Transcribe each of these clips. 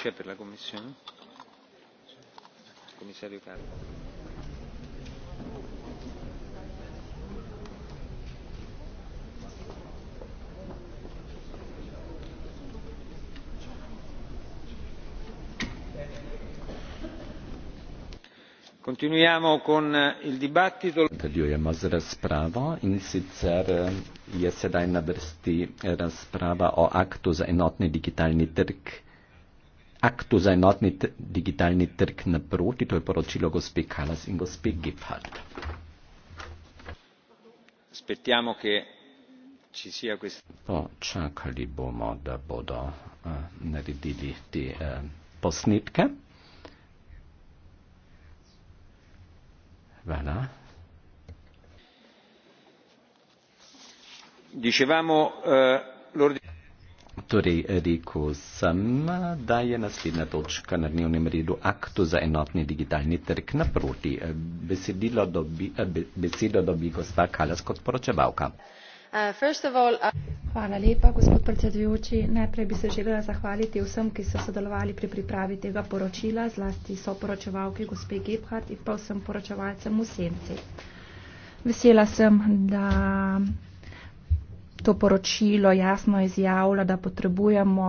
signor presidente onorevoli colleghi la commissione continuiamo con eh, il dibattito. je moc rozprava in sicer eh, je sedaj na vrsti eh, razprava o aktu za enotni digitalni trg aktu za enotni digitalni trg na proti, to je poročilo gospe Kalas in gospe Gephardt. Spetjamo, ki ci sia questo. No, čakali bomo, da bodo uh, naredili te uh, posnetke. Hvala. Dicevamo, uh, Torej, rekel sem, da je naslednja točka na dnevnem redu aktu za enotni digitalni trg naproti. Eh, dobi, eh, besedo dobi gospa Kalas kot poročevalka. Uh, uh, Hvala lepa, gospod predsedujoči. Najprej bi se želela zahvaliti vsem, ki so sodelovali pri pripravi tega poročila, zlasti soporočevalki gospe Gebhardt in pa vsem poročevalcem v Senci. Vesela sem, da to poročilo jasno izjavlja, da potrebujemo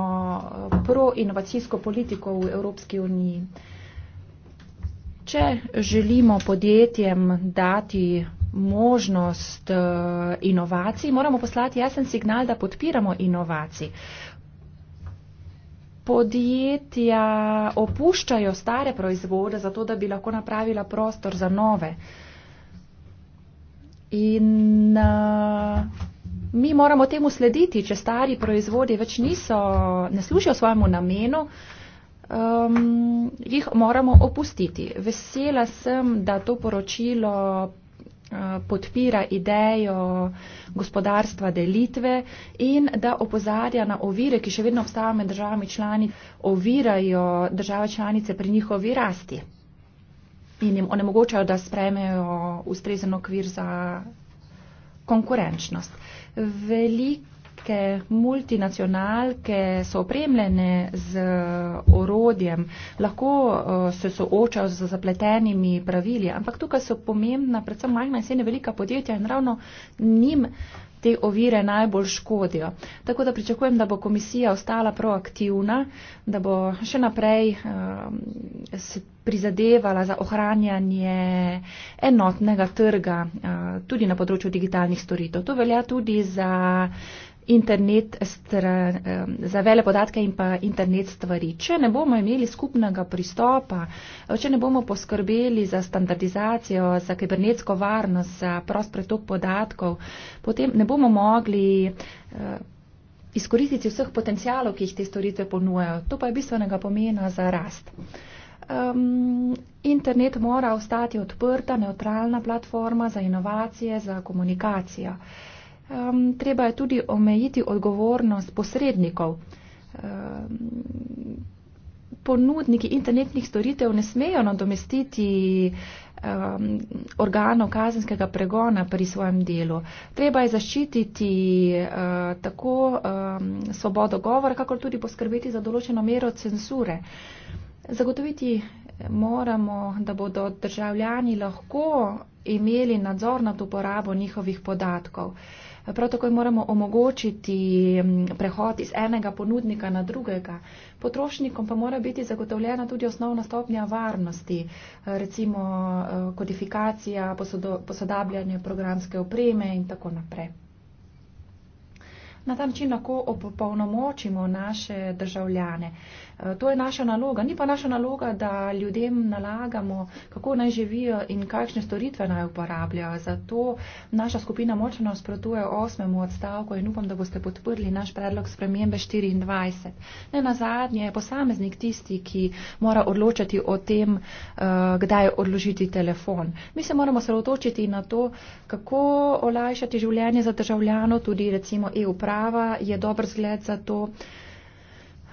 eh, proinovacijsko politiko v Evropski uniji. Če želimo podjetjem dati možnost eh, inovacij, moramo poslati jasen signal, da podpiramo inovacij. Podjetja opuščajo stare proizvode, zato da bi lahko napravila prostor za nove. In uh, mi moramo temu slediti, če stari proizvodi več niso, ne služijo svojemu namenu, um, jih moramo opustiti. Vesela sem, da to poročilo uh, podpira idejo gospodarstva delitve in da opozarja na ovire, ki še vedno obstajajo med državami članic, ovirajo države članice pri njihovi rasti in jim onemogočajo, da spremejo ustrezen okvir za konkurenčnost. Uh, velike multinacionalke so opremljene z orodjem, lahko eh, se soočajo z zapletenimi pravili, ampak tukaj so pomembna predvsem majhna in srednja velika podjetja in ravno njim te ovire najbolj škodijo. Tako da pričakujem, da bo komisija ostala proaktivna, da bo še naprej uh, se prizadevala za ohranjanje enotnega trga uh, tudi na področju digitalnih storitev. To velja tudi za uh, internet stra, za vele podatke in pa internet stvari. Če ne bomo imeli skupnega pristopa, eh, če ne bomo poskrbeli za standardizacijo, za kibernetsko varnost, za prost pretok podatkov, potem ne bomo mogli eh, izkoristiti vseh potencijalov, ki jih te storitve ponujajo. To pa je bistvenega pomena za rast. Um, internet mora ostati odprta, neutralna platforma za inovacije, za komunikacijo. Uh, um, treba je tudi omejiti odgovornost posrednikov. Um, ponudniki internetnih storitev ne smejo nadomestiti um, organov kazenskega pregona pri svojem delu. Treba je zaščititi uh, tako um, svobodo govora, kakor tudi poskrbeti za določeno mero cenzure. Zagotoviti moramo, da bodo državljani lahko imeli nadzor nad uporabo njihovih podatkov. Prav tako moramo omogočiti mm, prehod iz enega ponudnika na drugega. Potrošnikom pa mora biti zagotovljena tudi osnovna stopnja varnosti, recimo e, kodifikacija, posodabljanje programske opreme in tako naprej. Na ta način lahko opolnomočimo naše državljane. Eh, to je naša naloga. Ni pa naša naloga, da ljudem nalagamo, kako naj živijo in kakšne storitve naj uporabljajo. Zato naša skupina močno nasprotuje osmemu odstavku in upam, da boste podprli naš predlog spremembe 24. Ne na zadnje je posameznik tisti, ki mora odločati o tem, eh, kdaj odložiti telefon. Mi se moramo sredotočiti na to, kako olajšati življenje za državljano, tudi recimo EU prava je dober zgled za to.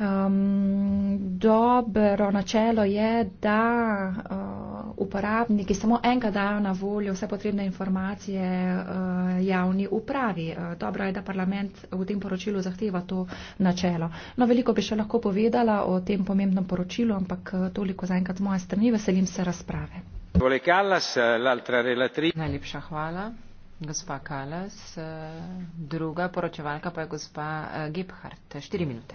Um, dobro načelo je, da uh, uporabniki samo enkrat dajo na voljo vse potrebne informacije uh, javni upravi. Uh, dobro je, da parlament v tem poročilu zahteva to načelo. No, veliko bi še lahko povedala o tem pomembnem poročilu, ampak uh, toliko za enkrat z moje strani. Veselim se razprave. Eh, Najlepša hvala. Gospa Kalas, eh, druga poročevalka pa je gospa eh, Gebhardt. Štiri minute.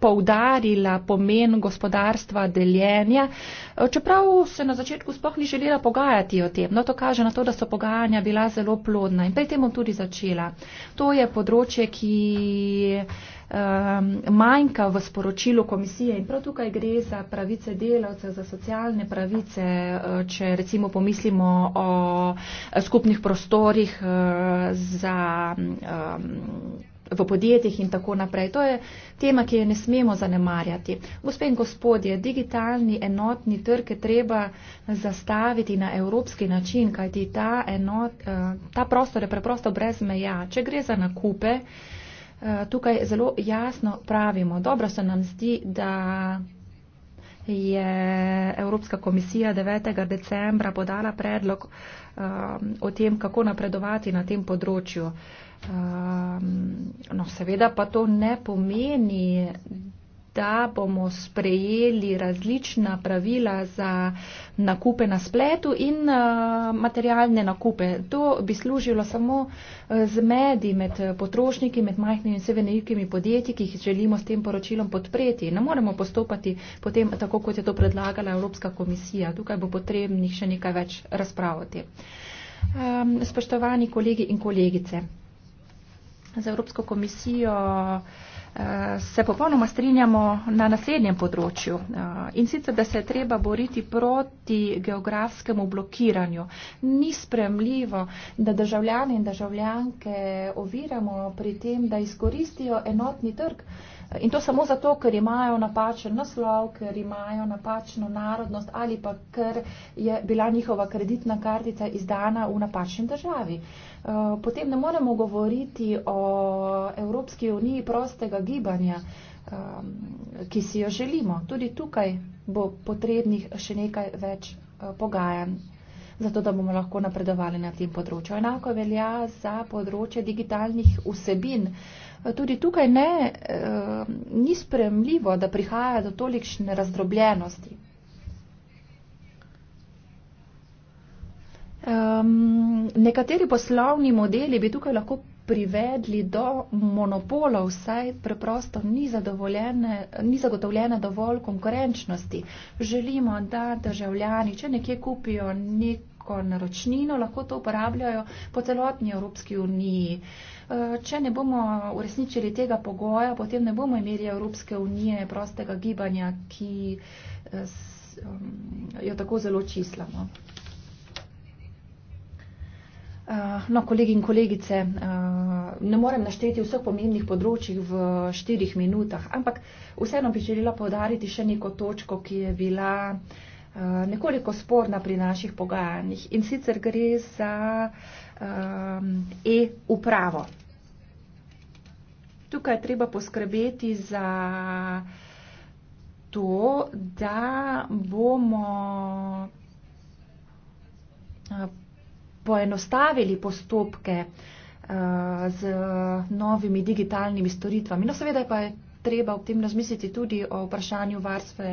poudarila pomen gospodarstva deljenja, čeprav se na začetku sploh ni želela pogajati o tem. No, to kaže na to, da so pogajanja bila zelo plodna in pri tem bom tudi začela. To je področje, ki um, manjka v sporočilu komisije in prav tukaj gre za pravice delavcev, za socialne pravice, uh, če recimo pomislimo o skupnih prostorih uh, za. Um, v podjetjih in tako naprej. To je tema, ki jo ne smemo zanemarjati. Gospe in gospodje, digitalni enotni trg je treba zastaviti na evropski način, kajti ta, enot, eh, ta prostor je preprosto brez meja. Če gre za nakupe, eh, tukaj zelo jasno pravimo. Dobro se nam zdi, da je Evropska komisija 9. decembra podala predlog um, o tem, kako napredovati na tem področju. Uh, Um, no, seveda pa to ne pomeni, da bomo sprejeli različna pravila za nakupe na spletu in uh, materialne nakupe. To bi služilo samo uh, zmedi med eh, potrošniki, med majhnimi in vse velikimi podjetji, ki jih želimo s tem poročilom podpreti. Ne moremo postopati potem tako, kot je to predlagala Evropska komisija. Tukaj bo potrebnih še nekaj več razpravati. Um, ehm, spoštovani kolegi in kolegice z Evropsko komisijo eh, se popolnoma strinjamo na naslednjem področju eh, in sicer, da se je treba boriti proti geografskemu blokiranju. Ni spremljivo, da državljani in državljanke oviramo pri tem, da izkoristijo enotni trg. In to samo zato, ker imajo napačen naslov, ker imajo napačno narodnost ali pa ker je bila njihova kreditna kartica izdana v napačni državi. Eh, potem ne moremo govoriti o Evropski uniji prostega gibanja, ehm, ki si jo želimo. Tudi tukaj bo potrebnih še nekaj več eh, pogajanj zato da bomo lahko napredovali na tem področju. Enako velja za področje digitalnih vsebin. Tudi tukaj ne, eh, ni spremljivo, da prihaja do tolikšne razdrobljenosti. Um, nekateri poslovni modeli bi tukaj lahko privedli do monopola, vsaj preprosto ni, ni zagotovljena dovolj konkurenčnosti. Želimo, da državljani, če nekje kupijo nek lahko naročnino, lahko to uporabljajo po celotni Evropski uniji. E, če ne bomo uresničili tega pogoja, potem ne bomo imeli Evropske unije prostega gibanja, ki e, um, jo tako zelo čislamo. E, no, kolegi in kolegice, ne morem našteti vseh pomembnih področjih v štirih minutah, ampak vseeno bi želela podariti še neko točko, ki je bila Eh, nekoliko sporna pri naših pogajanjih in sicer gre za um, e-upravo. Tukaj je treba poskrbeti za to, da bomo eh, poenostavili postopke eh, z novimi digitalnimi storitvami. No, seveda pa je treba ob tem razmisliti tudi o vprašanju varstve,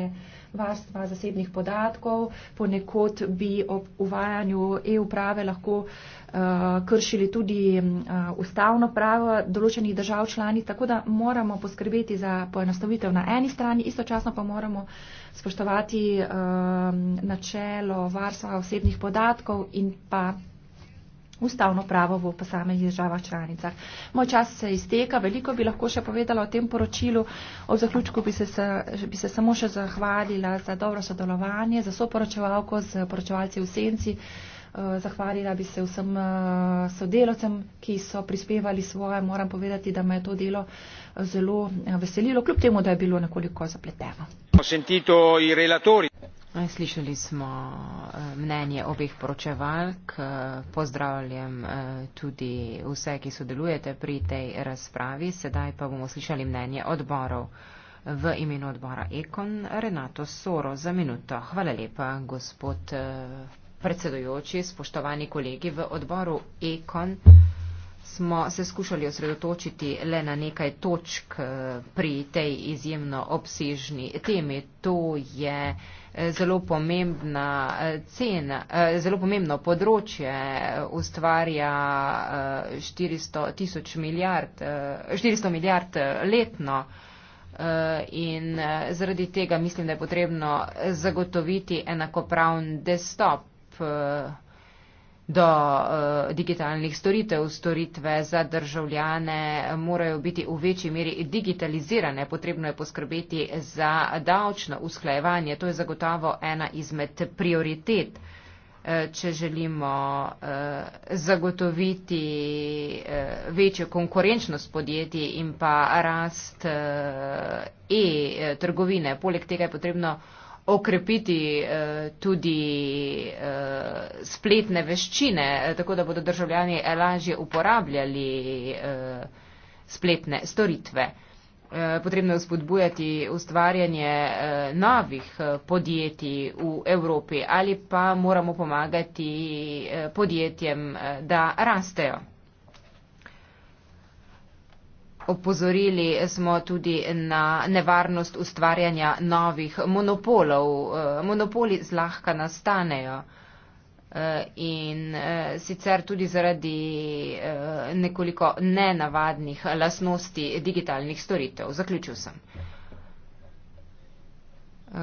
varstva zasebnih podatkov. Ponekod bi ob uvajanju e-uprave lahko uh, kršili tudi uh, ustavno pravo določenih držav člani, tako da moramo poskrbeti za poenostavitev na eni strani, istočasno pa moramo spoštovati uh, načelo varstva osebnih podatkov in pa ustavno pravo v posameznih državah članicah. Moj čas se izteka, veliko bi lahko še povedala o tem poročilu. O zaključku bi se, se, bi se samo še zahvalila za dobro sodelovanje, za soporočevalko z poročevalci v senci. Eh, zahvalila bi se vsem eh, sodelovcem, ki so prispevali svoje. Moram povedati, da me je to delo eh, zelo veselilo, kljub temu, da je bilo nekoliko zapleteno. Slišali smo eh, mnenje obih poročevalk. Eh, pozdravljam eh, tudi vse, ki sodelujete pri tej razpravi. Sedaj pa bomo slišali mnenje odborov v imenu odbora Ekon Renato Soro za minuto. Hvala lepa, gospod predsedujoči, spoštovani kolegi v odboru Ekon. Smo se skušali osredotočiti le na nekaj točk pri tej izjemno obsežni temi. To je zelo, pomembna eh, cena, eh, zelo pomembno področje, eh, ustvarja 400, milijard, 400 milijard letno. In zaradi tega mislim, da je potrebno zagotoviti enakopravn destop do uh, digitalnih storitev. Storitve za državljane morajo biti v večji meri digitalizirane. Potrebno je poskrbeti za davčno usklajevanje. To je zagotovo ena izmed prioritet, uh, če želimo uh, zagotoviti uh, večjo konkurenčnost podjetij in pa rast uh, e-trgovine. Poleg tega je potrebno uh, okrepiti eh, tudi eh, spletne veščine, eh, tako da bodo državljani lažje uporabljali spletne storitve. Potrebno je spodbujati ustvarjanje novih podjetij v Evropi ali pa moramo pomagati podjetjem, da rastejo. Opozorili smo tudi na nevarnost ustvarjanja novih monopolov. Eh, monopoli zlahka nastanejo eh, in eh, sicer tudi zaradi nekoliko nenavadnih lasnosti digitalnih storitev. Zaključil sem.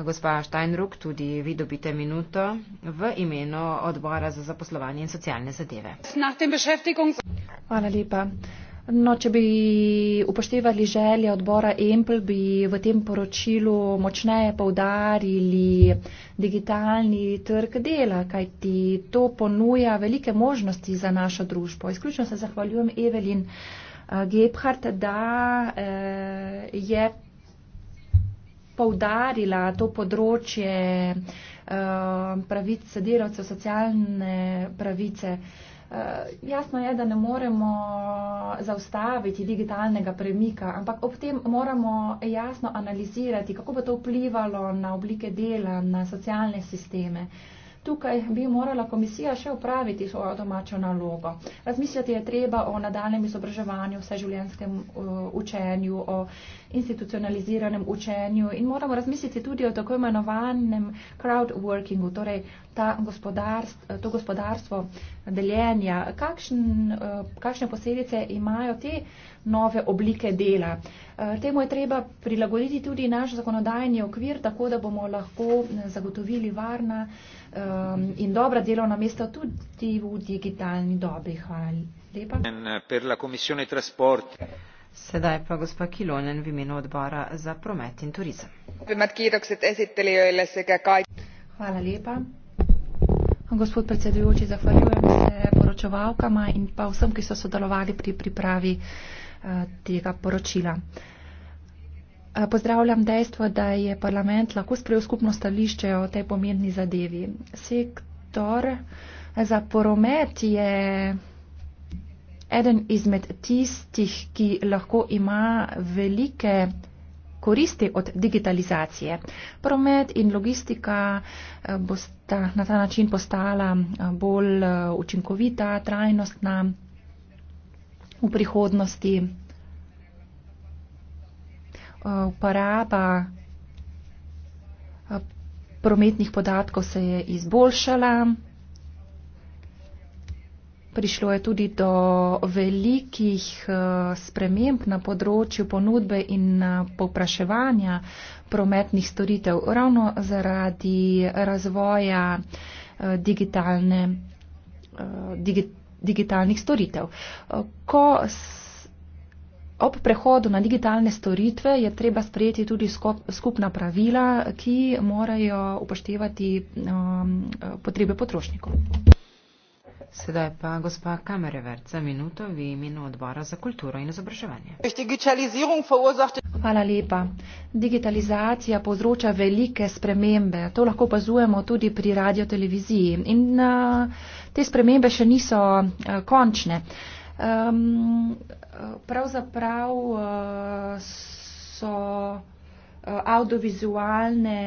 Gospa Steinruck, tudi vi dobite minuto v imenu odbora za zaposlovanje in socialne zadeve. Hvala lepa. No, če bi upoštevali želje odbora Empl, bi v tem poročilu močneje povdarili digitalni trg dela, kajti to ponuja velike možnosti za našo družbo. Izključno se zahvaljujem Evelin eh, Gebhardt, da eh, je povdarila to področje eh, pravice delavcev, socialne pravice. Eh, jasno je, da ne moremo zaustaviti digitalnega premika, ampak ob tem moramo jasno analizirati, kako bo to vplivalo na oblike dela, na socialne sisteme. Tukaj bi morala komisija še upraviti svojo domačo nalogo. Razmisliti je treba o nadaljem izobraževanju, vseživljenskem eh, učenju, o institucionaliziranem učenju in moramo razmisliti tudi o tako imenovanem crowd workingu, torej gospodarstv, to gospodarstvo deljenja. Kakšen, eh, kakšne posledice imajo te nove oblike dela? Eh, temu je treba prilagoditi tudi naš zakonodajni okvir, tako da bomo lahko eh, zagotovili varna in dobra delovna mesta tudi v digitalni dobi. Hvala lepa. Sedaj pa gospa Kilonen v imenu odbora za promet in turizem. Hvala lepa. Gospod predsedujoči, zahvaljujem se poročevalkama in pa vsem, ki so sodelovali pri pripravi eh, tega poročila. Eh, pozdravljam dejstvo, da je parlament lahko sprejel skupno stališče o tej pomembni zadevi. Sektor eh, za promet je eden izmed tistih, ki lahko ima velike koristi od digitalizacije. Promet in logistika eh, bosta na ta način postala eh, bolj eh, učinkovita, trajnostna v prihodnosti. Uporaba prometnih podatkov se je izboljšala. Prišlo je tudi do velikih eh, sprememb na področju ponudbe in eh, popraševanja prometnih storitev ravno zaradi razvoja eh, digitalne, digi, digitalnih storitev. Ko ob prehodu na digitalne storitve je treba sprejeti tudi skupna pravila, ki morajo upoštevati potrebe potrošnikov. Sedaj pa gospa Kamerevert za minuto v imenu odbora za kulturo in izobraževanje. Hvala lepa. Digitalizacija povzroča velike spremembe. To lahko opazujemo tudi pri radioteleviziji. In te spremembe še niso eh, končne. Pravzaprav eh, so eh, audiovizualne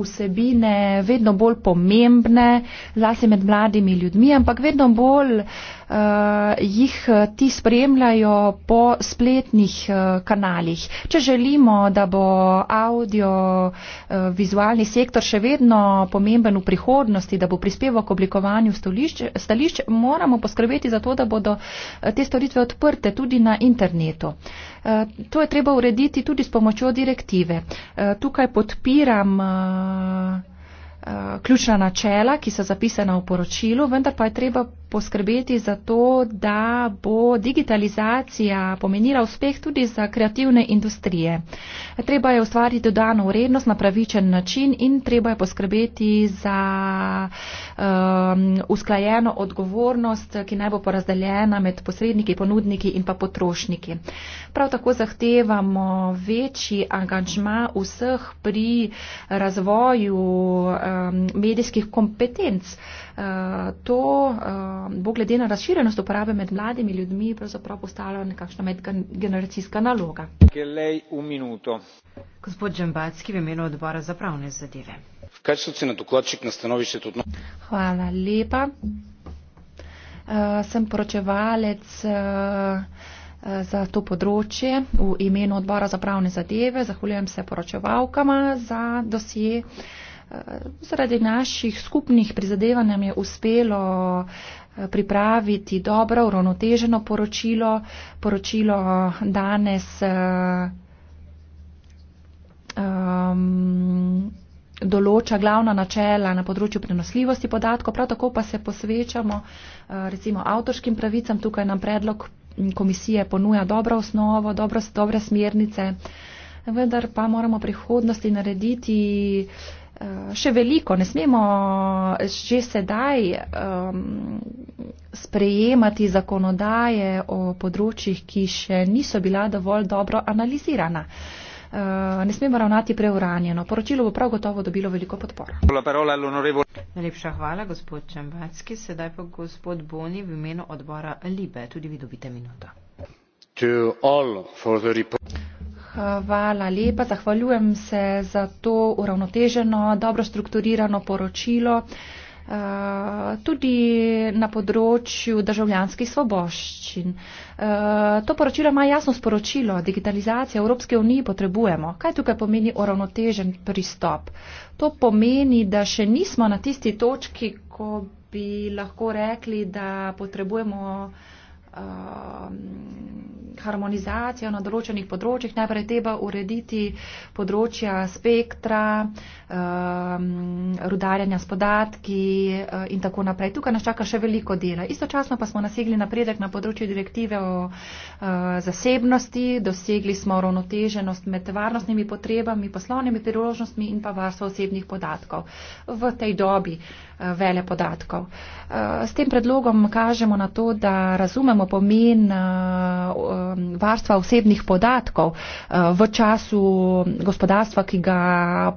vsebine vedno bolj pomembne, zlasti med mladimi ljudmi, ampak vedno bolj uh, jih ti spremljajo po spletnih uh, kanalih. Če želimo, da bo audio-vizualni eh, uh, sektor še vedno pomemben v prihodnosti, da bo prispeval k oblikovanju stolišč, stališč, moramo poskrbeti za to, da bodo te storitve odprte tudi na internetu. Uh, to je treba urediti tudi s pomočjo direktive. Uh, tukaj podpiram uh, uh, ključna načela, ki so zapisana v poročilu, vendar pa je treba poskrbeti za to, da bo digitalizacija pomenila uspeh tudi za kreativne industrije. Treba je ustvariti dodano vrednost na pravičen način in treba je poskrbeti za um, usklajeno odgovornost, ki naj bo porazdeljena med posredniki, ponudniki in pa potrošniki. Prav tako zahtevamo večji angažma vseh pri razvoju um, medijskih kompetenc. Eh, to eh, bo glede na razširenost uporabe med mladimi ljudmi pravzaprav postala nekakšna medgeneracijska naloga. Gospod Džembacki v imenu odbora za pravne zadeve. Kaj so cene dokladček na stanovišče tudi? No- Hvala lepa. Uh, sem poročevalec uh, za to področje v imenu odbora za pravne zadeve. Zahvaljujem se poročevalkama za dosje. Uh, zaradi naših skupnih prizadevanj nam je uspelo eh, pripraviti dobro uravnoteženo poročilo. Poročilo eh, danes um, določa glavna načela na področju prenosljivosti podatkov, prav tako pa se posvečamo recimo avtorskim pravicam. Tukaj nam predlog mm, komisije ponuja dobro osnovo, dobro, dobre smernice, vendar pa moramo prihodnosti narediti. Uh, Eh, še veliko, ne smemo že sedaj um, sprejemati zakonodaje o področjih, ki še niso bila dovolj dobro analizirana. Uh, ne smemo ravnati preuranjeno. Poročilo bo prav gotovo dobilo veliko podporo. Najlepša hvala, gospod Čembacki. Sedaj pa gospod Boni v imenu odbora Libe. Tudi vi dobite minuto. Hvala lepa, zahvaljujem se za to uravnoteženo, dobro strukturirano poročilo. Eh, tudi na področju državljanskih svoboščin. Eh, to poročilo ima jasno sporočilo. Digitalizacija Evropske unije potrebujemo. Kaj tukaj pomeni uravnotežen pristop? To pomeni, da še nismo na tisti točki, ko bi lahko rekli, da potrebujemo. Um, harmonizacijo na določenih področjih. Najprej treba urediti področja spektra, um, rudarjanja s podatki uh, in tako naprej. Tukaj nas čaka še veliko dela. Istočasno pa smo nasegli napredek na področju direktive o uh, zasebnosti, dosegli smo ravnoteženost med varnostnimi potrebami, poslovnimi priložnostmi in pa varstvo osebnih podatkov v tej dobi. Uh, vele podatkov. Eh, s tem predlogom kažemo na to, da razumemo pomen eh, varstva osebnih podatkov eh, v času gospodarstva, ki ga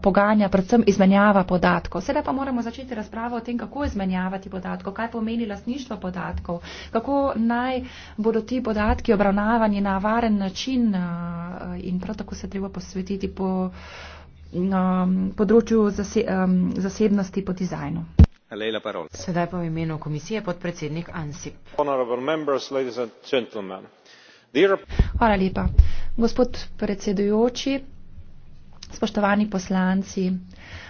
poganja predvsem izmenjava podatkov. Sedaj pa moramo začeti razpravo o tem, kako izmenjavati podatkov, kaj pomeni lasništvo podatkov, kako naj bodo ti podatki obravnavani na varen način in prav tako se treba posvetiti po področju zase, zasebnosti po dizajnu sedaj pa v imenu komisije podpredsednik ansip hvala lepa gospod predsedujoči spoštovani poslanci evropska unija je v težkih časih.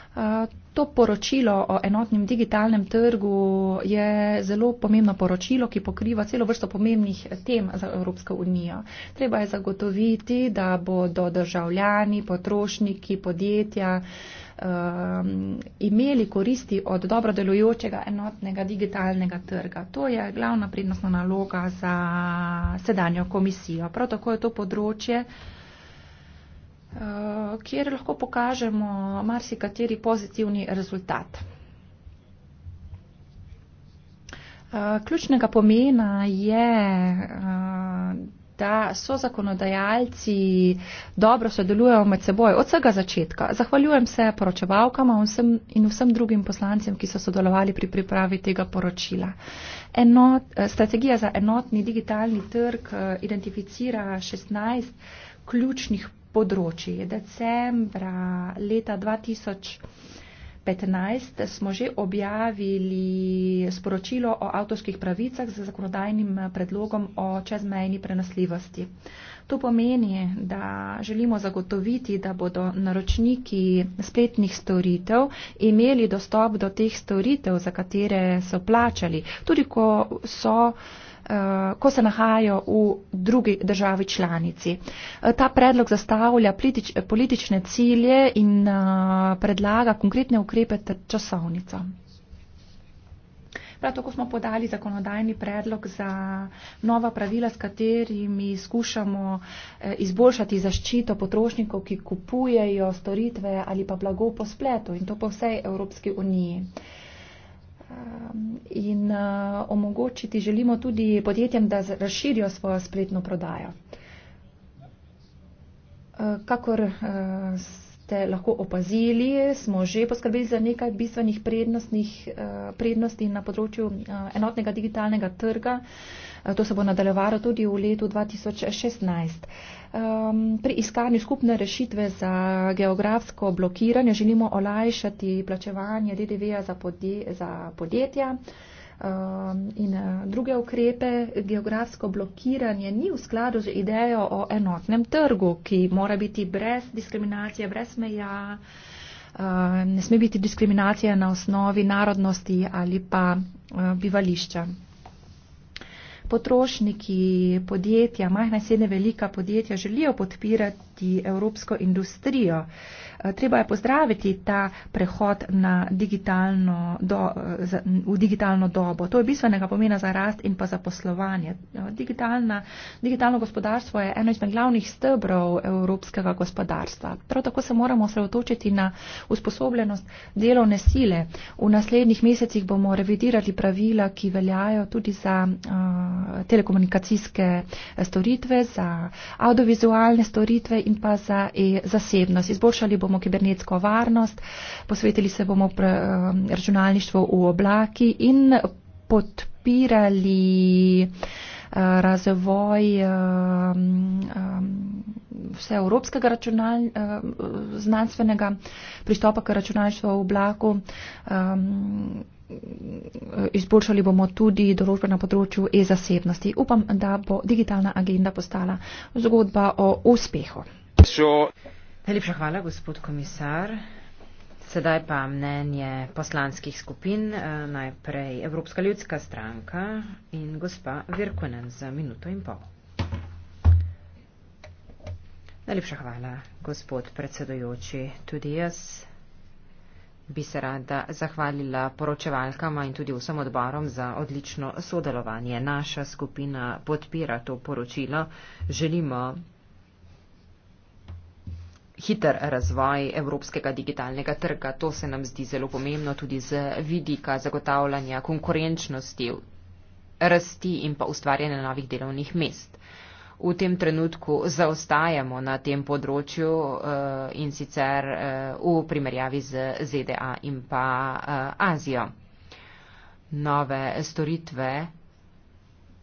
To poročilo o enotnem digitalnem trgu je zelo pomembno poročilo, ki pokriva celo vrsto pomembnih tem za Evropsko unijo. Treba je zagotoviti, da bodo državljani, potrošniki, podjetja um, imeli koristi od dobro delujočega enotnega digitalnega trga. To je glavna prednostna naloga za sedanjo komisijo. Prav tako je to področje. Uh, Eh, kjer lahko pokažemo marsikateri pozitivni rezultat. Eh, ključnega pomena je, eh, da so zakonodajalci dobro sodelujejo med seboj od vsega začetka. Zahvaljujem se poročevalkama vsem in vsem drugim poslancem, ki so sodelovali pri pripravi tega poročila. Enot, strategija za enotni digitalni trg identificira 16 ključnih področji. Decembra leta 2015 smo že objavili sporočilo o avtorskih pravicah z zakonodajnim predlogom o čezmejni prenosljivosti. To pomeni, da želimo zagotoviti, da bodo naročniki spletnih storitev imeli dostop do teh storitev, za katere so plačali, tudi ko so Eh, ko se nahajajo v drugi državi članici. Eh, ta predlog zastavlja politične cilje in eh, predlaga konkretne ukrepe ter časovnico. Prav tako smo podali zakonodajni predlog za nova pravila, s katerimi skušamo izboljšati zaščito potrošnikov, ki kupujejo storitve ali pa blago po spletu in to po vsej Evropski uniji. Uh, Ehm, in eh, omogočiti želimo tudi podjetjem, da razširijo svojo spletno prodajo. Eh, kakor eh, ste lahko opazili, smo že poskrbeli za nekaj bistvenih prednosti na področju enotnega digitalnega trga. To se bo nadaljevalo tudi v letu 2016 um, pri iskanju skupne rešitve za geografsko blokiranje želimo olajšati plačevanje DDV-ja za, podje, za podjetja um, in uh, druge ukrepe. Geografsko blokiranje ni v skladu z idejo o enotnem trgu, ki mora biti brez diskriminacije, brez meja. Uh, ne sme biti diskriminacija na osnovi narodnosti ali pa uh, bivališča potrošniki, podjetja, majhna in srednja velika podjetja želijo podpirati evropsko industrijo. Uh, Eh, treba je pozdraviti ta prehod na digitalno do, eh, v digitalno dobo. To je bistvenega pomena za rast in pa za poslovanje. Eh, digitalna, digitalno gospodarstvo je eno izmed glavnih stebrov evropskega gospodarstva. Prav tako se moramo osredotočiti na usposobljenost delovne sile. V naslednjih mesecih bomo revidirali pravila, ki veljajo tudi za uh, telekomunikacijske storitve, za audiovizualne storitve in pa za e zasebnost. Izboljšali bomo bomo kibernetsko varnost, posvetili se bomo pre, um, računalništvo v oblaki in podpirali uh, razvoj um, um, vseevropskega računal, znanstvenega pristopa k računalništvu v oblaku. Izboljšali bomo tudi določbe na področju e-zasebnosti. Upam, da bo digitalna agenda postala zgodba o uspehu. Sure. Najlepša hvala, gospod komisar. Sedaj pa mnenje poslanskih skupin, eh, najprej Evropska ljudska stranka in gospa Virkonen za minuto in pol. Najlepša hvala, gospod predsedojoči. Tudi jaz bi se rada zahvalila poročevalkama in tudi vsem odborom za odlično sodelovanje. Naša skupina podpira to poročilo. Želimo hiter razvoj evropskega digitalnega trga. To se nam zdi zelo pomembno tudi z vidika zagotavljanja konkurenčnosti, rasti in pa ustvarjanja novih delovnih mest. V tem trenutku zaostajamo na tem področju eh, in sicer eh, v primerjavi z ZDA in pa eh, Azijo. Nove storitve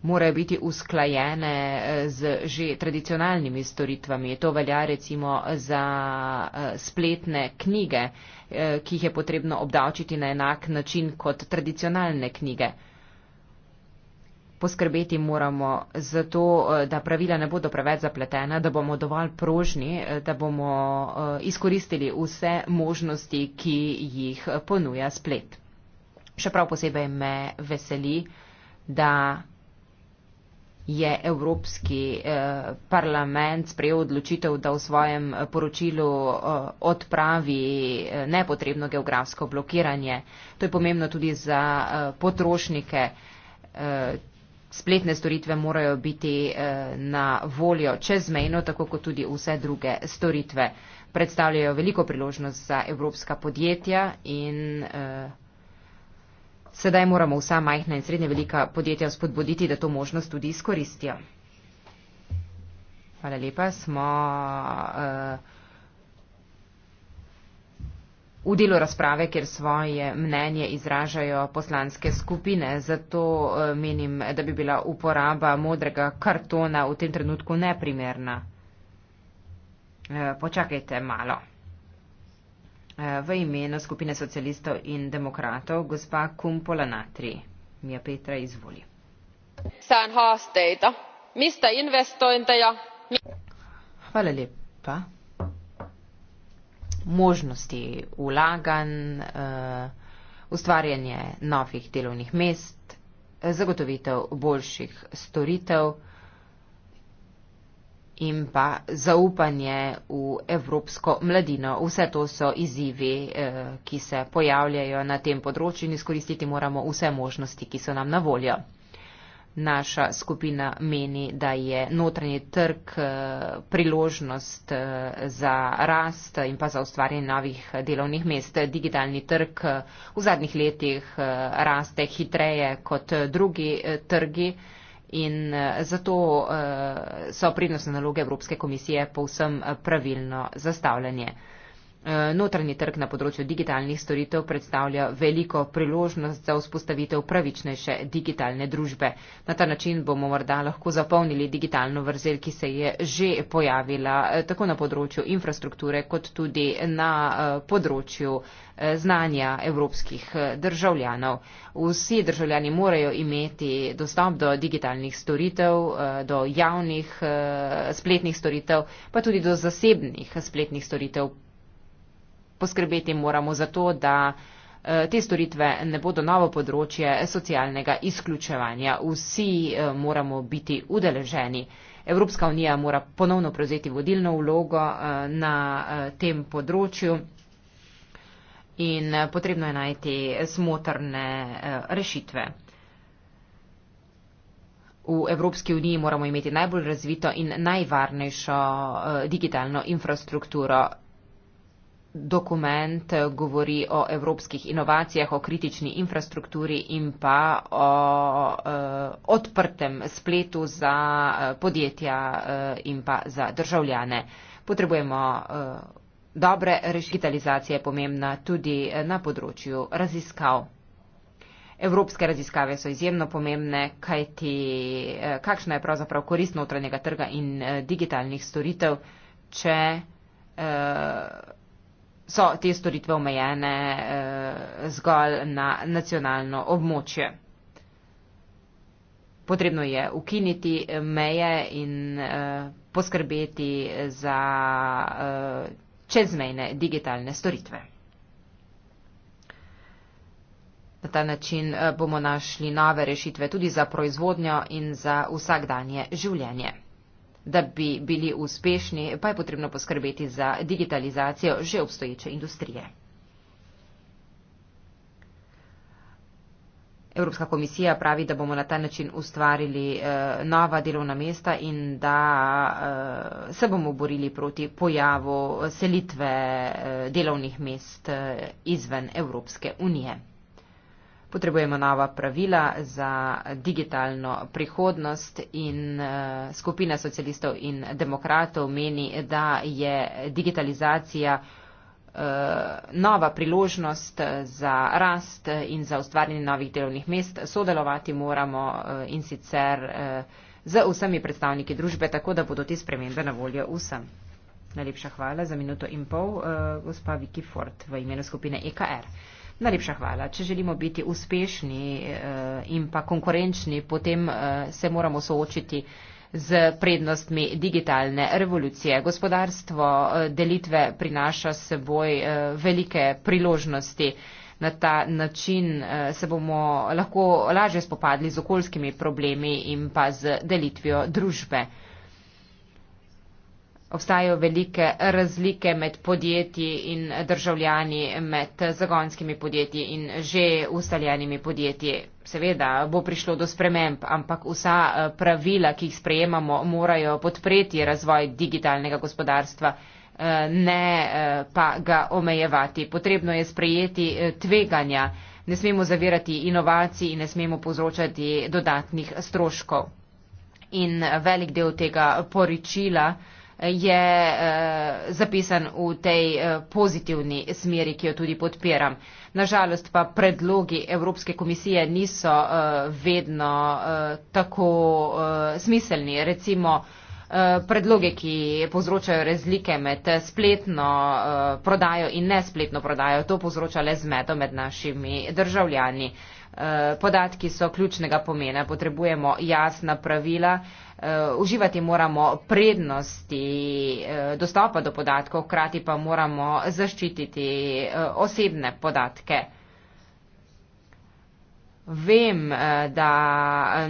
morajo biti usklajene eh, z že tradicionalnimi storitvami. To velja recimo za eh, spletne knjige, eh, ki jih je potrebno obdavčiti na enak način kot tradicionalne knjige. Poskrbeti moramo za to, da pravila ne bodo preveč zapletena, da bomo dovolj prožni, da bomo izkoristili vse možnosti, ki jih ponuja splet. Še prav posebej me veseli, da je Evropski eh, parlament sprejel odločitev, da v svojem eh, poročilu eh, odpravi nepotrebno geografsko blokiranje. To je pomembno tudi za potrošnike. Spletne storitve morajo biti na voljo čezmejno, tako kot tudi vse druge storitve. Predstavljajo veliko priložnost za evropska podjetja in eh, Sedaj moramo vsa majhna in srednje velika podjetja spodbuditi, da to možnost tudi izkoristijo. Hvala lepa. Smo uh, v delu razprave, kjer svoje mnenje izražajo poslanske skupine. Zato uh, menim, da bi bila uporaba modrega kartona v tem trenutku neprimerna. Uh, počakajte malo. Eh, v imenu skupine socialistov in demokratov gospa Kumpola Natri. Mija Petra izvoli. Hvala lepa. Možnosti vlagan, eh, ustvarjanje novih delovnih mest, zagotovitev boljših storitev in pa zaupanje v evropsko mladino. Vse to so izzivi, eh, ki se pojavljajo na tem področju in izkoristiti moramo vse možnosti, ki so nam na voljo. Naša skupina meni, da je notranji trg eh, priložnost eh, za rast in pa za ustvarjanje novih delovnih mest. Digitalni trg v zadnjih letih raste hitreje kot drugi trgi in eh, zato eh, so prednostne naloge Evropske komisije povsem eh, pravilno zastavljanje. Eh, notranji trg na področju digitalnih storitev predstavlja veliko priložnost za vzpostavitev pravičnejše digitalne družbe. Na ta način bomo morda lahko zapolnili digitalno vrzel, ki se je že pojavila eh, tako na področju infrastrukture, kot tudi na eh, področju znanja evropskih državljanov. Vsi državljani morajo imeti dostop do digitalnih storitev, do javnih spletnih storitev, pa tudi do zasebnih spletnih storitev poskrbeti moramo za to, da eh, te storitve ne bodo novo področje socialnega izključevanja. Vsi eh, moramo biti udeleženi. Evropska unija mora ponovno prevzeti vodilno vlogo eh, na tem področju in potrebno je najti smotrne rešitve. V Evropski uniji moramo imeti najbolj razvito in najvarnejšo digitalno infrastrukturo dokument eh, govori o evropskih inovacijah, o kritični infrastrukturi in pa o uh, odprtem spletu za uh, podjetja uh, in pa za državljane. Potrebujemo uh, dobre rešitve. Digitalizacija je pomembna tudi na področju raziskav. Evropske raziskave so izjemno pomembne, kajti kakšna je pravzaprav korist notranjega trga in digitalnih storitev, če uh, so te storitve omejene eh, zgolj na nacionalno območje. Potrebno je ukiniti eh, meje in eh, poskrbeti za eh, čezmejne digitalne storitve. Na ta način eh, bomo našli nove rešitve tudi za proizvodnjo in za vsakdanje življenje. Da bi bili uspešni, pa je potrebno poskrbeti za digitalizacijo že obstoječe industrije. Evropska komisija pravi, da bomo na ta način ustvarili eh, nova delovna mesta in da eh, se bomo borili proti pojavu selitve eh, delovnih mest eh, izven Evropske unije potrebujemo nova pravila za digitalno prihodnost in eh, skupina socialistov in demokratov meni, da je digitalizacija eh, nova priložnost za rast in za ustvarjanje novih delovnih mest. Sodelovati moramo eh, in sicer z vsemi predstavniki družbe, tako da bodo te spremembe na voljo vsem. Najlepša hvala za minuto in pol, gospa Vicky Ford v imenu skupine EKR. Najlepša hvala. Če želimo biti uspešni eh, in pa konkurenčni, potem eh, se moramo soočiti z prednostmi digitalne revolucije. Gospodarstvo eh, delitve prinaša s seboj velike priložnosti. Na ta način se bomo lahko lažje spopadli z okoljskimi problemi in pa z delitvijo družbe obstajajo velike razlike med podjetji in državljani, med zagonskimi podjetji in že ustaljenimi podjetji. Seveda bo prišlo do sprememb, ampak vsa eh, pravila, ki jih sprejemamo, morajo podpreti razvoj digitalnega gospodarstva, eh, ne eh, pa ga omejevati. Potrebno je sprejeti tveganja, ne smemo zavirati inovacij in ne smemo povzročati dodatnih stroškov. In velik del tega poročila, je eh, zapisan v tej eh, pozitivni smeri, ki jo tudi podpiram. Nažalost pa predlogi Evropske komisije niso eh, vedno tako smiselni. Recimo predloge, ki povzročajo razlike med spletno prodajo in nespletno prodajo, to povzroča le zmedo med našimi državljani. Podatki so ključnega pomena. Potrebujemo jasna pravila. Eh, uživati moramo prednosti eh, dostopa do podatkov, krati pa moramo zaščititi eh, osebne podatke. Vem, da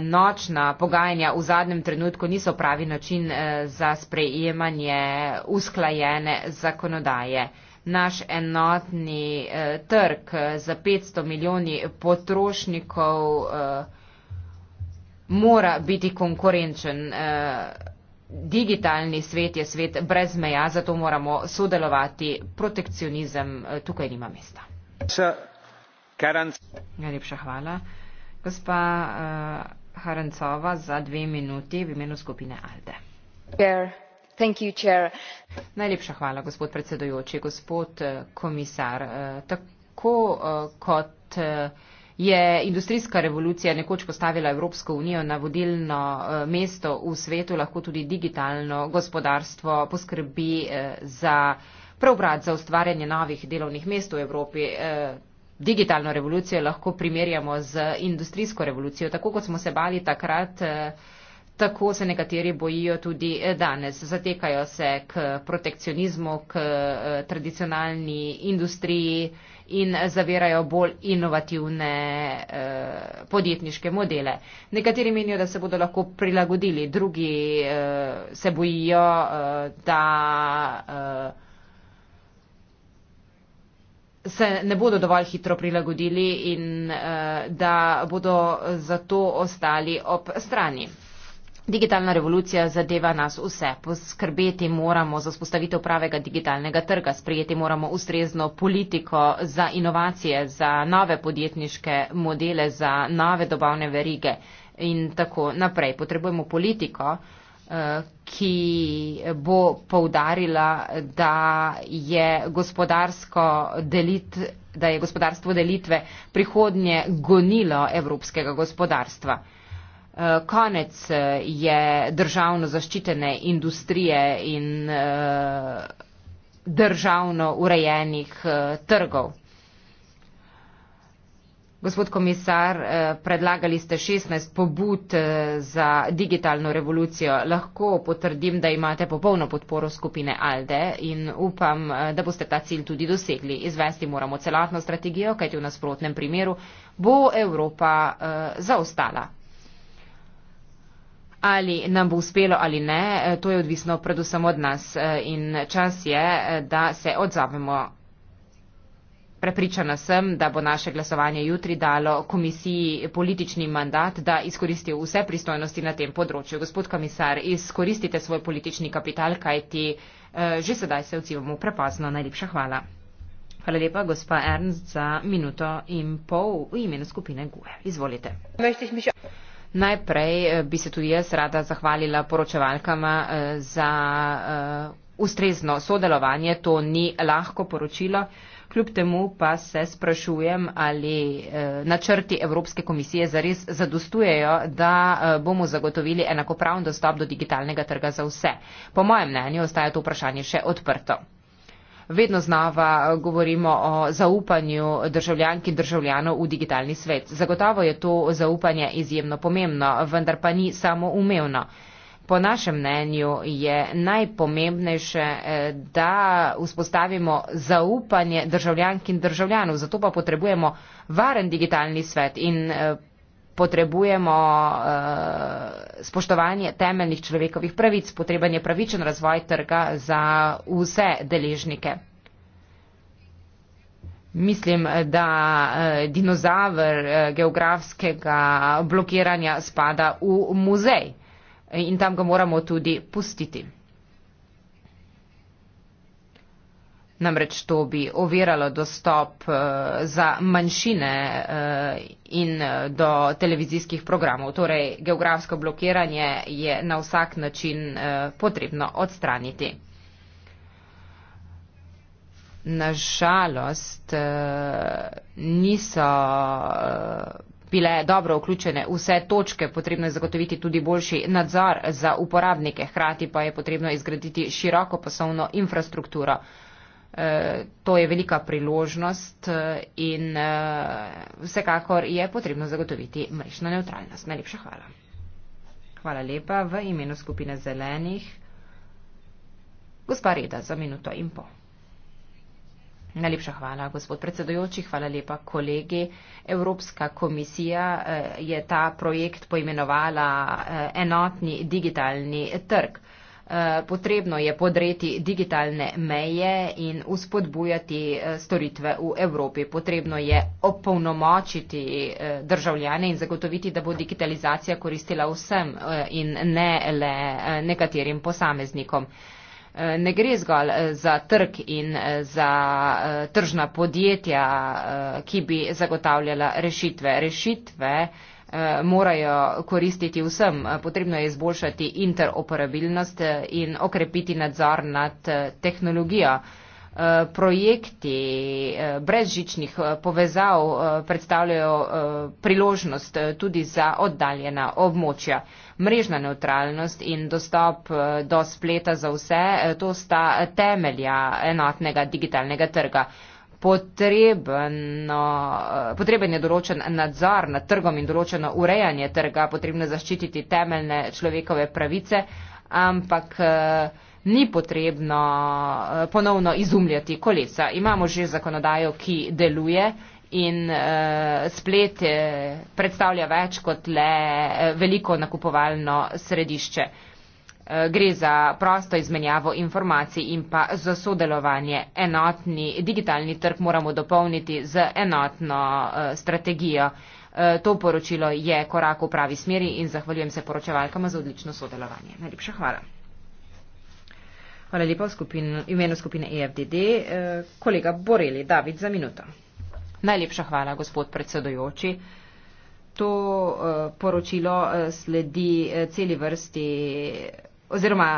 nočna pogajanja v zadnjem trenutku niso pravi način za sprejemanje usklajene zakonodaje. Naš enotni trg za 500 milijoni potrošnikov mora biti konkurenčen. Eh, digitalni svet je svet brez meja, zato moramo sodelovati. Protekcionizem eh, tukaj nima mesta. Najlepša hvala. Gospa uh, Harencova za dve minuti v imenu skupine Alde. You, Najlepša hvala, gospod predsedojoči, gospod komisar. Uh, tako uh, kot. Uh, je industrijska revolucija nekoč postavila Evropsko unijo na vodilno eh, mesto v svetu, lahko tudi digitalno gospodarstvo poskrbi eh, za preobrat, za ustvarjanje novih delovnih mest v Evropi. Eh, digitalno revolucijo lahko primerjamo z industrijsko revolucijo, tako kot smo se bali takrat. Tako se nekateri bojijo tudi danes. Zatekajo se k protekcionizmu, k tradicionalni industriji, in zavirajo bolj inovativne eh, podjetniške modele. Nekateri menijo, da se bodo lahko prilagodili, drugi eh, se bojijo, eh, da eh, se ne bodo dovolj hitro prilagodili in eh, da bodo zato ostali ob strani. Digitalna revolucija zadeva nas vse. Poskrbeti moramo za spostavitev pravega digitalnega trga, sprejeti moramo ustrezno politiko za inovacije, za nove podjetniške modele, za nove dobavne verige in tako naprej. Potrebujemo politiko, eh, ki bo poudarila, da je gospodarsko delit da je gospodarstvo delitve prihodnje gonilo evropskega gospodarstva. Eh, konec eh, je državno zaščitene industrije in eh, državno urejenih trgov. Gospod komisar, predlagali ste 16 pobud za digitalno revolucijo. Lahko potrdim, da imate popolno podporo skupine ALDE in upam, da boste ta cilj tudi dosegli. Izvesti moramo celotno strategijo, kajti v nasprotnem primeru bo Evropa zaostala. Ali nam bo uspelo ali ne, e, to je odvisno predvsem od nas e, in čas je, e, da se odzovemo. Prepričana sem, da bo naše glasovanje jutri dalo komisiji politični mandat, da izkoristi vse pristojnosti na tem področju. Gospod komisar, izkoristite svoj politični kapital, kajti že sedaj se odzivamo prepozno. Najlepša hvala. Hvala lepa, gospa Ernst, za minuto in pol v imenu skupine GUE. Izvolite. Najprej eh, bi se tudi jaz rada zahvalila poročevalkama eh, za eh, ustrezno sodelovanje. To ni lahko poročilo. Kljub temu pa se sprašujem, ali načrti Evropske komisije zares zadostujejo, da bomo zagotovili enakopravn dostop do digitalnega trga za vse. Po mojem mnenju ostaja to vprašanje še odprto vedno znova eh, govorimo o zaupanju državljank in državljanov v digitalni svet. Zagotovo je to zaupanje izjemno pomembno, vendar pa ni samo umevno. Po našem mnenju je najpomembnejše, eh, da vzpostavimo zaupanje državljank in državljanov, zato pa potrebujemo varen digitalni svet in eh, potrebujemo uh, spoštovanje temeljnih človekovih pravic, potreben je pravičen razvoj trga za vse deležnike. Mislim, da uh, dinozaver uh, geografskega blokiranja spada v muzej in tam ga moramo tudi pustiti. Namreč to bi oviralo dostop eh, za manjšine eh, in eh, do televizijskih programov. Torej, geografsko blokiranje je na vsak način potrebno odstraniti. Nažalost, niso bile dobro vključene vse točke, potrebno je zagotoviti tudi boljši nadzor za uporabnike, hkrati pa je potrebno izgraditi široko poslovno infrastrukturo to je velika priložnost eh, in eh, vsekakor je potrebno zagotoviti mrežno neutralnost. Najlepša hvala. Hvala lepa v imenu skupine zelenih. Gospa Reda, za minuto in po. Najlepša hvala, gospod predsedojoči, hvala lepa kolegi. Evropska komisija eh, je ta projekt poimenovala enotni digitalni trg. Eh, potrebno je podreti digitalne meje in uspodbujati eh, storitve v Evropi. Potrebno je opolnomočiti eh, državljane in zagotoviti, da bo digitalizacija koristila vsem in ne le nekaterim posameznikom. Ne gre zgolj za trg in za tržna podjetja, ki bi zagotavljala rešitve. Rešitve morajo koristiti vsem. Potrebno je izboljšati interoperabilnost eh, in okrepiti nadzor nad eh, tehnologijo. Eh, projekti brezžičnih povezav predstavljajo priložnost tudi za oddaljena območja. Mrežna neutralnost in dostop do spleta za vse, to sta temelja enotnega digitalnega trga potrebno, eh, potreben je določen nadzor nad trgom in določeno urejanje trga, potrebno zaščititi temeljne človekove pravice, ampak eh, ni potrebno eh, ponovno izumljati kolesa. Imamo že zakonodajo, ki deluje in splet predstavlja več kot le veliko nakupovalno središče. Eh, gre za prosto izmenjavo informacij in pa za sodelovanje. Enotni digitalni trg moramo dopolniti z enotno eh, strategijo. Eh, to poročilo je korak v pravi smeri in zahvaljujem se poročevalkama za odlično sodelovanje. Najlepša hvala. Hvala lepa v, skupin, v imenu skupine EFDD. Kolega Boreli, David, za minuto. Najlepša hvala, gospod predsedojoči. To poročilo sledi celi vrsti oziroma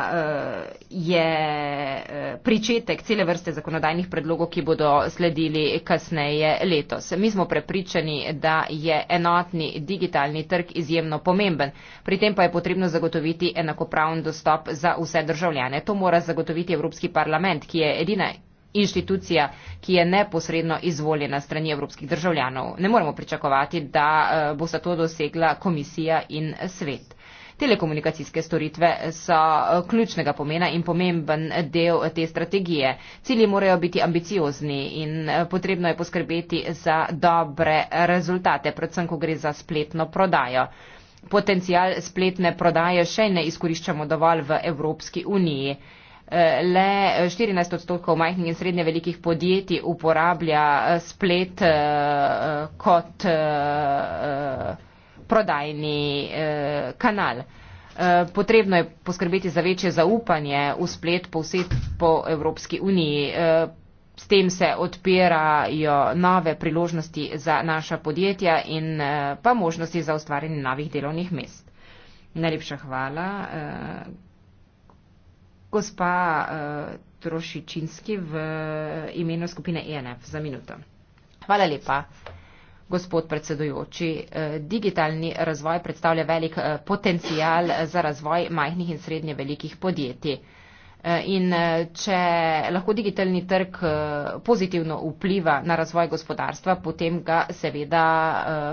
eh, je eh, pričetek cele vrste zakonodajnih predlogov, ki bodo sledili kasneje letos. Mi smo prepričani, da je enotni digitalni trg izjemno pomemben. Pri tem pa je potrebno zagotoviti enakopravn dostop za vse državljane. To mora zagotoviti Evropski parlament, ki je edina inštitucija, ki je neposredno izvoljena strani evropskih državljanov. Ne moremo pričakovati, da eh, bo se to dosegla komisija in svet. Telekomunikacijske storitve so eh, ključnega pomena in pomemben del te strategije. Cilji morajo biti ambiciozni in eh, potrebno je poskrbeti za dobre rezultate, predvsem, ko gre za spletno prodajo. Potencijal spletne prodaje še ne izkoriščamo dovolj v Evropski uniji. Eh, le 14 odstotkov majhnih in srednje velikih podjetij uporablja splet kot prodajni eh, kanal. Eh, potrebno je poskrbeti za večje zaupanje v splet po vsej po Evropski uniji. Eh, S tem se odpirajo nove priložnosti za naša podjetja in eh, pa možnosti za ustvarjanje novih delovnih mest. Najlepša hvala. Eh, gospa eh, Trošičinski v imenu skupine ENF za minuto. Hvala lepa. Gospod predsedujoči, eh, digitalni razvoj predstavlja velik eh, potencial za razvoj majhnih in srednje velikih podjetij. Eh, in če lahko digitalni trg pozitivno vpliva na razvoj gospodarstva, potem ga seveda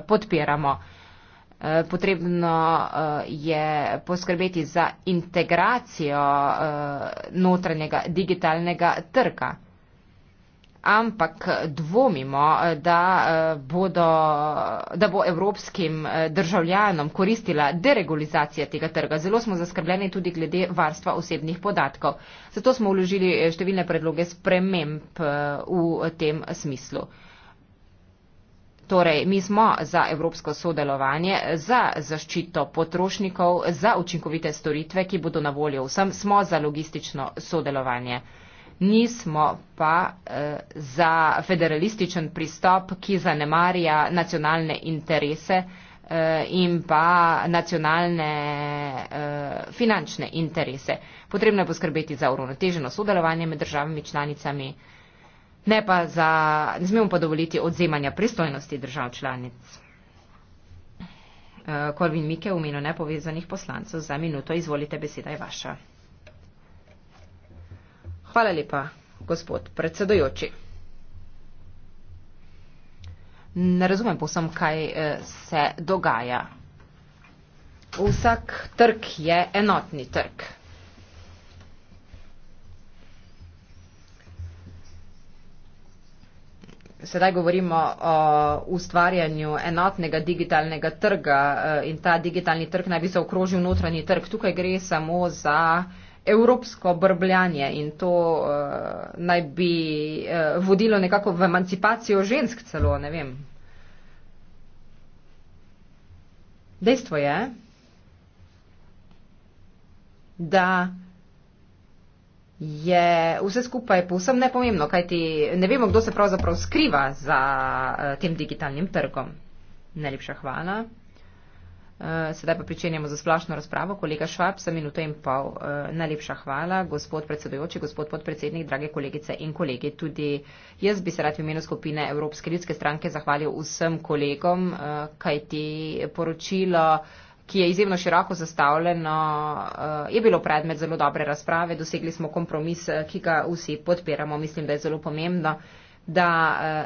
podpiramo. Potrebno je poskrbeti za integracijo notranjega digitalnega trga ampak dvomimo, da, eh, bodo, da bo evropskim eh, državljanom koristila deregulizacija tega trga. Zelo smo zaskrbljeni tudi glede varstva osebnih podatkov. Zato smo vložili eh, številne predloge sprememb v tem smislu. Torej, mi smo za evropsko sodelovanje, za zaščito potrošnikov, za učinkovite storitve, ki bodo na voljo vsem, smo za logistično sodelovanje nismo pa eh, za federalističen pristop, ki zanemarja nacionalne interese eh, in pa nacionalne eh, finančne interese. Potrebno je poskrbeti za uravnoteženo sodelovanje med državami članicami, ne pa za, ne smemo pa dovoliti odzemanja pristojnosti držav članic. Eh, Korvin Mike v imenu nepovezanih poslancev za minuto. Izvolite, beseda je vaša. Hvala lepa, gospod predsedojoči. Ne razumem posem, kaj eh, se dogaja. Vsak trg je enotni trg. Sedaj govorimo o ustvarjanju enotnega digitalnega trga eh, in ta digitalni trg naj bi se okrožil notranji trg. Tukaj gre samo za uh, evropsko brbljanje in to uh, naj bi uh, vodilo nekako v emancipacijo žensk celo, ne vem. Dejstvo je, da je vse skupaj povsem nepomembno, kajti ne vemo, kdo se pravzaprav skriva za uh, tem digitalnim trgom. Najlepša hvala. Eh, sedaj pa pričenjamo za splošno razpravo. Kolega Švab, za minuto in pol eh, najlepša hvala. Gospod predsedujoči, gospod podpredsednik, drage kolegice in kolegi. Tudi jaz bi se rad v imenu skupine Evropske ljudske stranke zahvalil vsem kolegom, eh, kajti poročilo, ki je izjemno široko zastavljeno, je bilo predmet zelo dobre razprave. Dosegli smo kompromis, ki ga vsi podpiramo. Mislim, da je zelo pomembno, da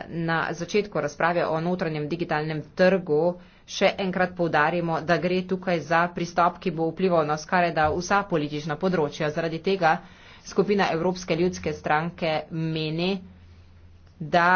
na začetku razprave o notranjem digitalnem trgu Še enkrat povdarimo, da gre tukaj za pristop, ki bo vplival na skoraj da vsa politična področja. Zaradi tega skupina Evropske ljudske stranke meni, da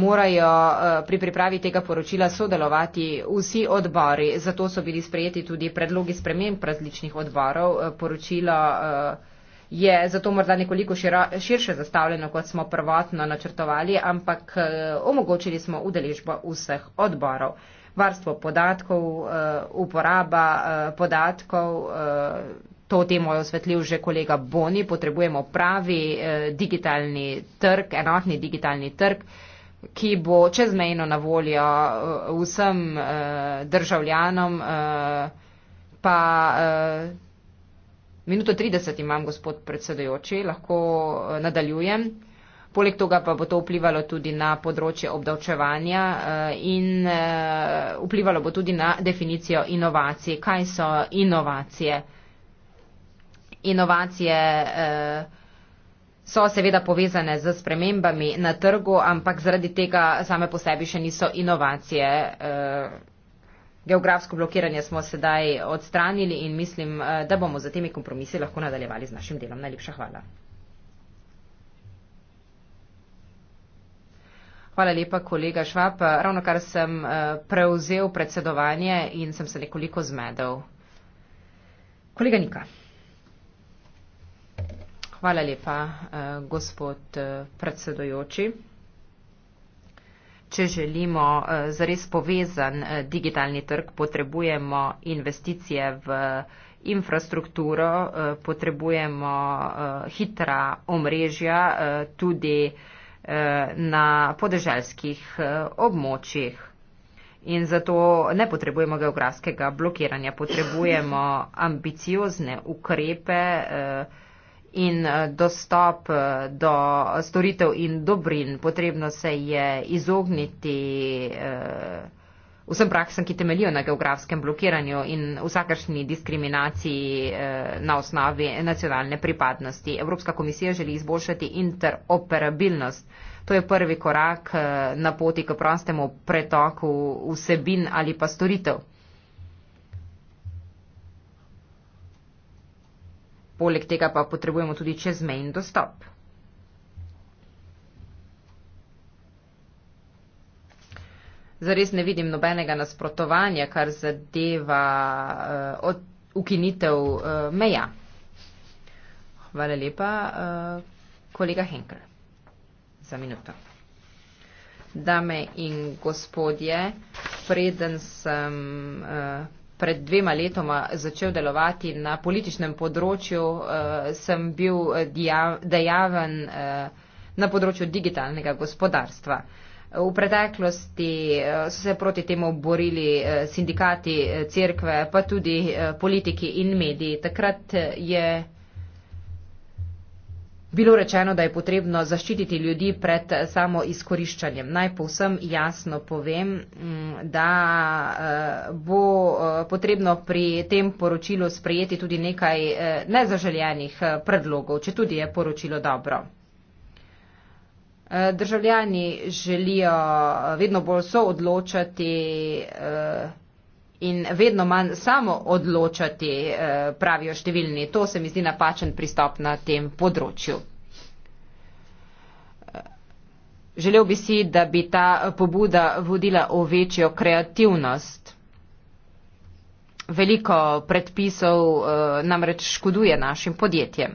morajo eh, pri pripravi tega poročila sodelovati vsi odbori. Zato so bili sprejeti tudi predlogi sprememb različnih odborov. Eh, poročilo eh, je zato morda nekoliko širše zastavljeno, kot smo prvotno načrtovali, ampak eh, omogočili smo udeležbo vseh odborov. Varstvo podatkov, eh, uporaba eh, podatkov, to temo je osvetlil že kolega Boni, potrebujemo pravi digitalni trg, enotni digitalni trg ki bo čezmejno na voljo vsem državljanom, pa Minuto 30 imam, gospod predsedujoči, lahko eh, nadaljujem. Poleg tega pa bo to vplivalo tudi na področje obdavčevanja eh, in eh, vplivalo bo tudi na definicijo inovacij. Kaj so inovacije? Inovacije so seveda povezane z spremembami na trgu, ampak zaradi tega same po sebi še niso inovacije geografsko blokiranje smo sedaj odstranili in mislim, eh, da bomo za temi kompromisi lahko nadaljevali z našim delom. Najlepša hvala. Hvala lepa, kolega Švab. Ravno kar sem eh, prevzel predsedovanje in sem se nekoliko zmedel. Kolega Nika. Hvala lepa, eh, gospod predsedojoči če želimo eh, zares povezan eh, digitalni trg, potrebujemo investicije v infrastrukturo, eh, potrebujemo hitra omrežja tudi na podeželskih območjih. In zato ne potrebujemo geografskega blokiranja, potrebujemo ambiciozne ukrepe, eh, in eh, dostop eh, do storitev in dobrin. Potrebno se je izogniti eh, vsem praksam, ki temelijo na geografskem blokiranju in vsakašni diskriminaciji na osnovi nacionalne pripadnosti. Evropska komisija želi izboljšati interoperabilnost. To je prvi korak na poti k prostemu pretoku vsebin ali pa storitev. Poleg tega pa potrebujemo tudi čezmejn dostop. Zares ne vidim nobenega nasprotovanja, kar zadeva uh, od, ukinitev uh, meja. Hvala lepa, uh, kolega Henker, za minuto. Dame in gospodje, preden sem. Uh, pred dvema letoma začel delovati na političnem področju, eh, sem bil eh, dejaven eh, na področju digitalnega gospodarstva. V preteklosti so se proti temu borili sindikati, cerkve, pa tudi politiki in mediji. Takrat je Bilo rečeno, da je potrebno zaščititi ljudi pred samo izkoriščanjem. Naj povsem jasno povem, mm, da eh, bo eh, potrebno pri tem poročilu sprejeti tudi nekaj eh, nezaželjenih predlogov, če tudi je poročilo dobro. Državljani želijo vedno bolj soodločati in vedno manj samo odločati, eh, pravijo številni. To se mi zdi napačen pristop na tem področju. Eh, želel bi si, da bi ta pobuda vodila v večjo kreativnost. Veliko predpisov eh, namreč škoduje našim podjetjem.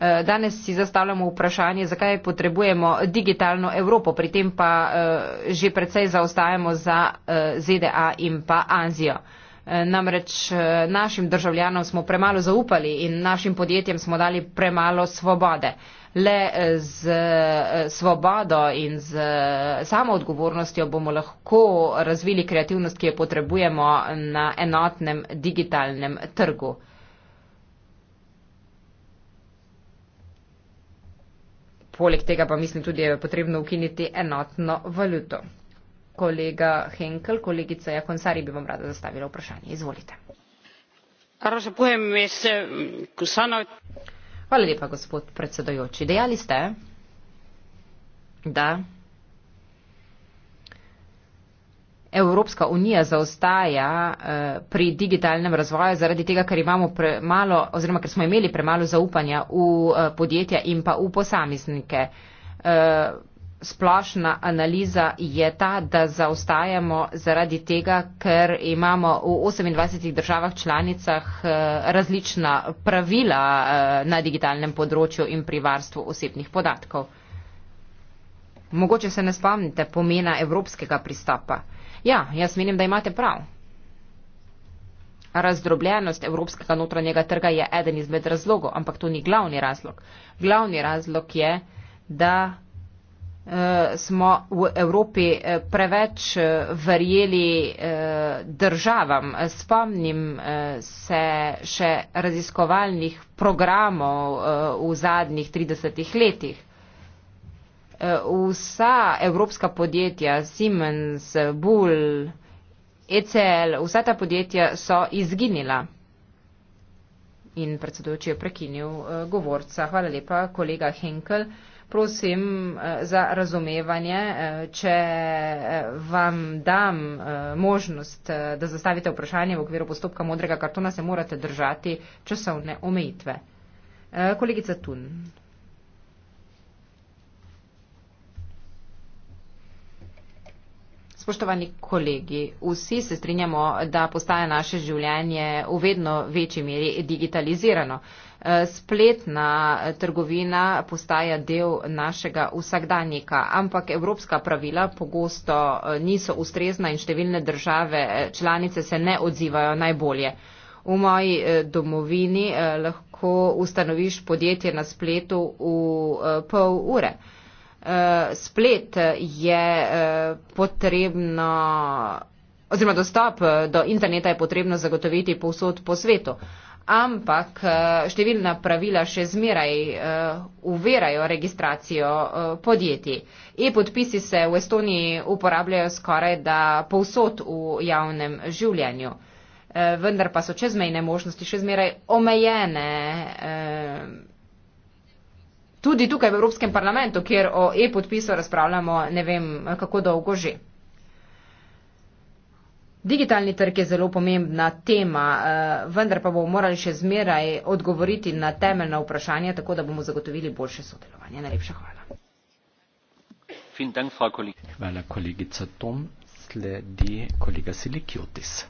Danes si zastavljamo vprašanje, zakaj potrebujemo digitalno Evropo, pri tem pa eh, že predvsej zaostajamo za eh, ZDA in pa Azijo. Eh, namreč našim državljanom smo premalo zaupali in našim podjetjem smo dali premalo svobode. Le z svobodo in z samo odgovornostjo bomo lahko razvili kreativnost, ki jo potrebujemo na enotnem digitalnem trgu. poleg tega pa mislim tudi je potrebno ukiniti enotno valuto. Kolega Henkel, kolegica Jakonsari bi vam rada zastavila vprašanje. Izvolite. Hvala lepa, gospod predsedojoči. Dejali ste, da Evropska unija zaostaja eh, pri digitalnem razvoju zaradi tega, ker imamo premalo oziroma ker smo imeli premalo zaupanja v eh, podjetja in pa v posameznike. Eh, splošna analiza je ta, da zaostajamo zaradi tega, ker imamo v 28 državah članicah različna pravila na digitalnem področju in pri varstvu osebnih podatkov. Mogoče se ne spomnite pomena evropskega pristopa. Ja, jaz menim, da imate prav. Razdrobljenost evropskega notranjega trga je eden izmed razlogov, ampak to ni glavni razlog. Glavni razlog je, da uh, smo v Evropi eh, preveč eh, verjeli uh, državam. Spomnim uh, se še raziskovalnih programov uh, v zadnjih 30 letih vsa evropska podjetja, Siemens, Bull, ECL, vsa ta podjetja so izginila. In predsedujoči je prekinil eh, govorca. Hvala lepa, kolega Henkel. Prosim eh, za razumevanje, eh, če vam dam možnost, da zastavite vprašanje v okviru postopka modrega kartona, se morate držati časovne omejitve. Kolegica Tun. Spoštovani kolegi, vsi se strinjamo, da postaja naše življenje v vedno večji meri digitalizirano. E, spletna trgovina postaja del našega vsakdanjika, ampak evropska pravila pogosto e, niso ustrezna in številne države e, članice se ne odzivajo najbolje. V moji domovini lahko ustanoviš podjetje na spletu v pol ure. Eh, splet je eh, potrebno, oziroma dostop eh, do interneta je potrebno zagotoviti povsod po svetu. Ampak številna pravila še zmeraj uverajo uh, registracijo uh, podjetij. E-podpisi se v Estoniji uporabljajo skoraj da povsod v javnem življenju. Uh, vendar pa so čezmejne možnosti še zmeraj omejene. Uh, tudi tukaj v Evropskem parlamentu, kjer o e-podpisu razpravljamo ne vem kako dolgo že. Digitalni trg je zelo pomembna tema, eh, vendar pa bomo morali še zmeraj odgovoriti na temeljna vprašanja, tako da bomo zagotovili boljše sodelovanje. Najlepša hvala. Hvala, kolegica Tom. Sledi kolega Silikiotis.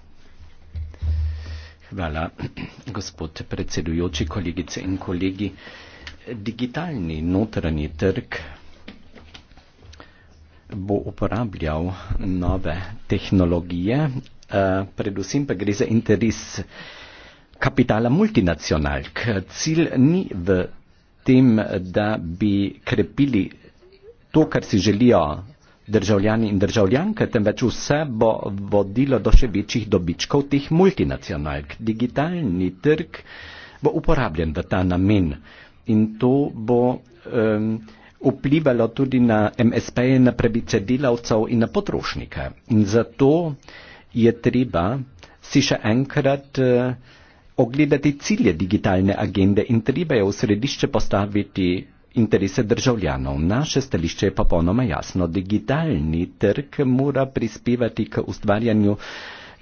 Hvala, gospod predsedujoči, kolegice in kolegi digitalni notranji trg bo uporabljal nove tehnologije, eh, predvsem pa gre za interes kapitala multinacionalk. Cilj ni v tem, da bi krepili to, kar si želijo državljani in državljanke, temveč vse bo vodilo do še večjih dobičkov teh multinacionalk. Digitalni trg bo uporabljen v ta namen in to bo um, vplivalo tudi na MSP, na prebice delavcev in na potrošnike. In zato je treba si še enkrat uh, ogledati cilje digitalne agende in treba je v središče postaviti interese državljanov. Naše stališče je popolnoma jasno. Digitalni trg mora prispevati k ustvarjanju uh,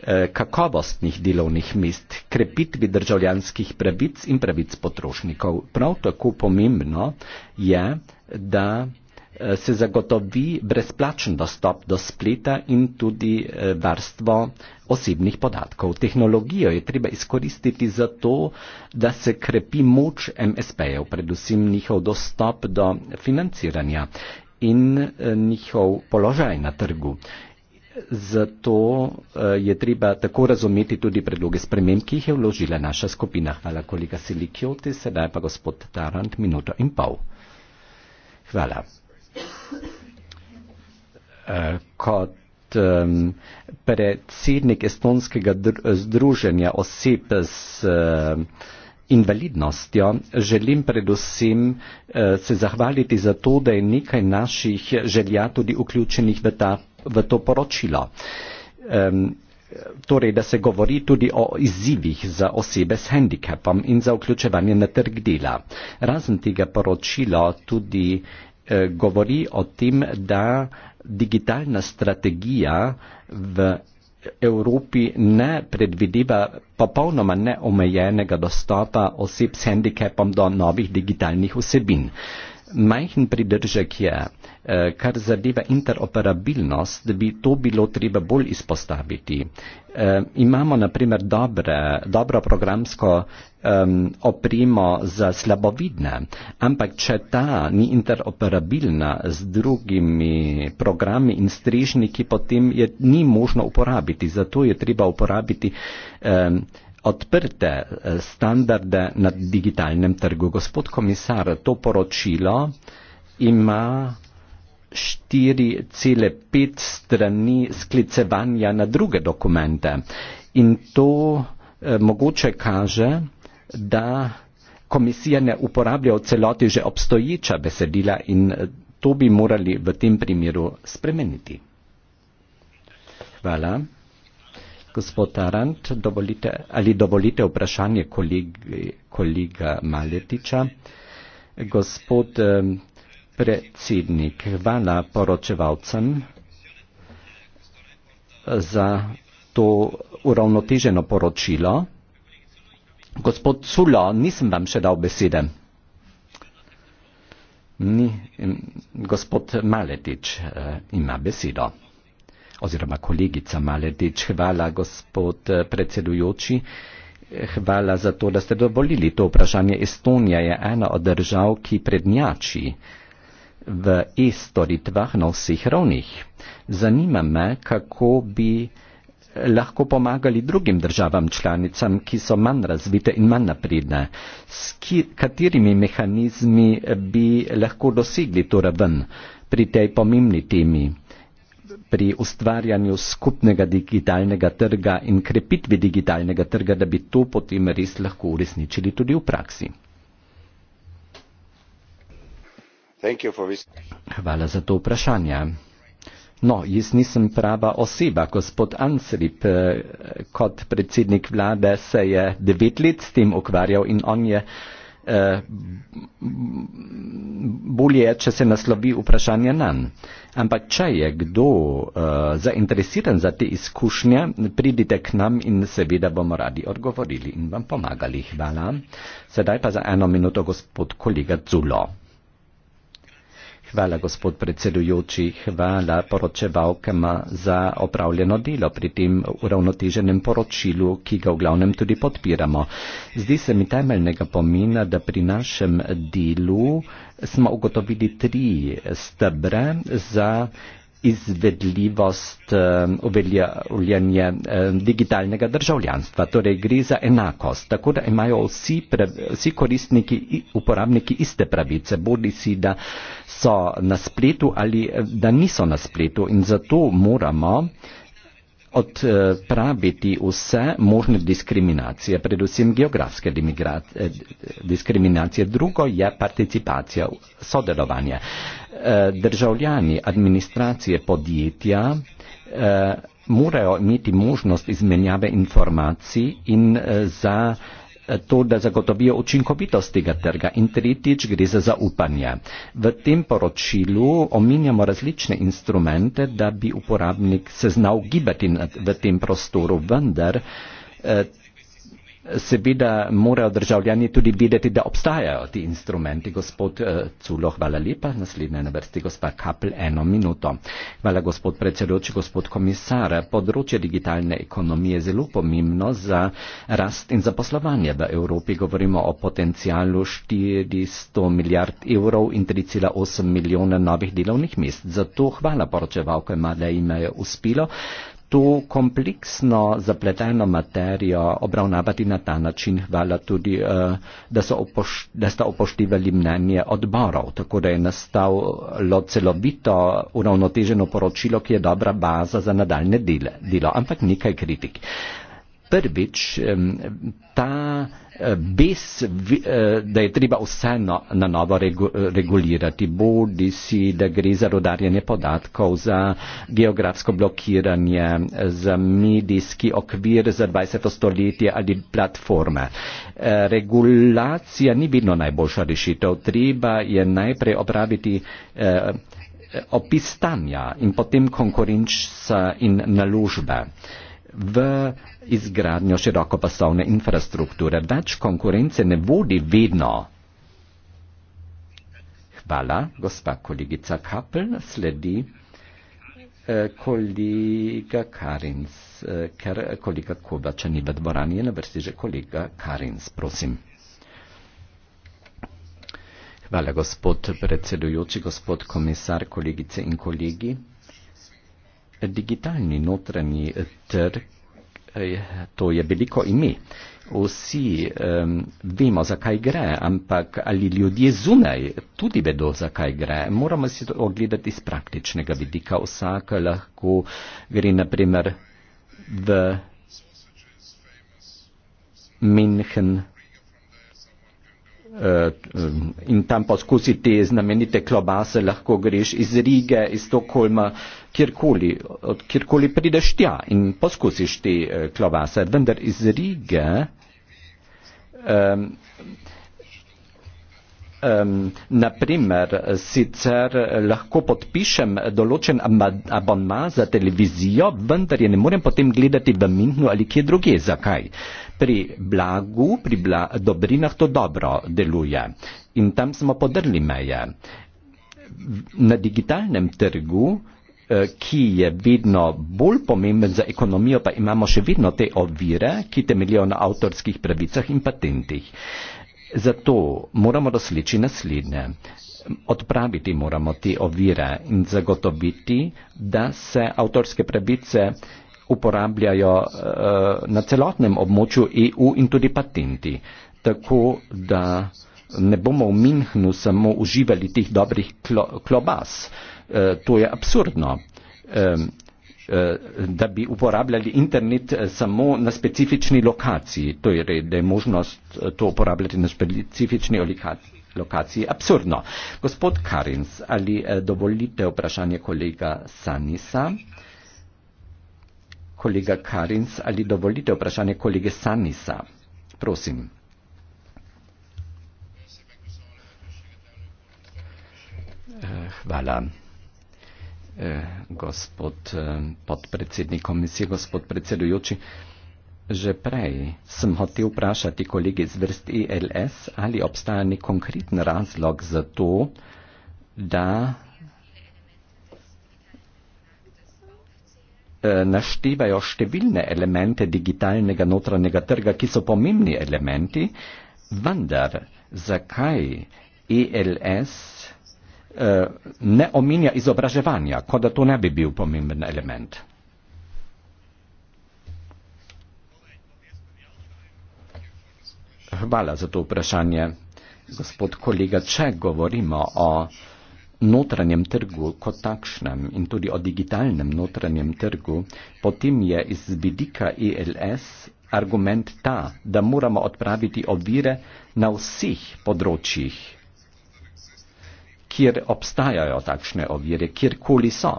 Eh, kakovostnih delovnih mest, krepitvi državljanskih pravic in pravic potrošnikov. Prav tako pomembno je, da eh, se zagotovi brezplačen dostop do spleta in tudi eh, varstvo osebnih podatkov. Tehnologijo je treba izkoristiti za to, da se krepi moč MSP-jev, predvsem njihov dostop do financiranja in njihov položaj na trgu zato eh, je treba tako razumeti tudi predloge sprememb, ki jih je vložila naša skupina. Hvala, kolega Silikjoti, sedaj pa gospod Tarant, minuto in pol. Hvala. Eh, kot um, predsednik Estonskega združenja oseb s uh, invalidnostjo želim predvsem uh, se zahvaliti za to, da je nekaj naših želja tudi vključenih v ta v to poročilo. Um, torej, da se govori tudi o izzivih za osebe s handikapom in za vključevanje na trg dela. Razen tega poročilo tudi eh, govori o tem, da digitalna strategija v Evropi ne predvideva popolnoma neomejenega dostopa oseb s handikapom do novih digitalnih vsebin. Majhen pridržek je, Eh, kar zadeva interoperabilnost, bi to bilo treba bolj izpostaviti. Eh, imamo naprimer dobre, dobro programsko opremo za slabovidne, ampak če ta ni interoperabilna z drugimi programi in strežniki, potem je ni možno uporabiti. Zato je treba uporabiti odprte eh, standarde na digitalnem trgu. Gospod komisar, to poročilo ima 4,5 strani sklicevanja na druge dokumente. In to eh, mogoče kaže, da komisija ne uporablja v celoti že obstoječa besedila in eh, to bi morali v tem primeru spremeniti. Hvala. Gospod Tarant, dovolite, ali dovolite vprašanje kolegi, kolega Maletiča? Gospod eh, predsednik. Hvala poročevalcem za to uravnoteženo poročilo. Gospod Culo, nisem vam še dal besede. Ni, gospod Maletič eh, ima besedo oziroma kolegica Maledič, hvala gospod eh, predsedujoči, hvala za to, da ste dovolili to vprašanje. Estonija je ena od držav, ki prednjači uh, v e-storitvah na vseh ravnih. Zanima me, kako bi eh, lahko pomagali drugim državam članicam, ki so manj razvite in manj napredne. S katerimi mehanizmi eh, bi lahko dosegli to raven pri tej pomembni temi, pri ustvarjanju skupnega digitalnega trga in krepitvi digitalnega trga, da bi to potem res lahko uresničili tudi v praksi? Hvala za to vprašanje. No, jaz nisem prava oseba, gospod Ansrip, eh, kot predsednik vlade se je devet let s tem ukvarjal in on je eh, bolje, če se naslovi vprašanje nam. Ampak, če je kdo uh, zainteresiran za te izkušnje, pridite k nam in seveda bomo radi odgovorili in vam pomagali. Hvala. Sedaj pa za eno minuto gospod kolega Culo. Hvala, gospod predsedujoči, hvala poročevalkam za opravljeno delo pri tem uravnoteženem poročilu, ki ga v glavnem tudi podpiramo. Zdi se mi temeljnega pomena, da pri našem delu smo ugotovili tri stebre za izvedljivost uveljavljanja digitalnega državljanstva. Torej gre za enakost, tako da imajo vsi, pre, vsi koristniki in uporabniki iste pravice, bodi si, da so na spletu ali da niso na spletu. In zato moramo odpraviti vse možne diskriminacije, predvsem geografske eh, diskriminacije. Drugo je participacija, sodelovanje. Eh, državljani administracije podjetja eh, morajo imeti možnost izmenjave informacij in za Eh, to, da zagotovijo učinkovitost tega trga. In tretjič gre za zaupanje. V tem poročilu omenjamo različne instrumente, da bi uporabnik se znal gibati v tem prostoru, vendar eh, seveda morajo državljani tudi vedeti, da obstajajo ti instrumenti. Gospod eh, Culo, hvala lepa. Naslednja na vrsti gospa Kapl, eno minuto. Hvala gospod predsedujoči, gospod komisar. Področje digitalne ekonomije je zelo pomembno za rast in zaposlovanje v Evropi. Govorimo o potencijalu 400 milijard evrov in 3,8 milijona novih delovnih mest. Zato hvala poročevalko, da jim je uspelo to kompleksno zapleteno materijo obravnavati na ta način. Hvala tudi, eh, da, opoš da ste upoštevali mnenje odborov, tako da je nastalo celovito uravnoteženo poročilo, ki je dobra baza za nadaljne dele, delo. Ampak nekaj kritik. Prvič, ta bes, eh, da je treba vseeno na novo eh, regulirati, bodi si, da gre za rodarjanje podatkov, za geografsko blokiranje, za medijski okvir za 20. stoletje ali platforme. Eh, regulacija ni vedno najboljša rešitev, treba je najprej opraviti opis stanja in potem konkurenčstva in naložbe v izgradnjo širokopasovne infrastrukture. Več konkurence ne vodi vedno. Hvala, gospa kolegica Kapl. Sledi eh, kolega Karins, eh, ker kolega Kovača ni v dvorani, je na vrsti že kolega Karins, prosim. Hvala, gospod predsedujoči, gospod komisar, kolegice in kolegi digitalni notranji trg, eh, to je veliko ime. Vsi um, vemo, zakaj gre, ampak ali ljudje zunaj tudi vedo, zakaj gre. Moramo si to ogledati iz praktičnega vidika. Vsak lahko gre naprimer v München Eh, in tam poskusiti znamenite klobase, lahko greš iz Rige, iz Stokholma, kjerkoli, od kjerkoli prideš tja in poskusiš te eh, klobase. Vendar iz Rige um, um, naprimer sicer lahko podpišem določen abonma za televizijo, vendar je ne morem potem gledati v Mindnu ali kje druge. Zakaj? Uh, pri blagu, pri bla, dobrinah to dobro deluje. In tam smo podrli meje. Na digitalnem trgu, eh, ki je vedno bolj pomemben za ekonomijo, pa imamo še vedno te ovire, ki temeljijo na avtorskih pravicah in patentih. Zato moramo dosleči naslednje. Odpraviti moramo te ovire in zagotoviti, da se avtorske pravice uporabljajo eh, na celotnem območju EU in tudi patenti. Tako da ne bomo v Minhnu samo uživali teh dobrih klobas. Eh, to je absurdno eh, da bi uporabljali internet samo na specifični lokaciji. To je re, da je možnost to uporabljati na specifični lokaciji. Absurdno. Gospod Karins, ali dovolite vprašanje kolega Sanisa? kolega Karins, ali dovolite vprašanje kolege Sanisa? Prosim. Eh, hvala. Eh, gospod eh, podpredsednik komisije, gospod predsedujoči, že prej sem hotel vprašati kolege iz vrst ELS, ali obstaja nek konkreten razlog za to, da Eh, naštevajo številne elemente digitalnega notranjega trga, ki so pomembni elementi, vendar zakaj ELS eh, ne omenja izobraževanja, kot da to ne bi bil pomemben element? Hvala za to vprašanje. Gospod kolega, če govorimo o notranjem trgu kot takšnem in tudi o digitalnem notranjem trgu, potem je iz vidika ELS argument ta, da moramo odpraviti ovire na vseh področjih, kjer obstajajo takšne ovire, kjerkoli so.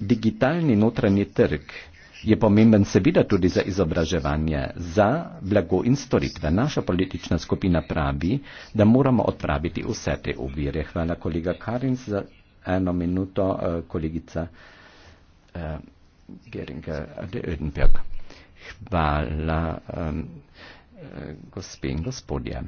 Digitalni notranji trg je pomemben seveda tudi za izobraževanje, za blago in storitve. Naša politična skupina pravi, da moramo odpraviti vse te ovire. Hvala kolega Karins za eno minuto, eh, kolegica uh, eh, Geringer de Ödenberg. Hvala. Um, gospe in gospodje.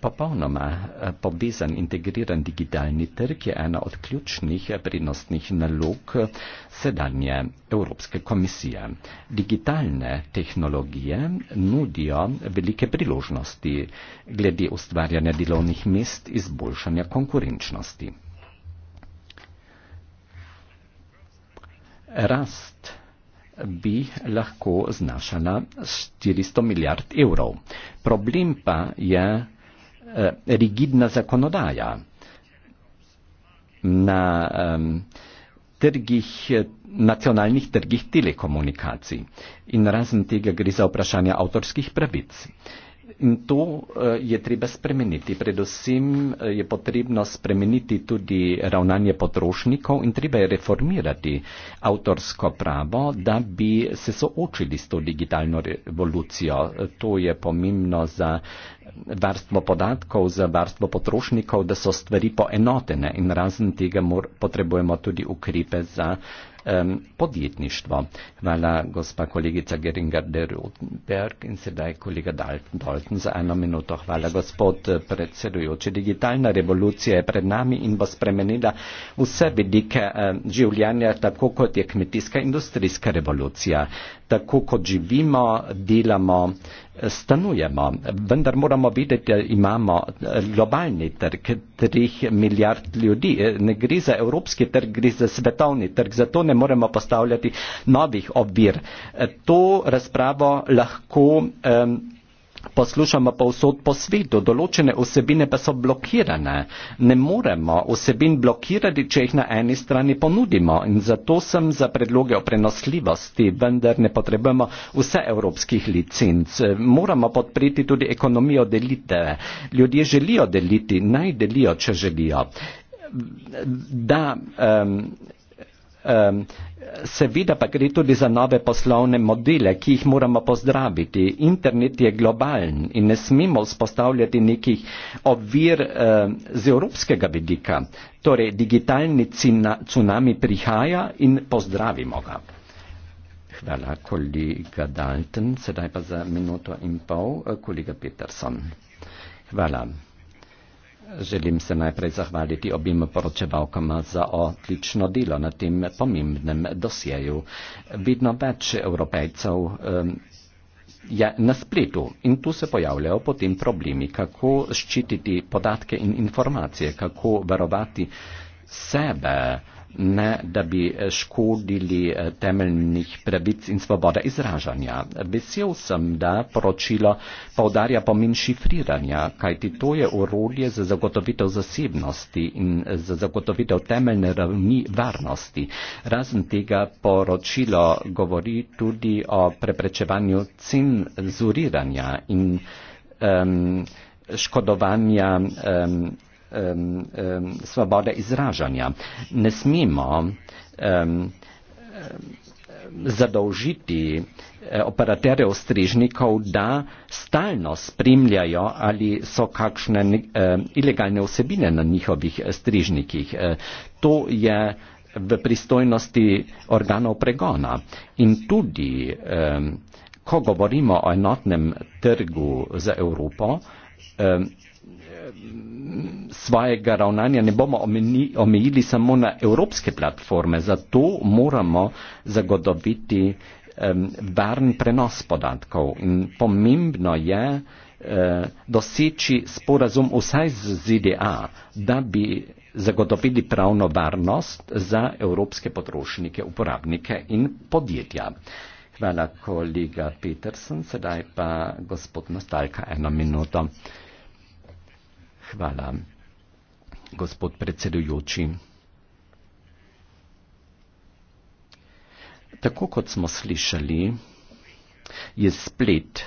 Popolnoma eh, povezan integriran digitalni trg je ena od ključnih eh, prinosnih nalog eh, sedanje Evropske komisije. Digitalne tehnologije nudijo velike priložnosti glede ustvarjanja delovnih mest izboljšanja konkurenčnosti. Rast bi lahko znašala 400 milijard evrov. Problem pa je eh, rigidna zakonodaja. Na, um, trgih, nacionalnih trgih telekomunikacij. In razen tega gre za vprašanje avtorskih pravic. Uh, In to eh, je treba spremeniti. Predvsem eh, je potrebno spremeniti tudi ravnanje potrošnikov in treba je reformirati avtorsko pravo, da bi se soočili s to digitalno revolucijo. To je pomembno za varstvo podatkov, za varstvo potrošnikov, da so stvari poenotene in razen tega mor, potrebujemo tudi ukrepe za um, podjetništvo. Hvala, gospa kolegica Geringer de Rutenberg in sedaj kolega Dalton za eno minuto. Hvala, gospod predsedujoči. Digitalna revolucija je pred nami in bo spremenila vse vidike um, življenja, tako kot je kmetijska industrijska revolucija. Tako kot živimo, delamo, stanujemo. Vendar moramo videti, da imamo eh, globalni trg, 3 milijard ljudi. Eh, ne gre za evropski trg, gre za svetovni trg, zato ne moremo postavljati novih obvir. Eh, to razpravo lahko. Um, poslušamo pa vsod po svetu, določene osebine pa so blokirane. Ne moremo osebin blokirati, če jih na eni strani ponudimo in zato sem za predloge o prenosljivosti, vendar ne potrebujemo vse evropskih licenc. Moramo podpreti tudi ekonomijo delite. Ljudje želijo deliti, naj delijo, če želijo. Da, um, um, Seveda pa gre tudi za nove poslovne modele, ki jih moramo pozdraviti. Internet je globalen in ne smemo vzpostavljati nekih ovir eh, z evropskega vidika. Torej, digitalni cina, tsunami prihaja in pozdravimo ga. Hvala, kolega Dalton. Sedaj pa za minuto in pol, eh, kolega Peterson. Hvala. Želim se najprej zahvaliti obim poročevalkam za odlično delo na tem pomembnem dosjeju. Vidno več Evropejcev je na spletu in tu se pojavljajo potem problemi, kako ščititi podatke in informacije, kako varovati sebe ne da bi eh, škodili eh, temeljnih pravic in svobode izražanja. Vesel sem, da poročilo povdarja pomen šifriranja, kajti to je urolje za zagotovitev zasebnosti in eh, za zagotovitev temeljne ravni varnosti. Razen tega poročilo govori tudi o preprečevanju cenzuriranja in um, škodovanja um, um, um, svobode izražanja. Ne smemo um, zadolžiti e, operaterjev strežnikov, da stalno spremljajo ali so kakšne uh, ilegalne vsebine na njihovih strežnikih. Uh, to je v pristojnosti organov pregona. In tudi, um, ko govorimo o enotnem trgu za Evropo, um, svojega ravnanja ne bomo omejili samo na evropske platforme, zato moramo zagotoviti varen prenos podatkov. In pomembno je eh, doseči sporazum vsaj z ZDA, da bi zagotovili pravno varnost za evropske potrošnike, uporabnike in podjetja. Hvala kolega Petersen, sedaj pa gospod Nostalka eno minuto. Hvala, gospod predsedujoči. Tako kot smo slišali, je splet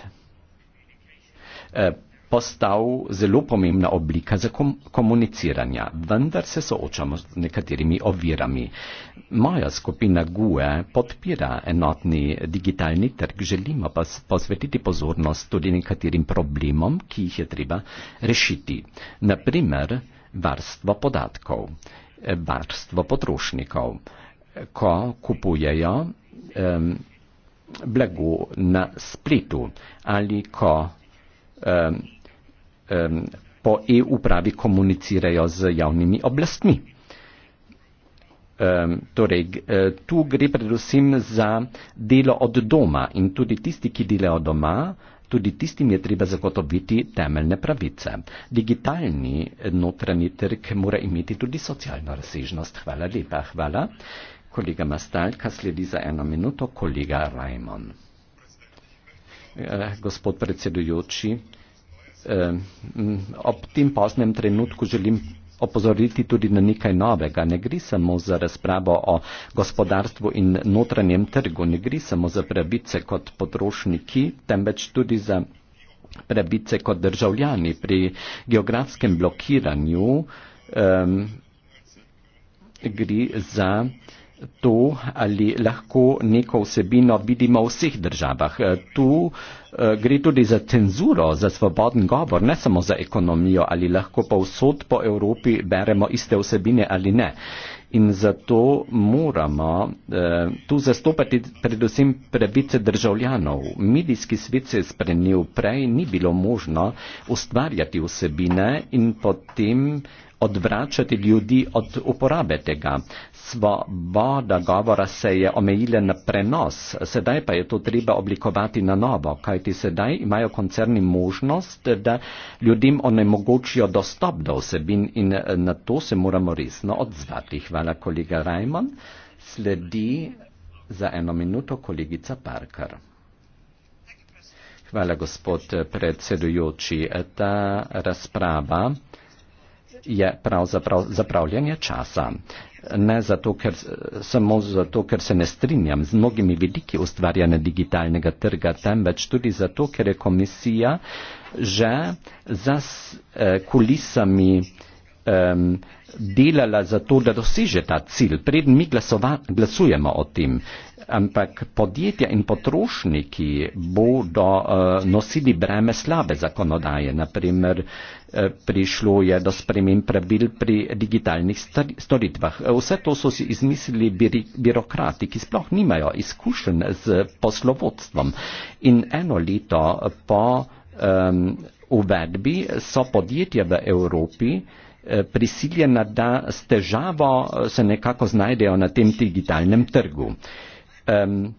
eh, postal zelo pomembna oblika za kom komuniciranje, vendar se soočamo z nekaterimi ovirami. Moja skupina GUE podpira enotni digitalni trg, želimo pa posvetiti pozornost tudi nekaterim problemom, ki jih je treba rešiti. Naprimer, varstvo podatkov, varstvo potrošnikov, ko kupujejo um, blago na spletu ali ko um, um, po e-upravi komunicirajo z javnimi oblastmi. Um, torej, e, tu gre predvsem za delo od doma in tudi tisti, ki delajo doma, tudi tistim je treba zagotoviti temeljne pravice. Digitalni notranji trg mora imeti tudi socialno razsežnost. Hvala lepa. Hvala. Kolega Mastalka sledi za eno minuto, kolega Rajmon. Eh, gospod predsedujoči, ob tem poznem trenutku želim opozoriti tudi na nekaj novega. Ne gre samo za razpravo o gospodarstvu in notranjem trgu, ne gre samo za pravice kot potrošniki, temveč tudi za pravice kot državljani. Pri geografskem blokiranju um, gre za to, ali lahko neko vsebino vidimo v vseh državah. E, tu e, gre tudi za cenzuro, za svoboden govor, ne samo za ekonomijo, ali lahko pa vsod po Evropi beremo iste vsebine ali ne. In zato moramo eh, tu zastopati predvsem pravice državljanov. Medijski svet se je sprenil prej, ni bilo možno ustvarjati vsebine in potem odvračati ljudi od uporabe tega. Svoboda govora se je omejila na prenos, sedaj pa je to treba oblikovati na novo, kajti sedaj imajo koncerni možnost, da ljudem onemogočijo dostop do osebin in eh, na to se moramo resno odzvati. Hvala, kolega Rajmon. Sledi za eno minuto kolegica Parker. Hvala, gospod eh, predsedujoči. Eh, ta razprava je pravzaprav zapravljanje časa. Ne zato, ker, samo zato, ker se ne strinjam z mnogimi vidiki ustvarjanja digitalnega trga, temveč tudi zato, ker je komisija že za eh, kulisami um, delala za to, da doseže ta cilj, preden mi glasova, glasujemo o tem. Ampak podjetja in potrošniki bodo uh, nosili breme slabe zakonodaje. Naprimer, uh, eh, prišlo je do spremen pravil pri digitalnih storitvah. Eh, vse to so si izmislili biri, birokrati, ki sploh nimajo izkušen z poslovodstvom. In eno leto po um, uvedbi so podjetja v Evropi, uh, Eh, prisiljena, da s težavo eh, se nekako znajdejo na tem digitalnem trgu. Um, um,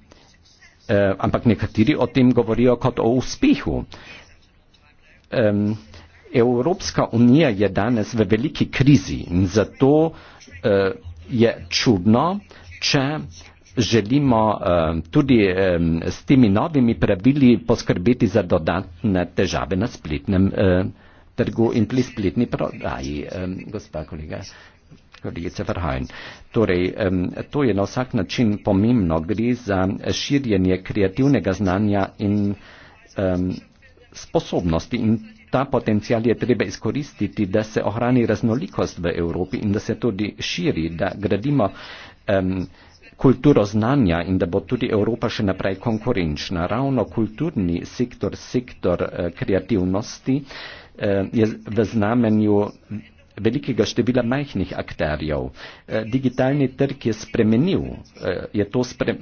ampak nekateri o tem govorijo kot o uspehu. Um, Evropska unija je danes v veliki krizi in zato uh, je čudno, če želimo uh, tudi um, s temi novimi pravili poskrbeti za dodatne težave na spletnem uh, trgu in pri spletni prodaji, um, gospa kolega. Torej, to je na vsak način pomembno. Gre za širjenje kreativnega znanja in um, sposobnosti in ta potencial je treba izkoristiti, da se ohrani raznolikost v Evropi in da se tudi širi, da gradimo um, kulturo znanja in da bo tudi Evropa še naprej konkurenčna. Ravno kulturni sektor, sektor eh, kreativnosti. Um, Eh, je v znamenju velikega števila majhnih akterjev. Eh, digitalni trg je spremenil, eh, je to, spre,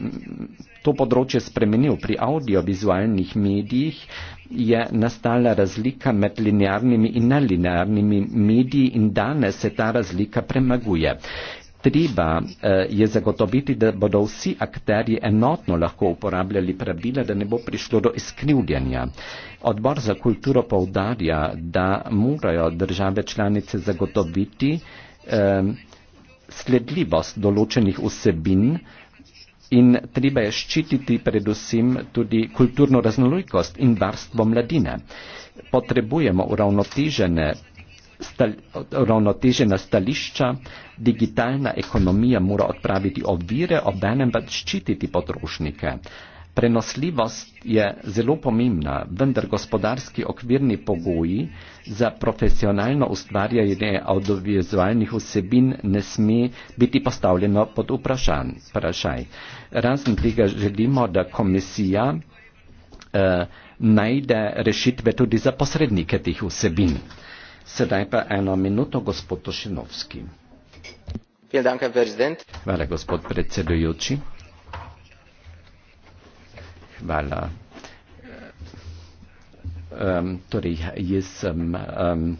to področje spremenil. Pri audiovizualnih medijih je nastala razlika med linearnimi in nelinearnimi mediji in danes se ta razlika premaguje. Treba eh, je zagotoviti, da bodo vsi akterji enotno lahko uporabljali pravila, da ne bo prišlo do izkrivljanja. Odbor za kulturo povdarja, da morajo države članice zagotoviti eh, sledljivost določenih vsebin in treba je ščititi predvsem tudi kulturno raznolikost in varstvo mladine. Potrebujemo uravnotežene uravnotežena stališča, digitalna ekonomija mora odpraviti ovire, obenem pa ščititi potrošnike. Prenosljivost je zelo pomembna, vendar gospodarski okvirni pogoji za profesionalno ustvarjanje audiovizualnih vsebin ne sme biti postavljeno pod vprašanj. Razen tega želimo, da komisija eh, najde rešitve tudi za posrednike teh vsebin. Eh, Sedaj pa eno minuto gospod Tošinovski. Hvala, gospod predsedujoči. Hvala. Um, torej, jaz sem. Um, um,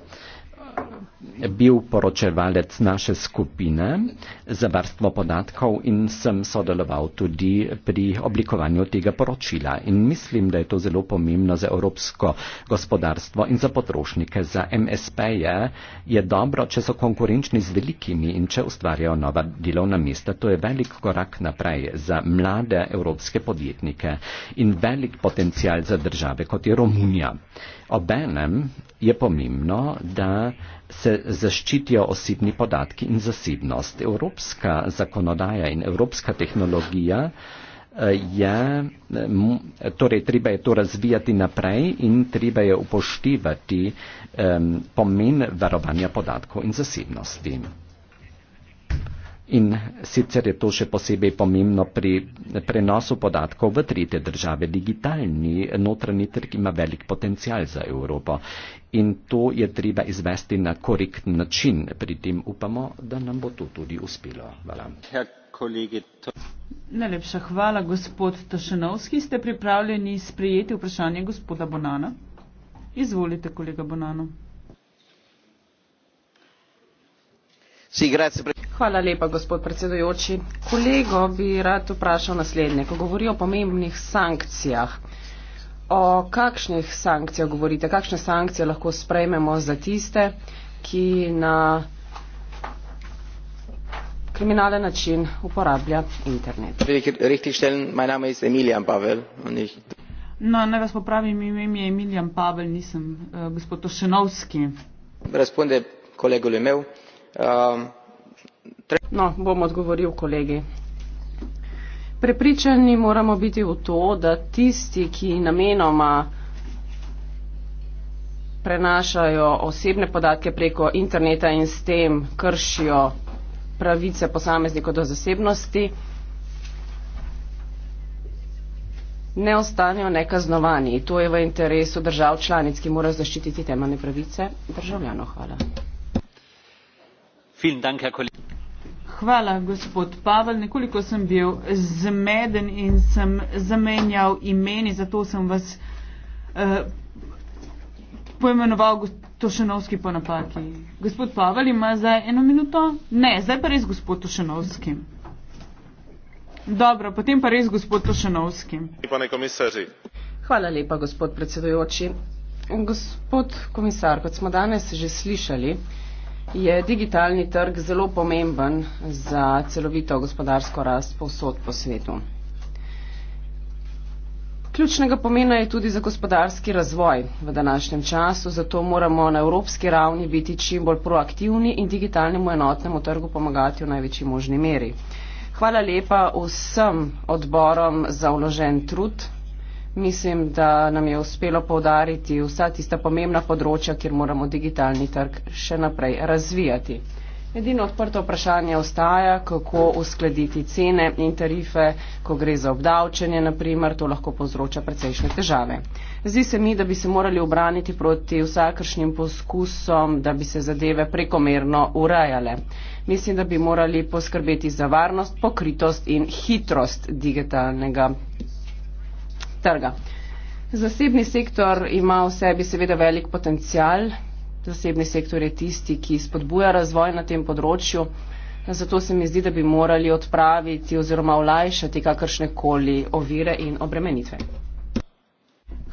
bil poročevalec naše skupine za varstvo podatkov in sem sodeloval tudi pri oblikovanju tega poročila. In mislim, da je to zelo pomembno za evropsko gospodarstvo in za potrošnike. Za MSP-je je dobro, če so konkurenčni z velikimi in če ustvarjajo nova delovna mesta. To je velik korak naprej za mlade evropske podjetnike in velik potencial za države kot je Romunija. Obenem je pomembno, da se zaščitijo osebni podatki in zasebnost. Evropska zakonodaja in evropska tehnologija eh, je, eh, torej treba je to razvijati naprej in treba je upoštevati um, pomen varovanja podatkov in zasebnosti. In sicer je to še posebej pomembno pri prenosu podatkov v trete države. Digitalni notranji trg ima velik potencial za Evropo in to je treba izvesti na korekt način. Pri tem upamo, da nam bo to tudi uspelo. Hvala. Najlepša hvala, gospod Tašenovski. Ste pripravljeni sprejeti vprašanje gospoda Bonana? Izvolite, kolega Bonano. Hvala lepa, gospod predsedujoči. Kolego bi rad vprašal naslednje. Ko govori o pomembnih sankcijah, o kakšnih sankcijah govorite, kakšne sankcije lahko sprejmemo za tiste, ki na kriminalen način uporablja internet? No, naj vas popravim, ime mi je Emilijan Pavel, nisem uh, gospod Ošenovski. Razpunde kolego Lemev. Um, no, bom odgovoril kolegi. Prepričani moramo biti v to, da tisti, ki namenoma prenašajo osebne podatke preko interneta in s tem kršijo pravice posameznikov do zasebnosti, ne ostanejo nekaznovani. To je v interesu držav članic, ki morajo zaščititi temeljne pravice državljanov. Hvala. Hvala, gospod Pavel. Nekoliko sem bil zmeden in sem zamenjal imeni, zato sem vas eh, poimenoval Tošenovski po napaki. Gospod Pavel ima zdaj eno minuto? Ne, zdaj pa res gospod Tošenovski. Dobro, potem pa res gospod Tošenovski. Hvala lepa, gospod predsedujoči. Gospod komisar, kot smo danes že slišali, je digitalni trg zelo pomemben za celovito gospodarsko rast povsod po svetu. Ključnega pomena je tudi za gospodarski razvoj v današnjem času, zato moramo na evropski ravni biti čim bolj proaktivni in digitalnemu enotnemu trgu pomagati v največji možni meri. Hvala lepa vsem odborom za vložen trud Mislim, da nam je uspelo povdariti vsa tista pomembna področja, kjer moramo digitalni trg še naprej razvijati. Edino odprto vprašanje ostaja, kako uskladiti cene in tarife, ko gre za obdavčenje, naprimer, to lahko povzroča precejšnje težave. Zdi se mi, da bi se morali obraniti proti vsakršnim poskusom, da bi se zadeve prekomerno urajale. Mislim, da bi morali poskrbeti za varnost, pokritost in hitrost digitalnega trga. Zasebni sektor ima v sebi seveda velik potencial, zasebni sektor je tisti, ki spodbuja razvoj na tem področju, zato se mi zdi, da bi morali odpraviti oziroma olajšati kakršne koli ovire in obremenitve.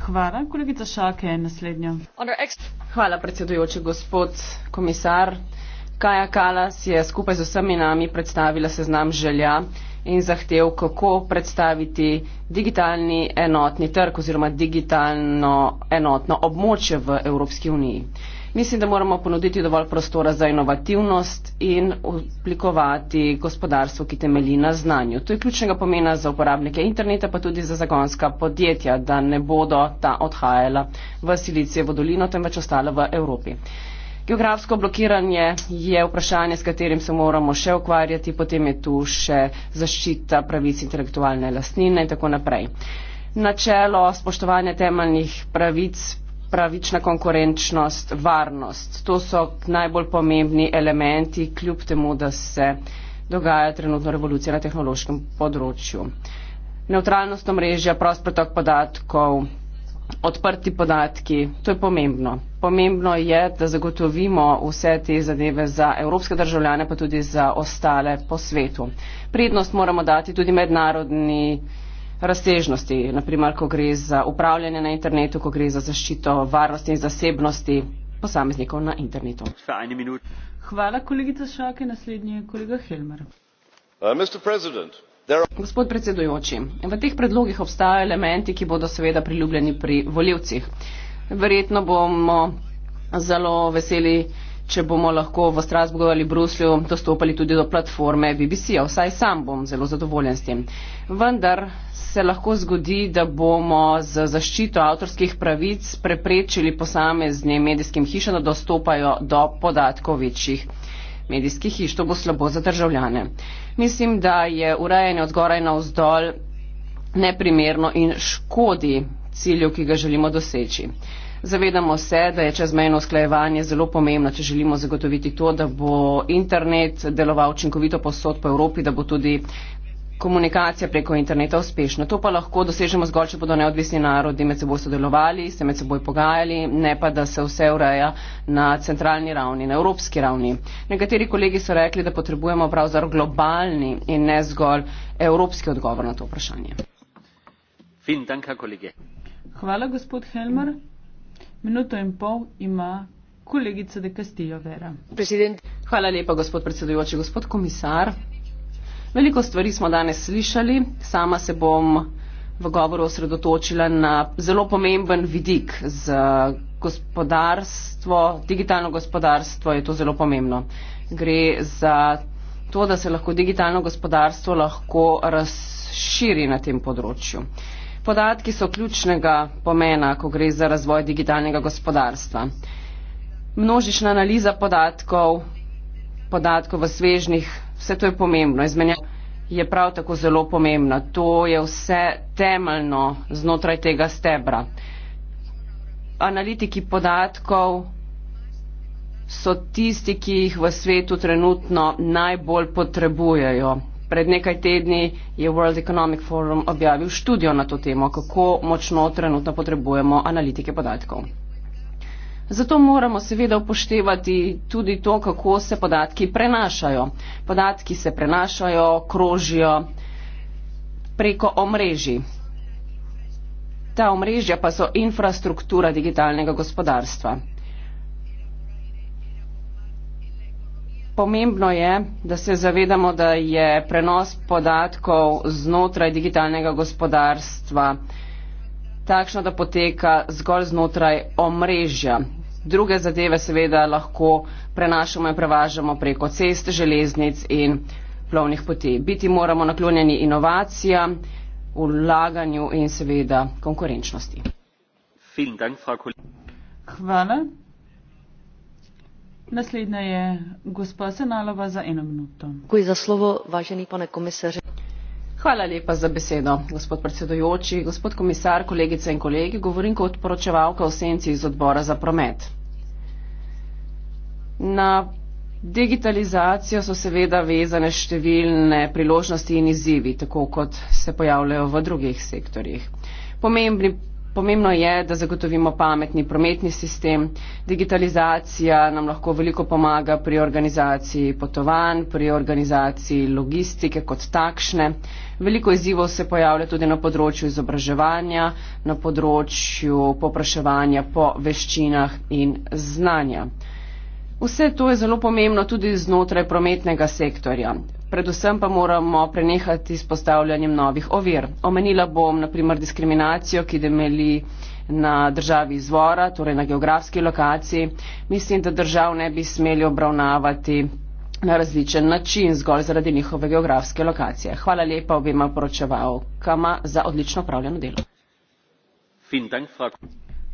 Hvala, kolegica Šake, naslednja. Hvala, predsedujoči gospod komisar. Kaja Kalas je skupaj z vsemi nami predstavila seznam želja in zahtev, kako predstaviti digitalni enotni trg oziroma digitalno enotno območje v Evropski uniji. Mislim, da moramo ponuditi dovolj prostora za inovativnost in oblikovati gospodarstvo, ki temelji na znanju. To je ključnega pomena za uporabnike interneta, pa tudi za zagonska podjetja, da ne bodo ta odhajala v Silicijevo dolino, temveč ostala v Evropi. Geografsko blokiranje je vprašanje, s katerim se moramo še ukvarjati, potem je tu še zaščita pravic intelektualne lastnine in tako naprej. Načelo spoštovanja temeljnih pravic pravična konkurenčnost, varnost. To so najbolj pomembni elementi, kljub temu, da se dogaja trenutno revolucija na tehnološkem področju. Neutralnost omrežja, prost pretok podatkov, odprti podatki, to je pomembno. Pomembno je, da zagotovimo vse te zadeve za evropske državljane, pa tudi za ostale po svetu. Prednost moramo dati tudi mednarodni razsežnosti, naprimer, ko gre za upravljanje na internetu, ko gre za zaščito varnosti in zasebnosti posameznikov na internetu. Hvala, kolegica Šake. Naslednji je kolega Helmer. Uh, are... Gospod predsedujoči, v teh predlogih obstajajo elementi, ki bodo seveda priljubljeni pri voljivcih verjetno bomo zelo veseli, če bomo lahko v Strasburgu ali Bruslju dostopali tudi do platforme BBC-ja. Vsaj sam bom zelo zadovoljen s tem. Vendar se lahko zgodi, da bomo z zaščito avtorskih pravic preprečili posameznim medijskim hišam, da dostopajo do podatkov večjih medijskih hiš. To bo slabo za državljane. Mislim, da je urejanje od zgoraj na vzdolj neprimerno in škodi ciljev, ki ga želimo doseči. Zavedamo se, da je čezmejno usklajevanje zelo pomembno, če želimo zagotoviti to, da bo internet deloval učinkovito posod po Evropi, da bo tudi komunikacija preko interneta uspešna. To pa lahko dosežemo zgolj, če bodo neodvisni narodi med seboj sodelovali, se med seboj pogajali, ne pa, da se vse ureja na centralni ravni, na evropski ravni. Nekateri kolegi so rekli, da potrebujemo pravzaprav globalni in ne zgolj evropski odgovor na to vprašanje. Vielen Dank, Herr Kollege. Hvala, gospod Helmer. Minuto in pol ima kolegica De Castillo Vera. President. Hvala lepa, gospod predsedujoči, gospod komisar. Veliko stvari smo danes slišali. Sama se bom v govoru osredotočila na zelo pomemben vidik za gospodarstvo, digitalno gospodarstvo je to zelo pomembno. Gre za to, da se lahko digitalno gospodarstvo lahko razširi na tem področju. Uh, Podatki so ključnega pomena, ko gre za razvoj digitalnega gospodarstva. Množična analiza podatkov, podatkov v svežnih, vse to je pomembno. Izmenjava je prav tako zelo pomembna. To je vse temeljno znotraj tega stebra. Analitiki podatkov so tisti, ki jih v svetu trenutno najbolj potrebujejo. Pred nekaj tedni je World Economic Forum objavil študijo na to temo, kako močno trenutno potrebujemo analitike podatkov. Zato moramo seveda upoštevati tudi to, kako se podatki prenašajo. Podatki se prenašajo, krožijo preko omrežij. Ta omrežja pa so infrastruktura digitalnega gospodarstva. pomembno je, da se zavedamo, da je prenos podatkov znotraj digitalnega gospodarstva takšno, da poteka zgolj znotraj omrežja. Druge zadeve seveda lahko prenašamo in prevažamo preko cest, železnic in plovnih poti. Biti moramo naklonjeni inovacijam, vlaganju in seveda konkurenčnosti. Hvala. Naslednja je gospa Senalova za eno minuto. Kuj za slovo, važeni pane komisarji. Hvala lepa za besedo, gospod predsedojoči, gospod komisar, kolegice in kolegi. Govorim kot poročevalka o senci iz odbora za promet. Na digitalizacijo so seveda vezane številne priložnosti in izzivi, tako kot se pojavljajo v drugih sektorjih. Pomembni pomembno je, da zagotovimo pametni prometni sistem. Digitalizacija nam lahko veliko pomaga pri organizaciji potovanj, pri organizaciji logistike kot takšne. Veliko izzivov se pojavlja tudi na področju izobraževanja, na področju popraševanja po veščinah in znanja. Vse to je zelo pomembno tudi znotraj prometnega sektorja predvsem pa moramo prenehati s postavljanjem novih ovir. Omenila bom naprimer diskriminacijo, ki demeli na državi izvora, torej na geografski lokaciji. Mislim, da držav ne bi smeli obravnavati na različen način, zgolj zaradi njihove geografske lokacije. Hvala lepa obima poročevalkama za odlično upravljeno delo.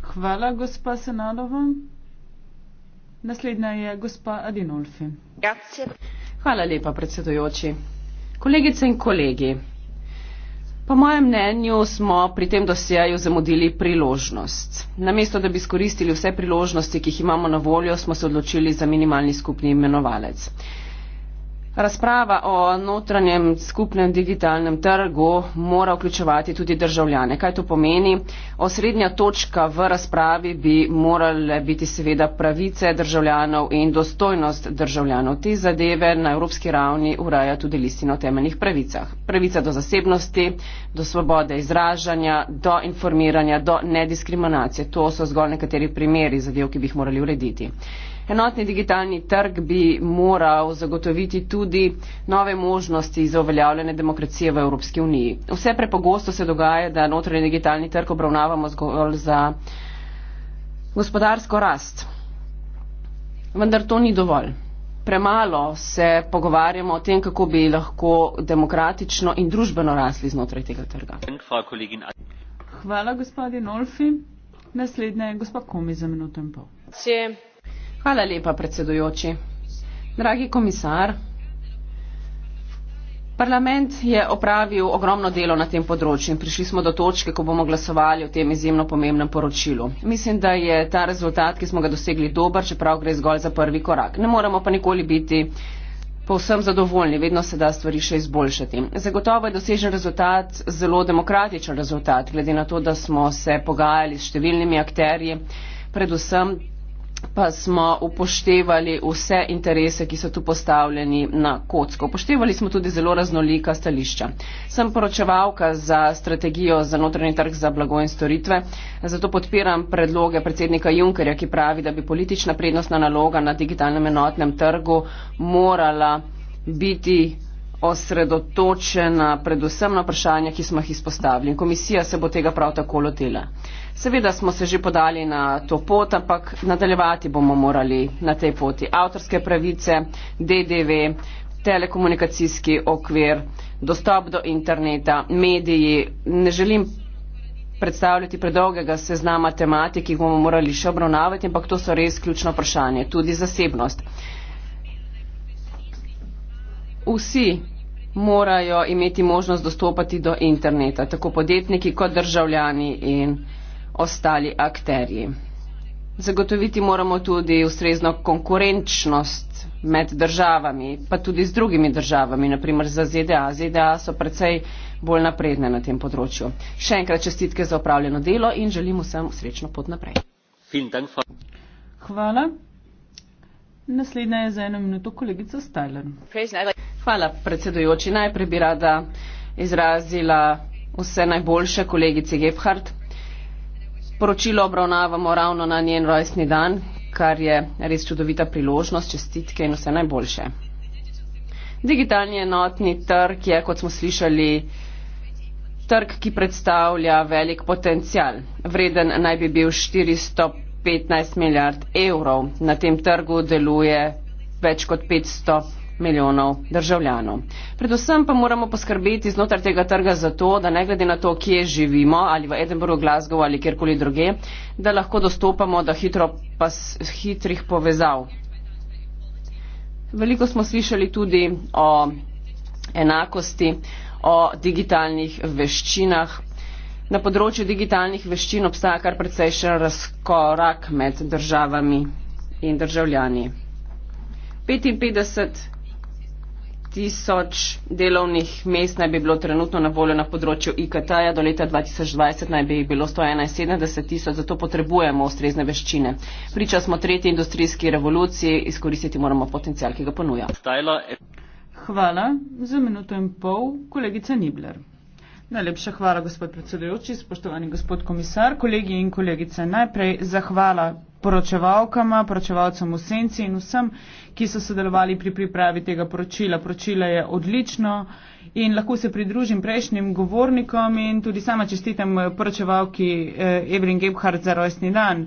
Hvala, gospa Senadova. Naslednja je gospa Adinolfi. Grazie. Hvala lepa, predsedujoči. Kolegice in kolegi, po mojem mnenju smo pri tem dosjeju zamudili priložnost. Namesto, da bi skoristili vse priložnosti, ki jih imamo na voljo, smo se odločili za minimalni skupni imenovalec. Razprava o notranjem skupnem digitalnem trgu mora vključevati tudi državljane. Kaj to pomeni? Osrednja točka v razpravi bi morale biti seveda pravice državljanov in dostojnost državljanov. Te zadeve na evropski ravni uraja tudi listino o temeljnih pravicah. Pravica do zasebnosti, do svobode izražanja, do informiranja, do nediskriminacije. To so zgolj nekateri primeri zadev, ki bi jih morali urediti. Enotni digitalni trg bi moral zagotoviti tudi nove možnosti za uveljavljanje demokracije v Evropski uniji. Vse prepogosto se dogaja, da notranji digitalni trg obravnavamo zgolj za gospodarsko rast. Vendar to ni dovolj. Premalo se pogovarjamo o tem, kako bi lahko demokratično in družbeno rasli znotraj tega trga. Hvala, gospodin Olfi. Naslednja je gospod Komi za minuto in pol. Hvala lepa, predsedujoči. Dragi komisar, parlament je opravil ogromno delo na tem področju in prišli smo do točke, ko bomo glasovali o tem izjemno pomembnem poročilu. Mislim, da je ta rezultat, ki smo ga dosegli, dober, čeprav gre zgolj za prvi korak. Ne moramo pa nikoli biti povsem zadovoljni, vedno se da stvari še izboljšati. Zagotovo je dosežen rezultat zelo demokratičen rezultat, glede na to, da smo se pogajali s številnimi akterji, predvsem pa smo upoštevali vse interese, ki so tu postavljeni na kocko. Upoštevali smo tudi zelo raznolika stališča. Sem poročevalka za strategijo za notranji trg za blago in storitve, zato podpiram predloge predsednika Junkerja, ki pravi, da bi politična prednostna naloga na digitalnem enotnem trgu morala biti osredotočena predvsem na vprašanja, ki smo jih izpostavili. Komisija se bo tega prav tako lotila. Seveda smo se že podali na to pot, ampak nadaljevati bomo morali na tej poti. Avtorske pravice, DDV, telekomunikacijski okvir, dostop do interneta, mediji. Ne želim predstavljati predolgega seznama tematik, ki jih bomo morali še obravnavati, ampak to so res ključno vprašanje. Tudi zasebnost. Vsi morajo imeti možnost dostopati do interneta, tako podjetniki kot državljani in državljani ostali akterji. Zagotoviti moramo tudi ustrezno konkurenčnost med državami, pa tudi z drugimi državami, naprimer za ZDA. ZDA so precej bolj napredne na tem področju. Še enkrat čestitke za opravljeno delo in želim vsem srečno pot naprej. Hvala. Naslednja je za eno minuto kolegica Stalin. Hvala, predsedujoči. Najprej bi rada izrazila vse najboljše kolegici Gebhardt poročilo obravnavamo ravno na njen rojstni dan, kar je res čudovita priložnost, čestitke in vse najboljše. Digitalni enotni trg je, kot smo slišali, trg, ki predstavlja velik potencial. Vreden naj bi bil 415 milijard evrov. Na tem trgu deluje več kot 500 milijard milijonov državljanov. Predvsem pa moramo poskrbeti znotraj tega trga za to, da ne glede na to, kje živimo, ali v Edinburghu, Glasgow ali kjerkoli druge, da lahko dostopamo do pas, hitrih povezav. Veliko smo slišali tudi o enakosti, o digitalnih veščinah. Na področju digitalnih veščin obstaja kar precejšen razkorak med državami in državljani. 55 tisoč delovnih mest naj bi bilo trenutno na voljo na področju IKT-ja, do leta 2020 naj bi jih bilo 171 tisoč, zato potrebujemo ustrezne veščine. Priča smo tretji industrijski revoluciji, izkoristiti moramo potencial, ki ga ponuja. Hvala za minuto in pol, kolegica Nibler. Najlepša hvala, gospod predsedujoči, spoštovani gospod komisar, kolegi in kolegice. Najprej zahvala poročevalkama, poročevalcem v senci in vsem, ki so sodelovali pri pripravi tega poročila. Poročilo je odlično in lahko se pridružim prejšnjim govornikom in tudi sama čestitam eh, poročevalki eh, Evelyn Gebhardt za rojstni dan.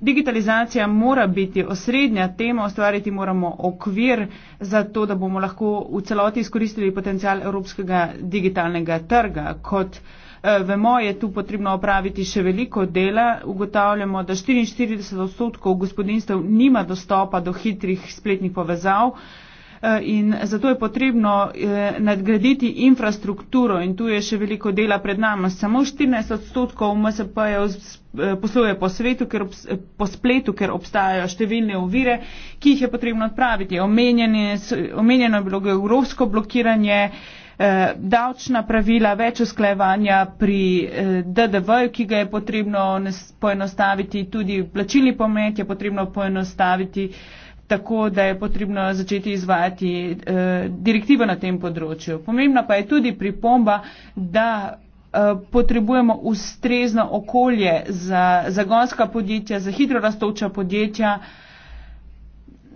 Digitalizacija mora biti osrednja tema, ustvariti moramo okvir za to, da bomo lahko v celoti izkoristili potencial evropskega digitalnega trga kot Eh, vemo, je tu potrebno opraviti še veliko dela. Ugotavljamo, da 44 odstotkov gospodinstv nima dostopa do hitrih spletnih povezav. Eh, in zato je potrebno eh, nadgraditi infrastrukturo in tu je še veliko dela pred nami. Samo 14 odstotkov MSP je posluje po, svetu, ker, po spletu, ker obstajajo številne ovire, ki jih je potrebno odpraviti. Omenjeno je bilo evropsko blokiranje. Eh, davčna pravila, več usklajevanja pri eh, DDV, ki ga je potrebno poenostaviti, tudi plačilni pomet je potrebno poenostaviti tako da je potrebno začeti izvajati eh, direktivo na tem področju. Pomembna pa je tudi pripomba, da eh, potrebujemo ustrezno okolje za zagonska podjetja, za hidrorastoča podjetja, eh,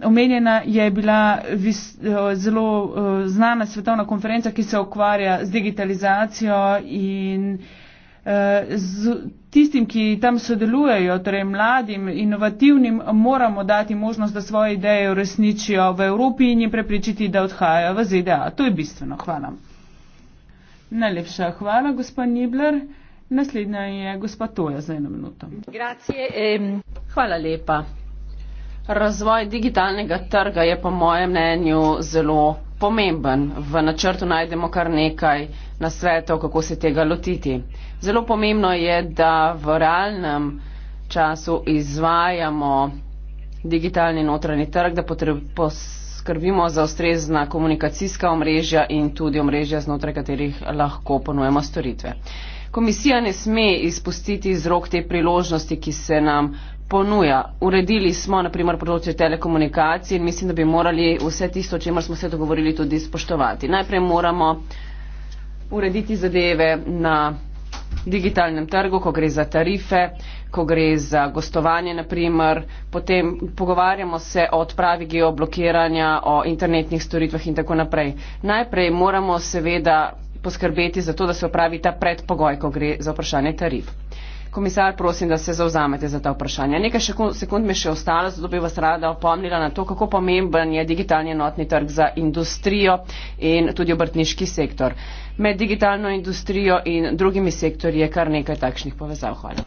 Omenjena je bila vis, eh, zelo eh, znana svetovna konferenca, ki se ukvarja z digitalizacijo in eh, z tistim, ki tam sodelujejo, torej mladim, inovativnim, moramo dati možnost, da svoje ideje uresničijo v Evropi in jim prepričiti, da odhajajo v ZDA. To je bistveno. Hvala. Najlepša hvala, gospod Nibler. Naslednja je gospod Toja za eno minuto. Grazie, ehm. Hvala lepa. Razvoj digitalnega trga je po mojem mnenju zelo pomemben. V načrtu najdemo kar nekaj nasvetov, kako se tega lotiti. Zelo pomembno je, da v realnem času izvajamo digitalni notranji trg, da poskrbimo za ustrezna komunikacijska omrežja in tudi omrežja, znotraj katerih lahko ponujemo storitve. Komisija ne sme izpustiti z rok te priložnosti, ki se nam ponuja. Uredili smo naprimer področje telekomunikacij in mislim, da bi morali vse tisto, čemer smo se dogovorili, tudi spoštovati. Najprej moramo urediti zadeve na digitalnem trgu, ko gre za tarife, ko gre za gostovanje naprimer, potem pogovarjamo se o odpravi geoblokiranja, o internetnih storitvah in tako naprej. Najprej moramo seveda poskrbeti za to, da se opravi ta predpogoj, ko gre za vprašanje tarifov komisar, prosim, da se zauzamete za ta vprašanja. Nekaj sekund mi še ostalo, zato bi vas rada opomnila na to, kako pomemben je digitalni enotni trg za industrijo in tudi obrtniški sektor. Med digitalno industrijo in drugimi sektorji je kar nekaj takšnih povezav. Hvala.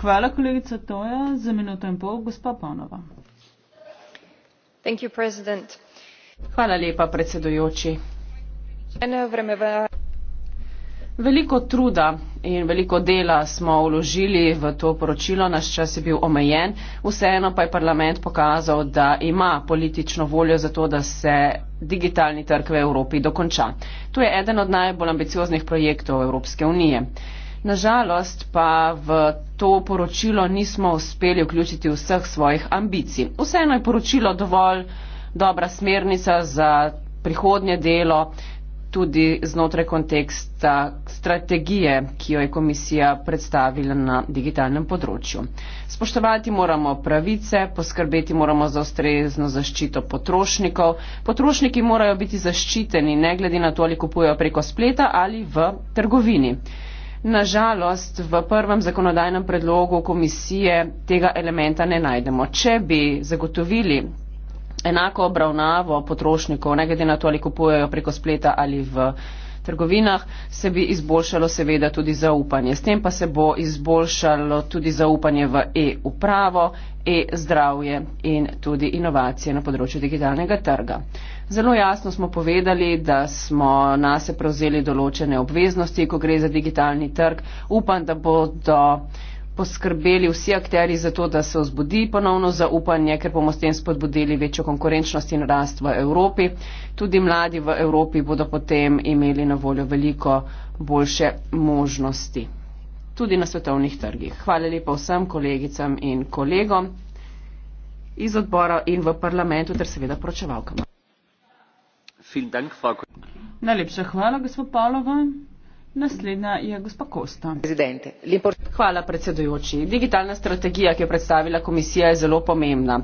Hvala, kolegica Toja. Za minuto in pol, gospa Ponova. Hvala lepa, predsedujoči. Veliko truda in veliko dela smo vložili v to poročilo, naš čas je bil omejen, vseeno pa je parlament pokazal, da ima politično voljo za to, da se digitalni trg v Evropi dokonča. To je eden od najbolj ambicioznih projektov Evropske unije. Nažalost pa v to poročilo nismo uspeli vključiti vseh svojih ambicij. Vseeno je poročilo dovolj dobra smernica za prihodnje delo, tudi znotraj konteksta strategije, ki jo je komisija predstavila na digitalnem področju. Spoštovati moramo pravice, poskrbeti moramo za ustrezno zaščito potrošnikov. Potrošniki morajo biti zaščiteni, ne glede na to, ali kupujejo preko spleta ali v trgovini. Nažalost, v prvem zakonodajnem predlogu komisije tega elementa ne najdemo. Če bi zagotovili enako obravnavo potrošnikov, ne glede na to, ali kupujejo preko spleta ali v trgovinah, se bi izboljšalo seveda tudi zaupanje. S tem pa se bo izboljšalo tudi zaupanje v e-upravo, e-zdravje in tudi inovacije na področju digitalnega trga. Zelo jasno smo povedali, da smo nase prevzeli določene obveznosti, ko gre za digitalni trg. Upam, da bodo. Do poskrbeli vsi akteri za to, da se vzbudi ponovno zaupanje, ker bomo s tem spodbudili večjo konkurenčnost in rast v Evropi. Tudi mladi v Evropi bodo potem imeli na voljo veliko boljše možnosti. Tudi na svetovnih trgih. Hvala lepa vsem kolegicam in kolegom iz odbora in v parlamentu ter seveda pročevalkama. Najlepša hvala, gospod Pavlova. Naslednja je gospa Kosta. Hvala predsedujoči. Digitalna strategija, ki je predstavila komisija, je zelo pomembna.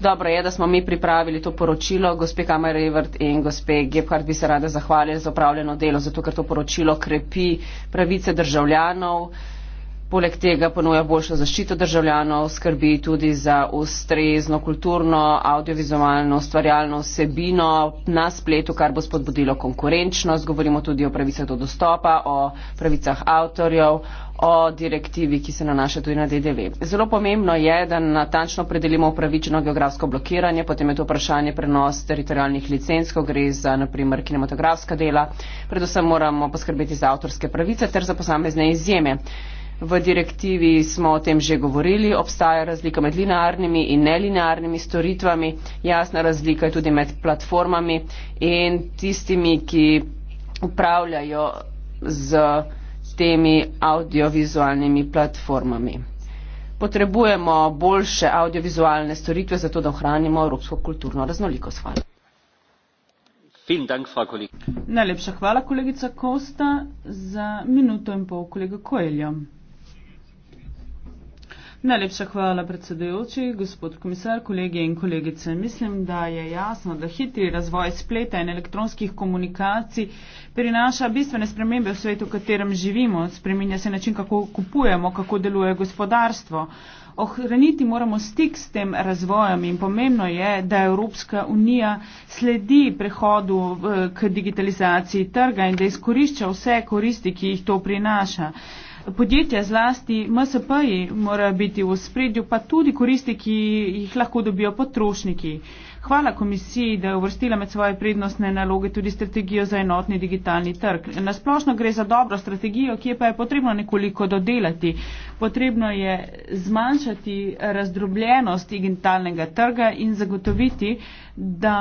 Dobro je, da smo mi pripravili to poročilo. Gospe Kamer Evert in gospe Gebhardt bi se rade zahvalili za upravljeno delo, zato ker to poročilo krepi pravice državljanov Poleg tega ponuja boljšo zaščito državljanov, skrbi tudi za ustrezno kulturno, audiovizualno, stvarjalno vsebino na spletu, kar bo spodbudilo konkurenčnost. Govorimo tudi o pravicah do dostopa, o pravicah avtorjev o direktivi, ki se nanaša tudi na DDV. Zelo pomembno je, da natančno predelimo upravičeno geografsko blokiranje, potem je to vprašanje prenos teritorijalnih licenc, ko gre za naprimer kinematografska dela. Predvsem moramo poskrbeti za avtorske pravice ter za posamezne izjeme. V direktivi smo o tem že govorili, obstaja razlika med linearnimi in nelinearnimi storitvami, jasna razlika je tudi med platformami in tistimi, ki upravljajo z temi audiovizualnimi platformami. Potrebujemo boljše audiovizualne storitve, zato da ohranimo evropsko kulturno raznolikost. Hvala. Najlepša hvala, kolegica Kosta, za minuto in pol, kolega Koeljo. Najlepša hvala predsedujoči, gospod komisar, kolege in kolegice. Mislim, da je jasno, da hitri razvoj spleta in elektronskih komunikacij prinaša bistvene spremembe v svetu, v katerem živimo. Spreminja se način, kako kupujemo, kako deluje gospodarstvo. Ohraniti moramo stik s tem razvojem in pomembno je, da Evropska unija sledi prehodu eh, k digitalizaciji trga in da izkorišča vse koristi, ki jih to prinaša. Podjetja zlasti MSP-ji morajo biti v spredju, pa tudi koristi, ki jih lahko dobijo potrošniki. Hvala komisiji, da je uvrstila med svoje prednostne naloge tudi strategijo za enotni digitalni trg. Nasplošno gre za dobro strategijo, ki je pa je potrebno nekoliko dodelati. Potrebno je zmanjšati razdrobljenost digitalnega trga in zagotoviti, da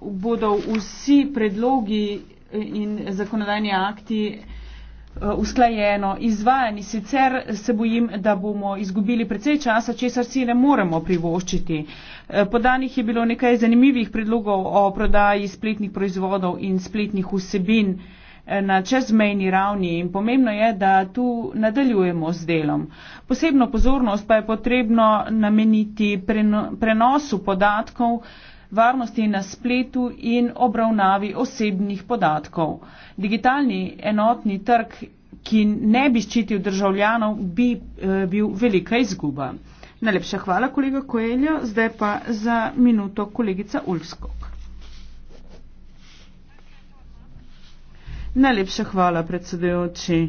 bodo vsi predlogi in zakonodajni akti Eh, usklajeno izvajani. Sicer se bojim, da bomo izgubili precej časa, česar si ne moremo privoščiti. Eh, podanih je bilo nekaj zanimivih predlogov o prodaji spletnih proizvodov in spletnih vsebin eh, na čezmejni ravni in pomembno je, da tu nadaljujemo z delom. Posebno pozornost pa je potrebno nameniti prenosu podatkov, varnosti na spletu in obravnavi osebnih podatkov. Digitalni enotni trg, ki ne bi ščitil državljanov, bi eh, bil velika izguba. Najlepša hvala, kolega Koeljo. Zdaj pa za minuto kolegica Ulfsko. Najlepša hvala, predsedujoči.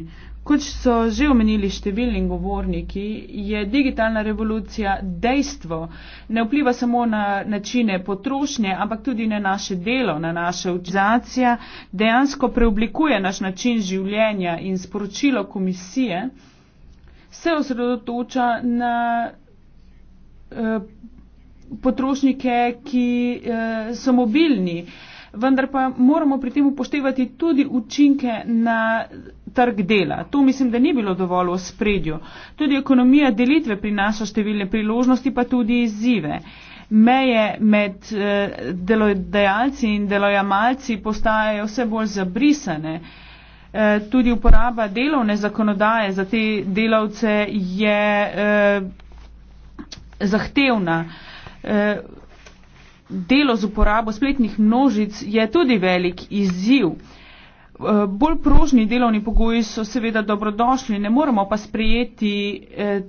Kot so že omenili številni govorniki, je digitalna revolucija dejstvo. Ne vpliva samo na načine potrošnje, ampak tudi na naše delo, na naše učizacije. Dejansko preoblikuje naš način življenja in sporočilo komisije se osredotoča na eh, potrošnike, ki eh, so mobilni. Vendar pa moramo pri tem upoštevati tudi učinke na trg dela. To mislim, da ni bilo dovolj v spredju. Tudi ekonomija delitve prinaša številne priložnosti, pa tudi izzive. Meje med eh, delodajalci in delojamalci postajajo vse bolj zabrisane. Eh, tudi uporaba delovne zakonodaje za te delavce je eh, zahtevna. Delo z uporabo spletnih množic je tudi velik izziv. Eh, bolj prožni delovni pogoji so seveda dobrodošli, ne moremo pa sprejeti eh,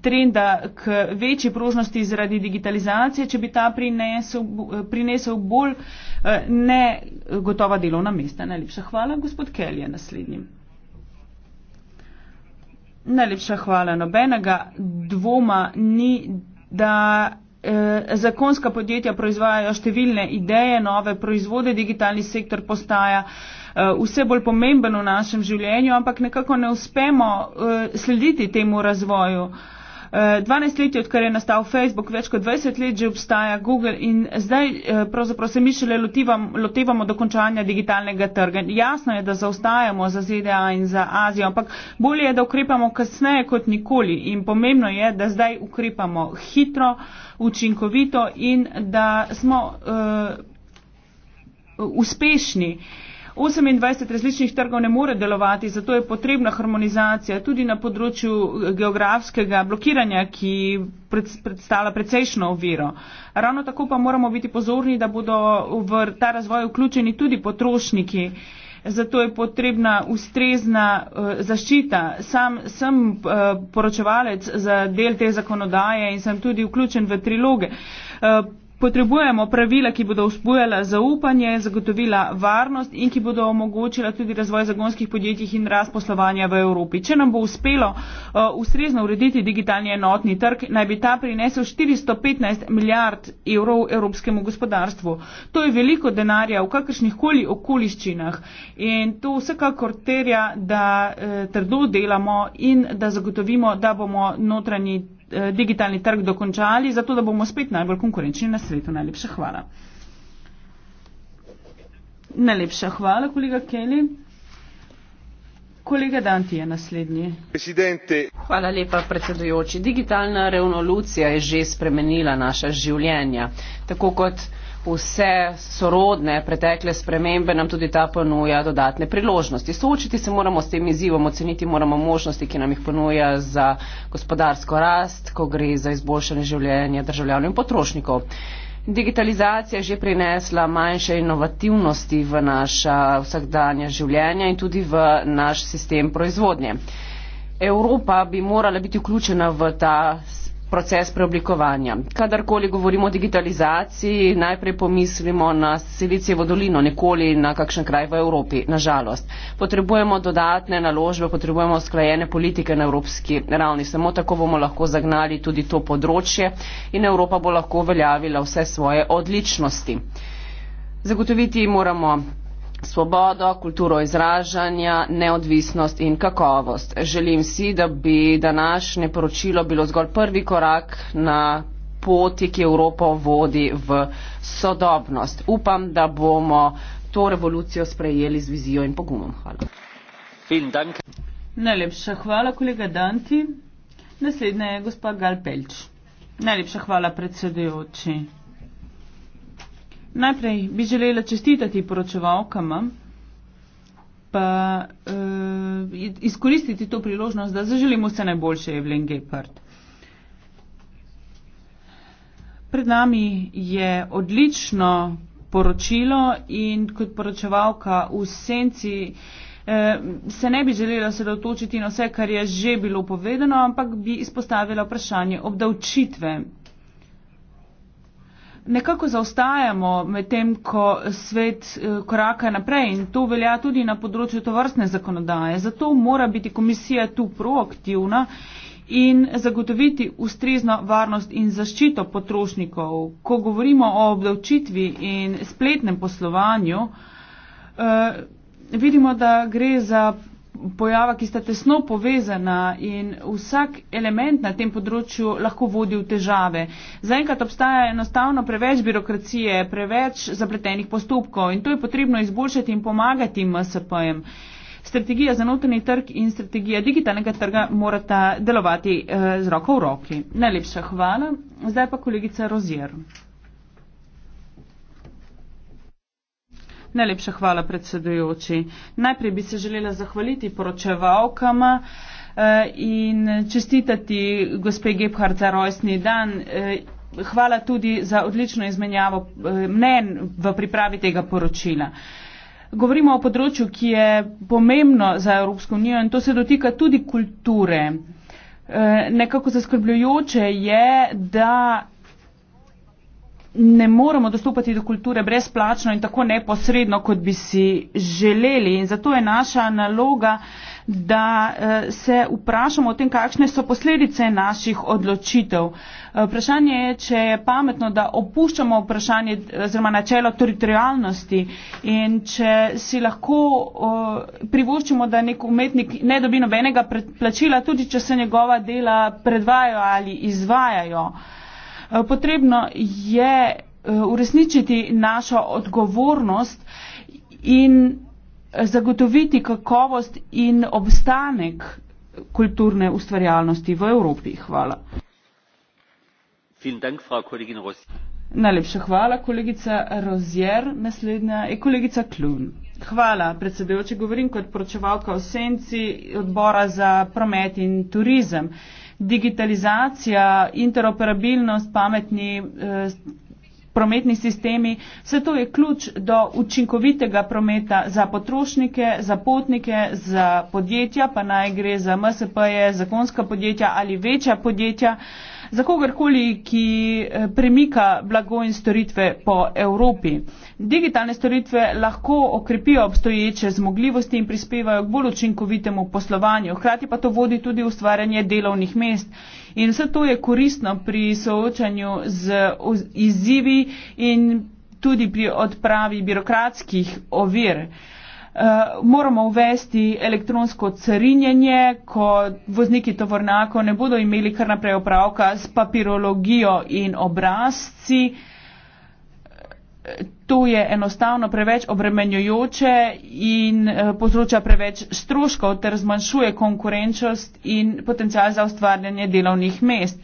trenda k večji prožnosti zaradi digitalizacije, če bi ta prinesel, eh, prinesel bolj negotova delovna mesta. Najlepša hvala, gospod Kelje, naslednjim. Najlepša hvala. Nobenega dvoma ni, da Eh, zakonska podjetja proizvajajo številne ideje, nove proizvode, digitalni sektor postaja eh, vse bolj pomemben v našem življenju, ampak nekako ne uspemo eh, slediti temu razvoju. 12 let je, odkar je nastal Facebook, več kot 20 let že obstaja Google in zdaj eh, pravzaprav se mi šele lotevamo dokončanja digitalnega trga. Jasno je, da zaostajamo za ZDA in za Azijo, ampak bolje je, da ukrepamo kasneje kot nikoli in pomembno je, da zdaj ukrepamo hitro, učinkovito in da smo uh, uspešni. Uh, 28 različnih trgov ne more delovati, zato je potrebna harmonizacija tudi na področju eh, geografskega blokiranja, ki predstavlja precejšno oviro. Ravno tako pa moramo biti pozorni, da bodo v ta razvoj vključeni tudi potrošniki. Zato je potrebna ustrezna uh, zaščita. Sam sem uh, poročevalec za del te zakonodaje in sem tudi vključen v triloge. Uh, Potrebujemo pravila, ki bodo vzbujala zaupanje, zagotovila varnost in ki bodo omogočila tudi razvoj zagonskih podjetij in rast poslovanja v Evropi. Če nam bo uspelo uh, ustrezno urediti digitalni enotni trg, naj bi ta prinesel 415 milijard evrov evropskemu gospodarstvu. To je veliko denarja v kakršnih koli okoliščinah in to vsekakor terja, da uh, trdo delamo in da zagotovimo, da bomo notranji. Eh, digitalni trg dokončali, zato da bomo spet najbolj konkurenčni na svetu. Najlepša hvala. Najlepša hvala, kolega Kelly. Kolega Danti je naslednji. Presidente. Hvala lepa, predsedujoči. Digitalna revolucija je že spremenila naša življenja. Tako kot vse sorodne pretekle spremembe nam tudi ta ponuja dodatne priložnosti. Soočiti se moramo s tem izzivom, oceniti moramo možnosti, ki nam jih ponuja za gospodarsko rast, ko gre za izboljšanje življenja državljanov in potrošnikov. Digitalizacija je že prinesla manjše inovativnosti v naša vsakdanja življenja in tudi v naš sistem proizvodnje. Evropa bi morala biti vključena v ta proces preoblikovanja. Kadarkoli govorimo o digitalizaciji, najprej pomislimo na Silicijevo dolino, nikoli na kakšen kraj v Evropi, nažalost. Potrebujemo dodatne naložbe, potrebujemo sklajene politike na evropski ravni. Samo tako bomo lahko zagnali tudi to področje in Evropa bo lahko uveljavila vse svoje odličnosti. Zagotoviti moramo svobodo, kulturo izražanja, neodvisnost in kakovost. Želim si, da bi današnje poročilo bilo zgolj prvi korak na poti, ki Evropo vodi v sodobnost. Upam, da bomo to revolucijo sprejeli z vizijo in pogumom. Hvala. Najlepša hvala, kolega Danti. Naslednja je gospa Galpelč. Najlepša hvala, predsedujoči. Najprej bi želela čestitati poročevalkama, pa e, izkoristiti to priložnost, da zaželimo vse najboljše Evelyn Gepard. Pred nami je odlično poročilo in kot poročevalka v senci eh, se ne bi želela sedotočiti na vse, kar je že bilo povedano, ampak bi izpostavila vprašanje obdavčitve nekako zaostajamo med tem, ko svet eh, koraka naprej in to velja tudi na področju tovrstne zakonodaje. Zato mora biti komisija tu proaktivna in zagotoviti ustrezno varnost in zaščito potrošnikov. Ko govorimo o obdavčitvi in spletnem poslovanju, eh, vidimo, da gre za pojava, ki sta tesno povezana in vsak element na tem področju lahko vodi v težave. Zaenkrat obstaja enostavno preveč birokracije, preveč zapletenih postopkov in to je potrebno izboljšati in pomagati MSP-jem. Strategija za notrni trg in strategija digitalnega trga morata delovati eh, z roko v roki. Najlepša hvala. Zdaj pa kolegica Rozier. Najlepša hvala, predsedujoči. Najprej bi se želela zahvaliti poročevalkama eh, in čestitati gospe Gebhardt za rojstni dan. Eh, hvala tudi za odlično izmenjavo eh, mnen v pripravi tega poročila. Govorimo o področju, ki je pomembno za Evropsko unijo in to se dotika tudi kulture. Nekako zaskrbljujoče je, da ne moremo dostopati do kulture brezplačno in tako neposredno, kot bi si želeli. In zato je naša naloga, da eh, se vprašamo o tem, kakšne so posledice naših odločitev. Eh, vprašanje je, če je pametno, da opuščamo vprašanje eh, oziroma načelo teritorijalnosti in če si lahko privoščimo, da nek umetnik ne dobi nobenega plačila, tudi če se njegova dela predvajajo ali izvajajo. Eh, potrebno je eh, uresničiti našo odgovornost in zagotoviti kakovost in obstanek kulturne ustvarjalnosti v Evropi. Hvala. Dank, Najlepša hvala, kolegica Rozier. Naslednja je kolegica Klun. Hvala, predsedujoči. Govorim kot poročevalka v senci odbora za promet in turizem digitalizacija, interoperabilnost, pametni eh, prometni sistemi, vse to je ključ do učinkovitega prometa za potrošnike, za potnike, za podjetja, pa naj gre za MSP-je, zakonska podjetja ali večja podjetja. Uh, za kogarkoli, ki eh, premika blago in storitve po Evropi. Digitalne storitve lahko okrepijo obstoječe zmogljivosti in prispevajo k bolj učinkovitemu poslovanju, hkrati pa to vodi tudi ustvarjanje delovnih mest. In vse to je koristno pri soočanju z izzivi in tudi pri odpravi birokratskih ovir. Eh, moramo uvesti elektronsko carinjenje, ko vozniki tovornako ne bodo imeli kar naprej opravka s papirologijo in obrazci. Eh, to je enostavno preveč obremenjujoče in eh, povzroča preveč stroškov ter zmanjšuje konkurenčnost in potencial za ustvarjanje delovnih mest.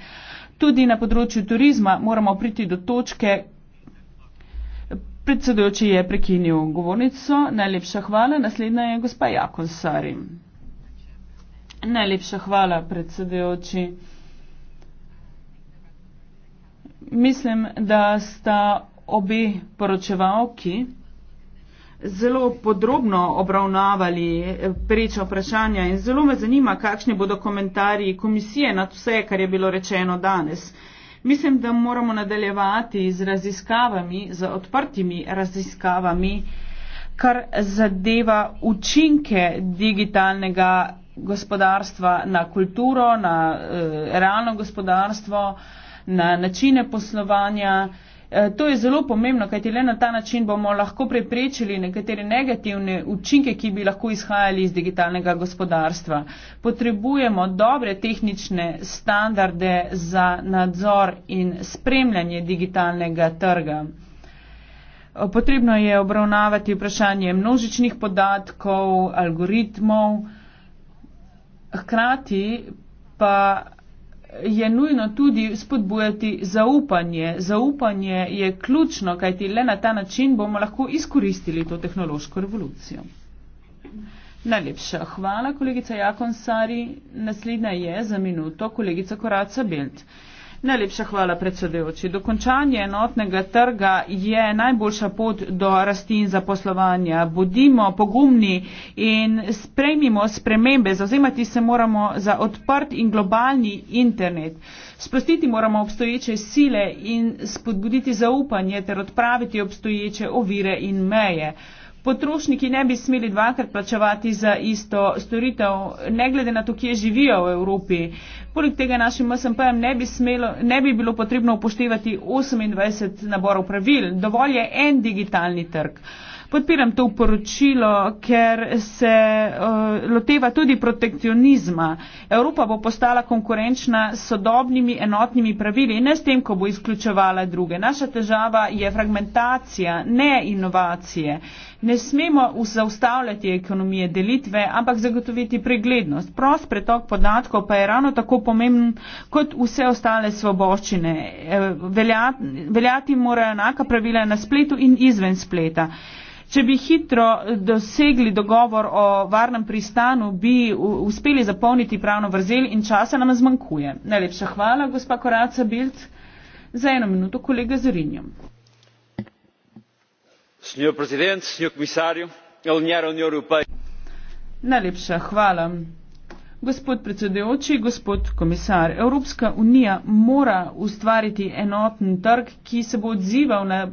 Tudi na področju turizma moramo priti do točke, Predsedujoči je prekinil govornico. Najlepša hvala. Naslednja je gospa Jakon Sari. Najlepša hvala, predsedujoči. Mislim, da sta obe poročevalki zelo podrobno obravnavali preča vprašanja in zelo me zanima, kakšni bodo komentarji komisije na vse, kar je bilo rečeno danes. Mislim, da moramo nadaljevati z raziskavami, z odprtimi raziskavami, kar zadeva učinke digitalnega gospodarstva na kulturo, na uh, realno gospodarstvo, na načine poslovanja. Uh, Eh, to je zelo pomembno, kajti le na ta način bomo lahko preprečili nekatere negativne učinke, ki bi lahko izhajali iz digitalnega gospodarstva. Potrebujemo dobre tehnične standarde za nadzor in spremljanje digitalnega trga. Eh, potrebno je obravnavati vprašanje množičnih podatkov, algoritmov, hkrati pa je nujno tudi spodbujati zaupanje. Zaupanje je ključno, kajti le na ta način bomo lahko izkoristili to tehnološko revolucijo. Najlepša hvala, kolegica Jakonsari. Naslednja je za minuto kolegica Koraca Belt. Najlepša hvala, predsedujoči. Dokončanje enotnega trga je najboljša pot do rasti in zaposlovanja. Bodimo pogumni in sprejmimo spremembe. Zazemati se moramo za odprt in globalni internet. Spustiti moramo obstoječe sile in spodbuditi zaupanje ter odpraviti obstoječe ovire in meje potrošniki ne bi smeli dvakrat plačevati za isto storitev, ne glede na to, kje živijo v Evropi. Poleg tega našim MSMP-jem ne, bi ne bi bilo potrebno upoštevati 28 naborov pravil, dovolj je en digitalni trg podpiram to poročilo, ker se eh, loteva tudi protekcionizma. Evropa bo postala konkurenčna s sodobnimi enotnimi pravili in ne s tem, ko bo izključevala druge. Naša težava je fragmentacija, ne inovacije. Ne smemo zaustavljati ekonomije delitve, ampak zagotoviti preglednost. Prost pretok podatkov pa je ravno tako pomemben kot vse ostale svoboščine. Eh, veljati, veljati morajo enaka pravila na spletu in izven spleta. Če bi hitro dosegli dogovor o varnem pristanu, bi uspeli zapolniti pravno vrzel in časa nam zmanjkuje. Najlepša hvala, gospa Koraca Bild. Za eno minuto, kolega Zorinjo. Najlepša hvala. Gospod predsedujoči, gospod komisar, Evropska unija mora ustvariti enoten trg, ki se bo odzival na e,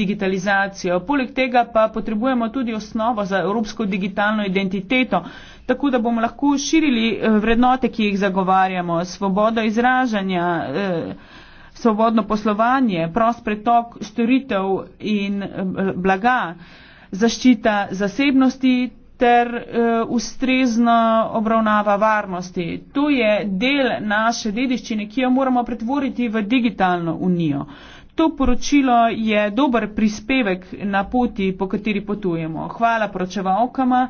digitalizacijo. Poleg tega pa potrebujemo tudi osnovo za evropsko digitalno identiteto, tako da bomo lahko širili eh, vrednote, ki jih zagovarjamo, svobodo izražanja, e, svobodno poslovanje, prost pretok storitev in e, blaga, zaščita zasebnosti ter uh, eh, ustrezna obravnava varnosti. To je del naše dediščine, ki jo moramo pretvoriti v digitalno unijo. To poročilo je dober prispevek na poti, po kateri potujemo. Hvala poročevalkama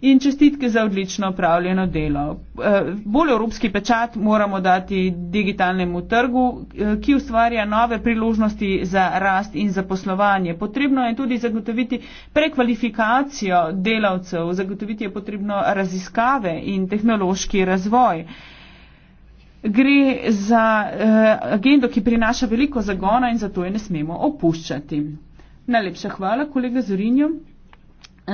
in čestitke za odlično upravljeno delo. Eh, bolj evropski pečat moramo dati digitalnemu trgu, eh, ki ustvarja nove priložnosti za rast in za poslovanje. Potrebno je tudi zagotoviti prekvalifikacijo delavcev, zagotoviti je potrebno raziskave in tehnološki razvoj. Gre za eh, agendo, ki prinaša veliko zagona in zato je ne smemo opuščati. Najlepša hvala, kolega Zorinjo.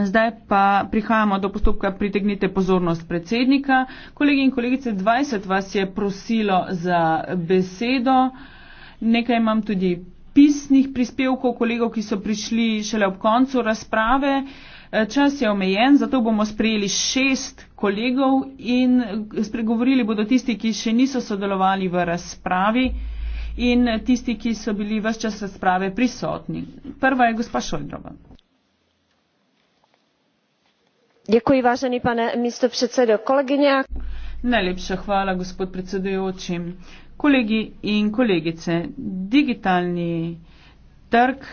Zdaj pa prihajamo do postopka pritegnite pozornost predsednika. Kolegi in kolegice, 20 vas je prosilo za besedo. Nekaj imam tudi pisnih prispevkov kolegov, ki so prišli šele ob koncu razprave. E, čas je omejen, zato bomo sprejeli šest kolegov in spregovorili bodo tisti, ki še niso sodelovali v razpravi in tisti, ki so bili vse čas razprave prisotni. Prva je gospa Šojdrova najlepša hvala gospod predsedujoči kolegi in kolegice digitalni trg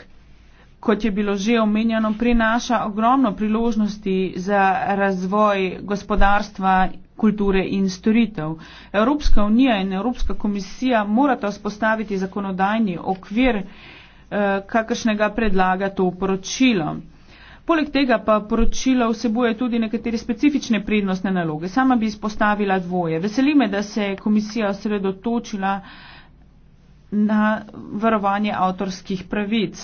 kot je bilo že omenjeno prinaša ogromno priložnosti za razvoj gospodarstva kulture in storitev. Evropska unija in Evropska komisija morata vzpostaviti zakonodajni okvir, eh, kakršnega predlaga to poročilo. Poleg tega pa poročilo vsebuje tudi nekatere specifične prednostne naloge. Sama bi izpostavila dvoje. Veseli me, da se je komisija osredotočila na varovanje avtorskih pravic.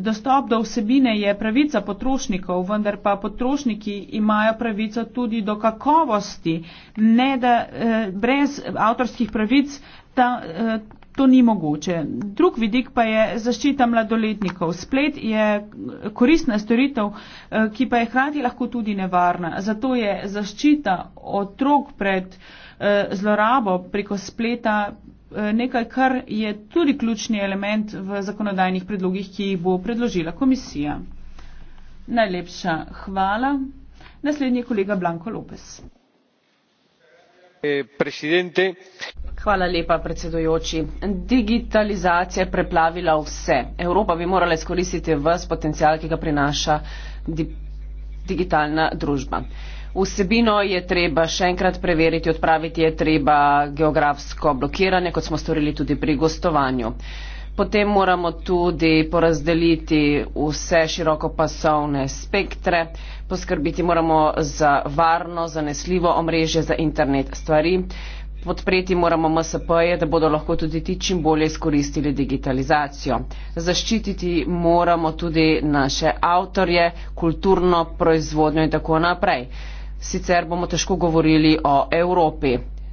Dostop do vsebine je pravica potrošnikov, vendar pa potrošniki imajo pravico tudi do kakovosti. Ne, da eh, brez avtorskih pravic ta, eh, To ni mogoče. Drug vidik pa je zaščita mladoletnikov. Splet je koristna storitev, eh, ki pa je hkrati lahko tudi nevarna. Zato je zaščita otrok pred eh, zlorabo preko spleta eh, nekaj, kar je tudi ključni element v zakonodajnih predlogih, ki jih bo predložila komisija. Najlepša hvala. Naslednji je kolega Blanko Lopes. Eh, Hvala lepa, predsedujoči. Digitalizacija je preplavila vse. Evropa bi morala izkoristiti ves potencial, ki ga prinaša di digitalna družba. Vsebino je treba še enkrat preveriti, odpraviti je treba geografsko blokiranje, kot smo storili tudi pri gostovanju. Potem moramo tudi porazdeliti vse širokopasovne spektre, poskrbiti moramo za varno, zanesljivo omrežje za internet stvari, Podpreti moramo MSP-je, da bodo lahko tudi ti čim bolje izkoristili digitalizacijo. Zaščititi moramo tudi naše avtorje, kulturno proizvodnjo in tako naprej. Sicer bomo težko govorili o Evropi.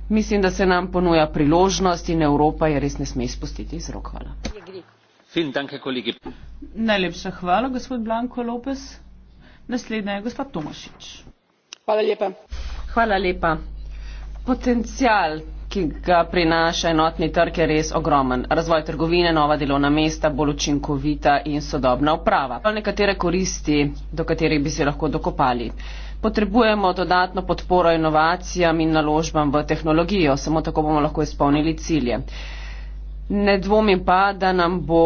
Mislim, da se nam ponuja priložnost in Evropa je res ne sme izpustiti iz rok. Hvala. Najlepša hvala, gospod Blanko Lopes. Naslednja je gospod Tomašič. Hvala lepa. Hvala lepa potencial, ki ga prinaša enotni trg, je res ogromen. Razvoj trgovine, nova delovna mesta, bolj učinkovita in sodobna uprava. Pa nekatere koristi, do katerih bi se lahko dokopali. Potrebujemo dodatno podporo inovacijam in naložbam v tehnologijo, samo tako bomo lahko izpolnili cilje. Ne dvomim pa, da nam bo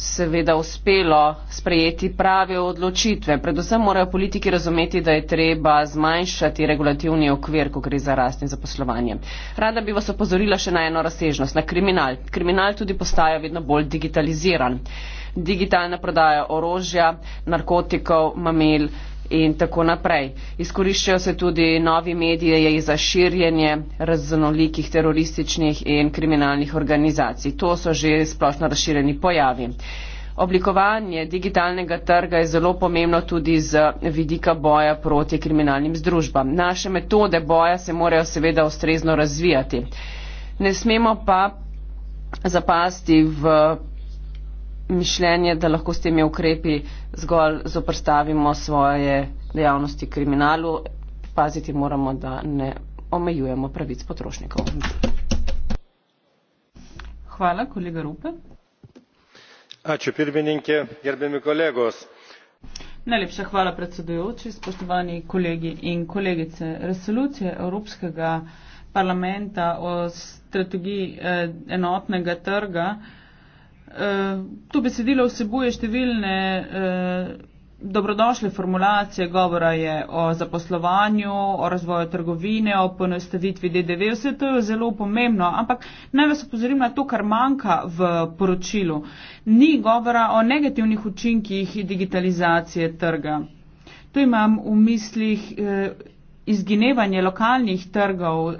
seveda uspelo sprejeti prave odločitve. Predvsem morajo politiki razumeti, da je treba zmanjšati regulativni okvir, ko gre za rast in za poslovanje. Rada bi vas opozorila še na eno razsežnost, na kriminal. Kriminal tudi postaja vedno bolj digitaliziran. Digitalna prodaja orožja, narkotikov, mamil, in tako naprej. Izkoriščajo se tudi novi mediji za širjenje raznolikih terorističnih in kriminalnih organizacij. To so že splošno razširjeni pojavi. Oblikovanje digitalnega trga je zelo pomembno tudi z vidika boja proti kriminalnim združbam. Naše metode boja se morajo seveda ustrezno razvijati. Ne smemo pa zapasti v mišljenje, da lahko s temi ukrepi zgolj zoprstavimo svoje dejavnosti kriminalu. Paziti moramo, da ne omejujemo pravic potrošnikov. Hvala, kolega Rupe. Ačiū pirmininkė, gerbiami kolegos. Najlepša hvala, predsedujoči, spoštovani kolegi in kolegice. Resolucija Evropskega parlamenta o strategiji eh, enotnega trga Eh, to besedilo vsebuje številne eh, dobrodošle formulacije, govora je o zaposlovanju, o razvoju trgovine, o ponostavitvi DDV, vse to je zelo pomembno, ampak naj vas upozorim na to, kar manjka v poročilu. Ni govora o negativnih učinkih digitalizacije trga. Tu imam v mislih eh, izginevanje lokalnih trgov,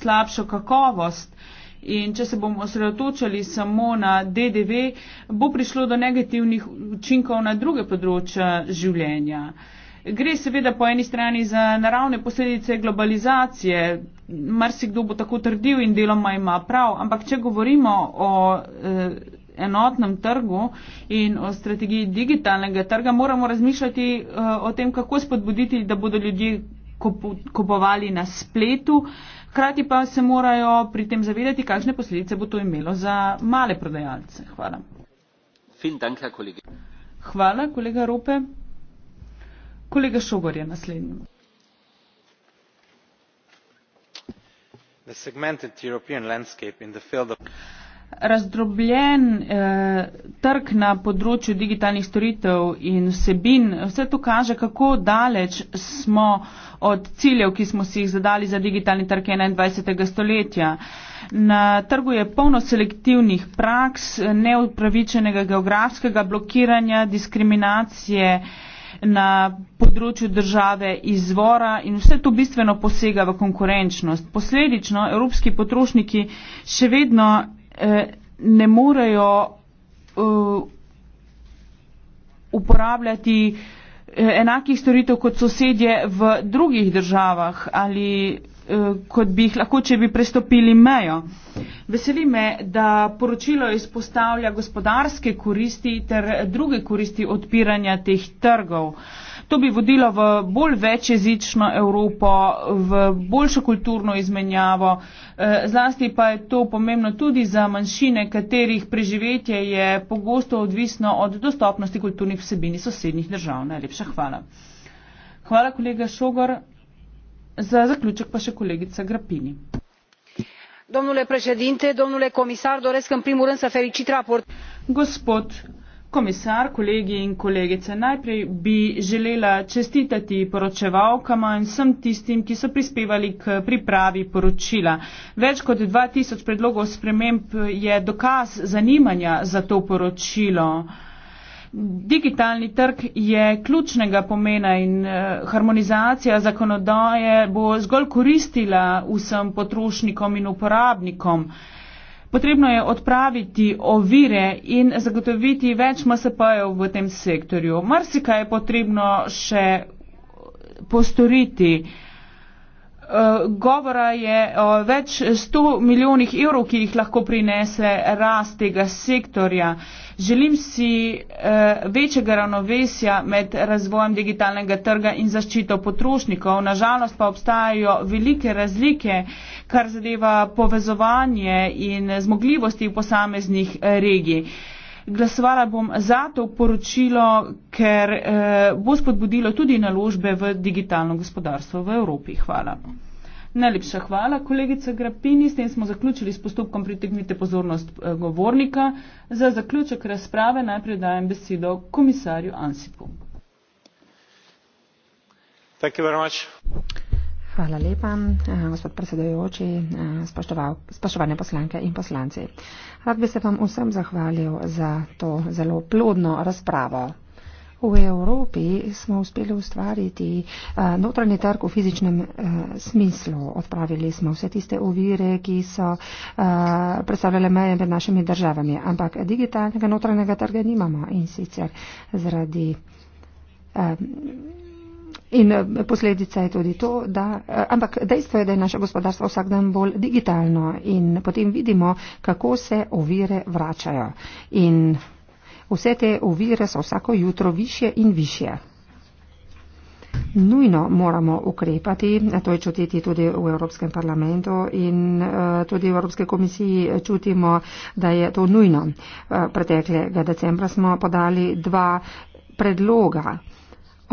slabšo kakovost in če se bomo osredotočali samo na DDV, bo prišlo do negativnih učinkov na druge področja življenja. Gre seveda po eni strani za naravne posledice globalizacije, marsikdo bo tako trdil in deloma ima prav, ampak če govorimo o eh, enotnem trgu in o strategiji digitalnega trga, moramo razmišljati eh, o tem, kako spodbuditi, da bodo ljudje kupovali na spletu, eh, Hkrati pa se morajo pri tem zavedati, kakšne posledice bo to imelo za male prodajalce. Hvala. Dank, Hvala, kolega Rope. Kolega Šogor je naslednji. The segmented European landscape in the field of razdrobljen eh, trg na področju digitalnih storitev in vsebin. Vse to kaže, kako daleč smo od ciljev, ki smo si jih zadali za digitalni trg 21. stoletja. Na trgu je polno selektivnih praks, neupravičenega geografskega blokiranja, diskriminacije na področju države izvora in vse to bistveno posega v konkurenčnost. Posledično evropski potrošniki še vedno Eh, ne morejo eh, uporabljati eh, enakih storitev kot sosedje v drugih državah ali kot bi jih lahko, če bi prestopili mejo. Veseli me, da poročilo izpostavlja gospodarske koristi ter druge koristi odpiranja teh trgov. Uh, To bi vodilo v bolj večjezično Evropo, v boljšo kulturno izmenjavo. Eh, zlasti pa je to pomembno tudi za manjšine, katerih preživetje je pogosto odvisno od dostopnosti kulturnih vsebini sosednjih držav. Najlepša hvala. Hvala, kolega Šogor. Za zaključek pa še kolegica Grapini. Domnule președinte, domnule comisar, doresc în primul rând să felicit raport. Gospod komisar, kolegi in kolegice, najprej bi želela čestitati poročevalkama in vsem tistim, ki so prispevali k pripravi poročila. Več kot 2000 predlogov sprememb je dokaz zanimanja za to poročilo. Digitalni trg je ključnega pomena in eh, harmonizacija zakonodaje bo zgolj koristila vsem potrošnikom in uporabnikom. Potrebno je odpraviti ovire in zagotoviti več MSP-jev v tem sektorju. Marsika je potrebno še postoriti. Eh, govora je o več 100 milijonih evrov, ki jih lahko prinese rast tega sektorja. Želim si eh, večjega ravnovesja med razvojem digitalnega trga in zaščito potrošnikov. Nažalost pa obstajajo velike razlike, kar zadeva povezovanje in zmogljivosti v posameznih eh, regij. Glasovala bom za to poročilo, ker eh, bo spodbudilo tudi naložbe v digitalno gospodarstvo v Evropi. Hvala. Najlepša hvala, kolegica Grapini. S tem smo zaključili s postopkom pritegnite pozornost eh, govornika. Za zaključek razprave najprej dajem besedo komisarju Ansipu. Hvala lepa, eh, gospod predsedojoči, eh, spoštovane poslanke in poslanci. Rad bi se vam vsem zahvalil za to zelo plodno razpravo. V Evropi smo uspeli ustvariti eh, notranji trg v fizičnem eh, smislu. Odpravili smo vse tiste ovire, ki so eh, predstavljale meje med našimi državami, ampak digitalnega notranjega trga nimamo in sicer zaradi. In posledica je tudi to, da, ampak dejstvo je, da je naše gospodarstvo vsak dan bolj digitalno in potem vidimo, kako se ovire vračajo. In Vse te ovire so vsako jutro više in više. Nujno moramo ukrepati, to je čutiti tudi v Evropskem parlamentu in eh, tudi v Evropske komisiji čutimo, da je to nujno. Eh, preteklega decembra smo podali dva predloga.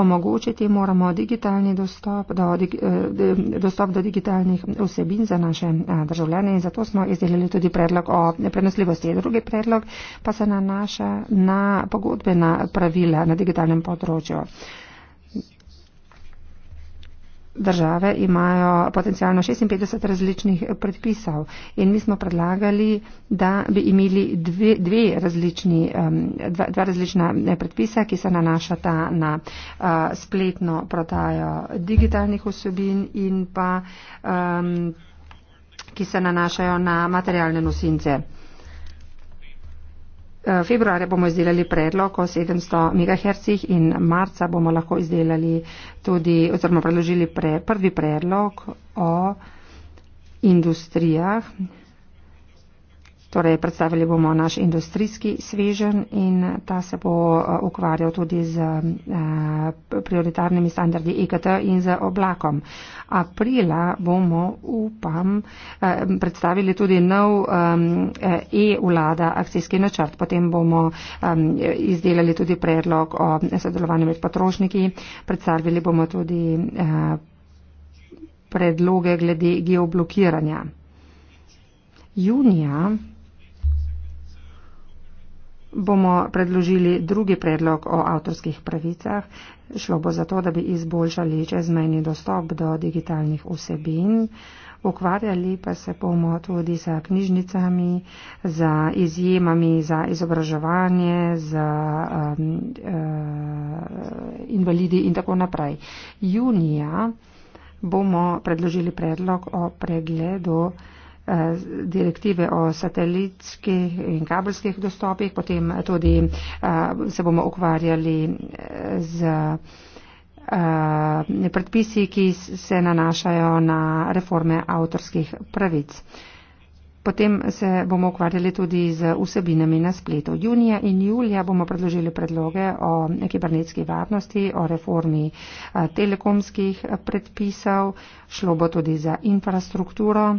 Omogočiti moramo digitalni dostop do, eh, dostop do digitalnih vsebin za naše eh, državljane in zato smo izdelili tudi predlog o prenosljivosti. Drugi predlog pa se nanaša na pogodbena pravila na digitalnem področju države imajo potencijalno 56 različnih predpisov in mi smo predlagali, da bi imeli dve, dve različni, dva, dva različna eh, predpisa, ki se nanašata na eh, spletno prodajo digitalnih osebin in pa um, ki se nanašajo na materialne nosince. Eh, februarja bomo izdelali predlog o 700 MHz in marca bomo lahko izdelali tudi oziroma predložili pre, prvi predlog o industrijah Torej, predstavili bomo naš industrijski svežen in eh, ta se bo eh, ukvarjal tudi z eh, prioritarnimi standardi IKT e in z oblakom. Aprila bomo, upam, predstavili tudi nov e-vlada akcijski načrt. Potem bomo izdelali tudi predlog o sodelovanju med potrošniki. Predstavili bomo tudi predloge glede geoblokiranja. Junija bomo predložili drugi predlog o avtorskih pravicah. Šlo bo za to, da bi izboljšali čezmejni dostop do digitalnih vsebin. Ukvarjali pa se bomo tudi sa knjižnicami, za izjemami za izobraževanje, za um, uh, invalidi in tako naprej. Junija bomo predložili predlog o pregledu uh, Eh, direktive o satelitskih in kabelskih dostopih, potem tudi eh, se bomo ukvarjali eh, z predpisi, ki se nanašajo na reforme avtorskih pravic. Potem se bomo ukvarjali tudi z vsebinami na spletu. Junija in julija bomo predložili predloge o kibernetski varnosti, o reformi telekomskih predpisov, šlo bo tudi za infrastrukturo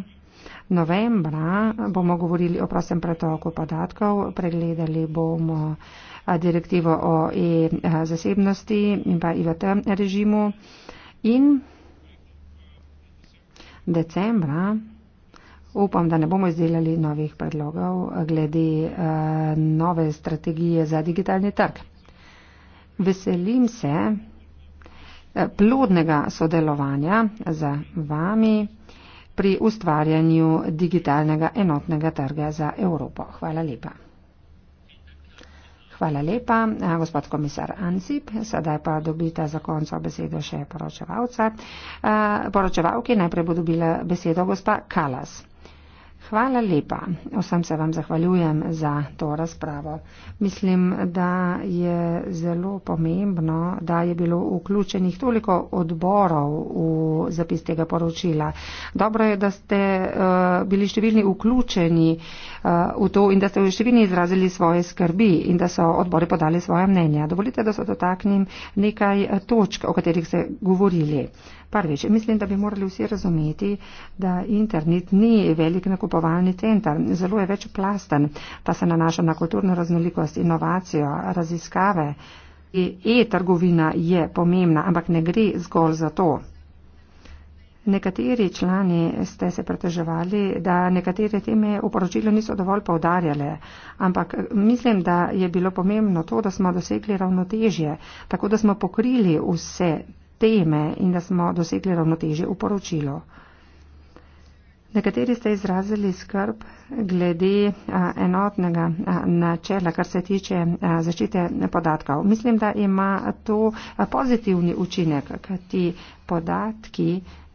novembra bomo govorili o prostem pretoku podatkov, pregledali bomo direktivo o e-zasebnosti in pa IVT režimu in decembra upam, da ne bomo izdelali novih predlogov glede nove strategije za digitalni trg. Veselim se plodnega sodelovanja za vami pri ustvarjanju digitalnega enotnega trga za Evropo. Hvala lepa. Hvala lepa, gospod komisar Ansip. Sedaj pa dobite za konco besedo še poročevalca. Poročevalki najprej bo dobila besedo gospa Kalas. Hvala lepa. Vsem se vam zahvaljujem za to razpravo. Mislim, da je zelo pomembno, da je bilo vključenih toliko odborov v zapis tega poročila. Dobro je, da ste uh, bili številni vključeni uh, v to in da ste v številni izrazili svoje skrbi in da so odbori podali svoje mnenja. Dovolite, da se dotaknem nekaj točk, o katerih ste govorili. Prvič, mislim, da bi morali vsi razumeti, da internet ni velik nakupovalni centar, zelo je večplasten, ta se nanaša na kulturno raznolikost, inovacijo, raziskave. E-trgovina je pomembna, ampak ne gre zgolj za to. Nekateri člani ste se prateževali, da nekatere teme v poročilu niso dovolj povdarjale, ampak mislim, da je bilo pomembno to, da smo dosegli ravnotežje, tako da smo pokrili vse teme in da smo dosegli ravnoteže v poročilu. Nekateri ste izrazili skrb glede enotnega načela, kar se tiče zaščite podatkov. Mislim, da ima to pozitivni učinek, ker ti podatki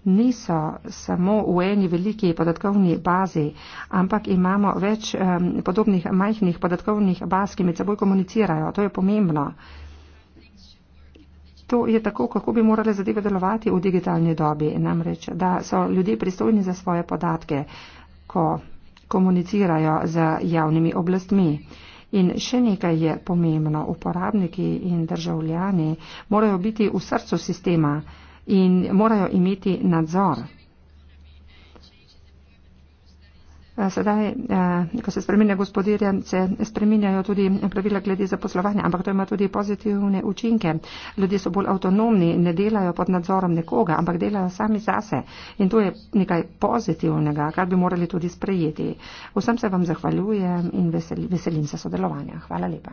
niso samo v eni veliki podatkovni bazi, ampak imamo več podobnih majhnih podatkovnih baz, ki med seboj komunicirajo. To je pomembno. To je tako, kako bi morale zadeve delovati v digitalni dobi, namreč, da so ljudje pristojni za svoje podatke, ko komunicirajo z javnimi oblastmi. In še nekaj je pomembno, uporabniki in državljani morajo biti v srcu sistema in morajo imeti nadzor. Sedaj, eh, ko se spremenja gospodirja, se spremenjajo tudi pravila glede zaposlovanja, ampak to ima tudi pozitivne učinke. Ljudje so bolj avtonomni, ne delajo pod nadzorom nekoga, ampak delajo sami zase. In to je nekaj pozitivnega, kar bi morali tudi sprejeti. Vsem se vam zahvaljujem in veseli, veselim se sodelovanja. Hvala lepa.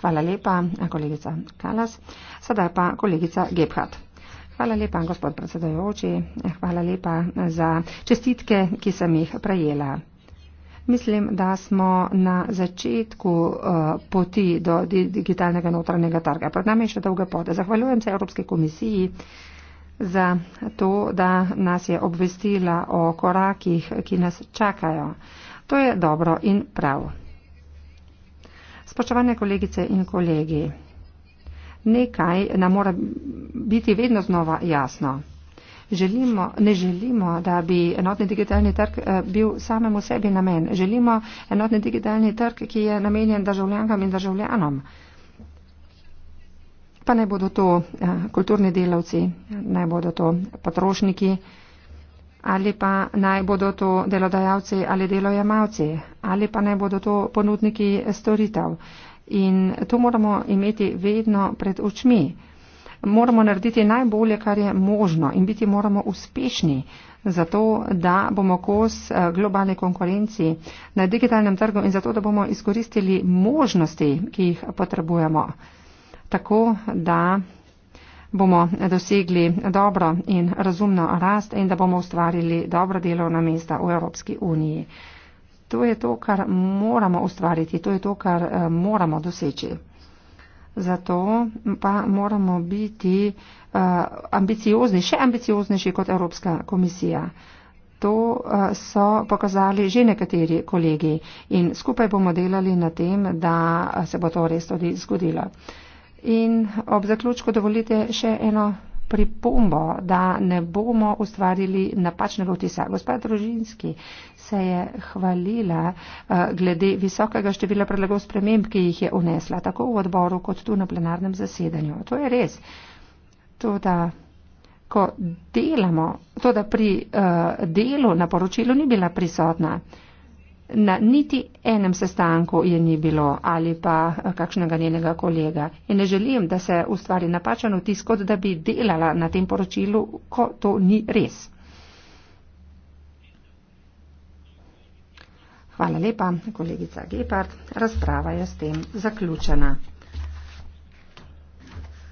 Hvala lepa, kolegica Kalas. Sedaj pa kolegica Gebhardt. Hvala lepa, gospod predsedajoči. Hvala lepa za čestitke, ki sem jih prejela. Mislim, da smo na začetku eh, poti do digitalnega notranjega trga. Pred nami je še dolga pot. Zahvaljujem se Evropske komisiji za to, da nas je obvestila o korakih, ki nas čakajo. To je dobro in prav. Spoštovane kolegice in kolegi, nekaj nam mora biti vedno znova jasno. Želimo, ne želimo, da bi enotni digitalni trg eh, bil samemu sebi namen. Želimo enotni digitalni trg, ki je namenjen državljankam in državljanom. Pa ne bodo to eh, kulturni delavci, ne bodo to potrošniki ali pa naj bodo to delodajalci ali delojemalci, ali pa naj bodo to ponudniki storitev. In to moramo imeti vedno pred očmi. Moramo narediti najbolje, kar je možno in biti moramo uspešni, zato da bomo kos eh, globalne konkurenci na digitalnem trgu in zato da bomo izkoristili možnosti, ki jih potrebujemo, tako da bomo dosegli dobro in razumno rast in da bomo ustvarili dobro delovna mesta v Evropski uniji. To je to, kar moramo ustvariti, to je to, kar eh, moramo doseči. Zato pa moramo biti uh, ambiciozni, še ambicioznejši kot Evropska komisija. To uh, so pokazali že nekateri kolegi in skupaj bomo delali na tem, da se bo to res tudi zgodilo. In ob zaključku dovolite še eno pripombo, da ne bomo ustvarili napačnega vtisa. Gospod Družinski, se je hvalila eh, glede visokega števila predlagov sprememb, ki jih je unesla tako v odboru kot tu na plenarnem zasedanju. To je res. To, da ko delamo, to, da pri uh, delu na poročilu ni bila prisotna, na niti enem sestanku je ni bilo ali pa eh, kakšnega njenega kolega. In ne želim, da se ustvari napačen vtis, kot da bi delala na tem poročilu, ko to ni res. Hvala lepa, kolegica Gepard. Razprava je s tem zaključena.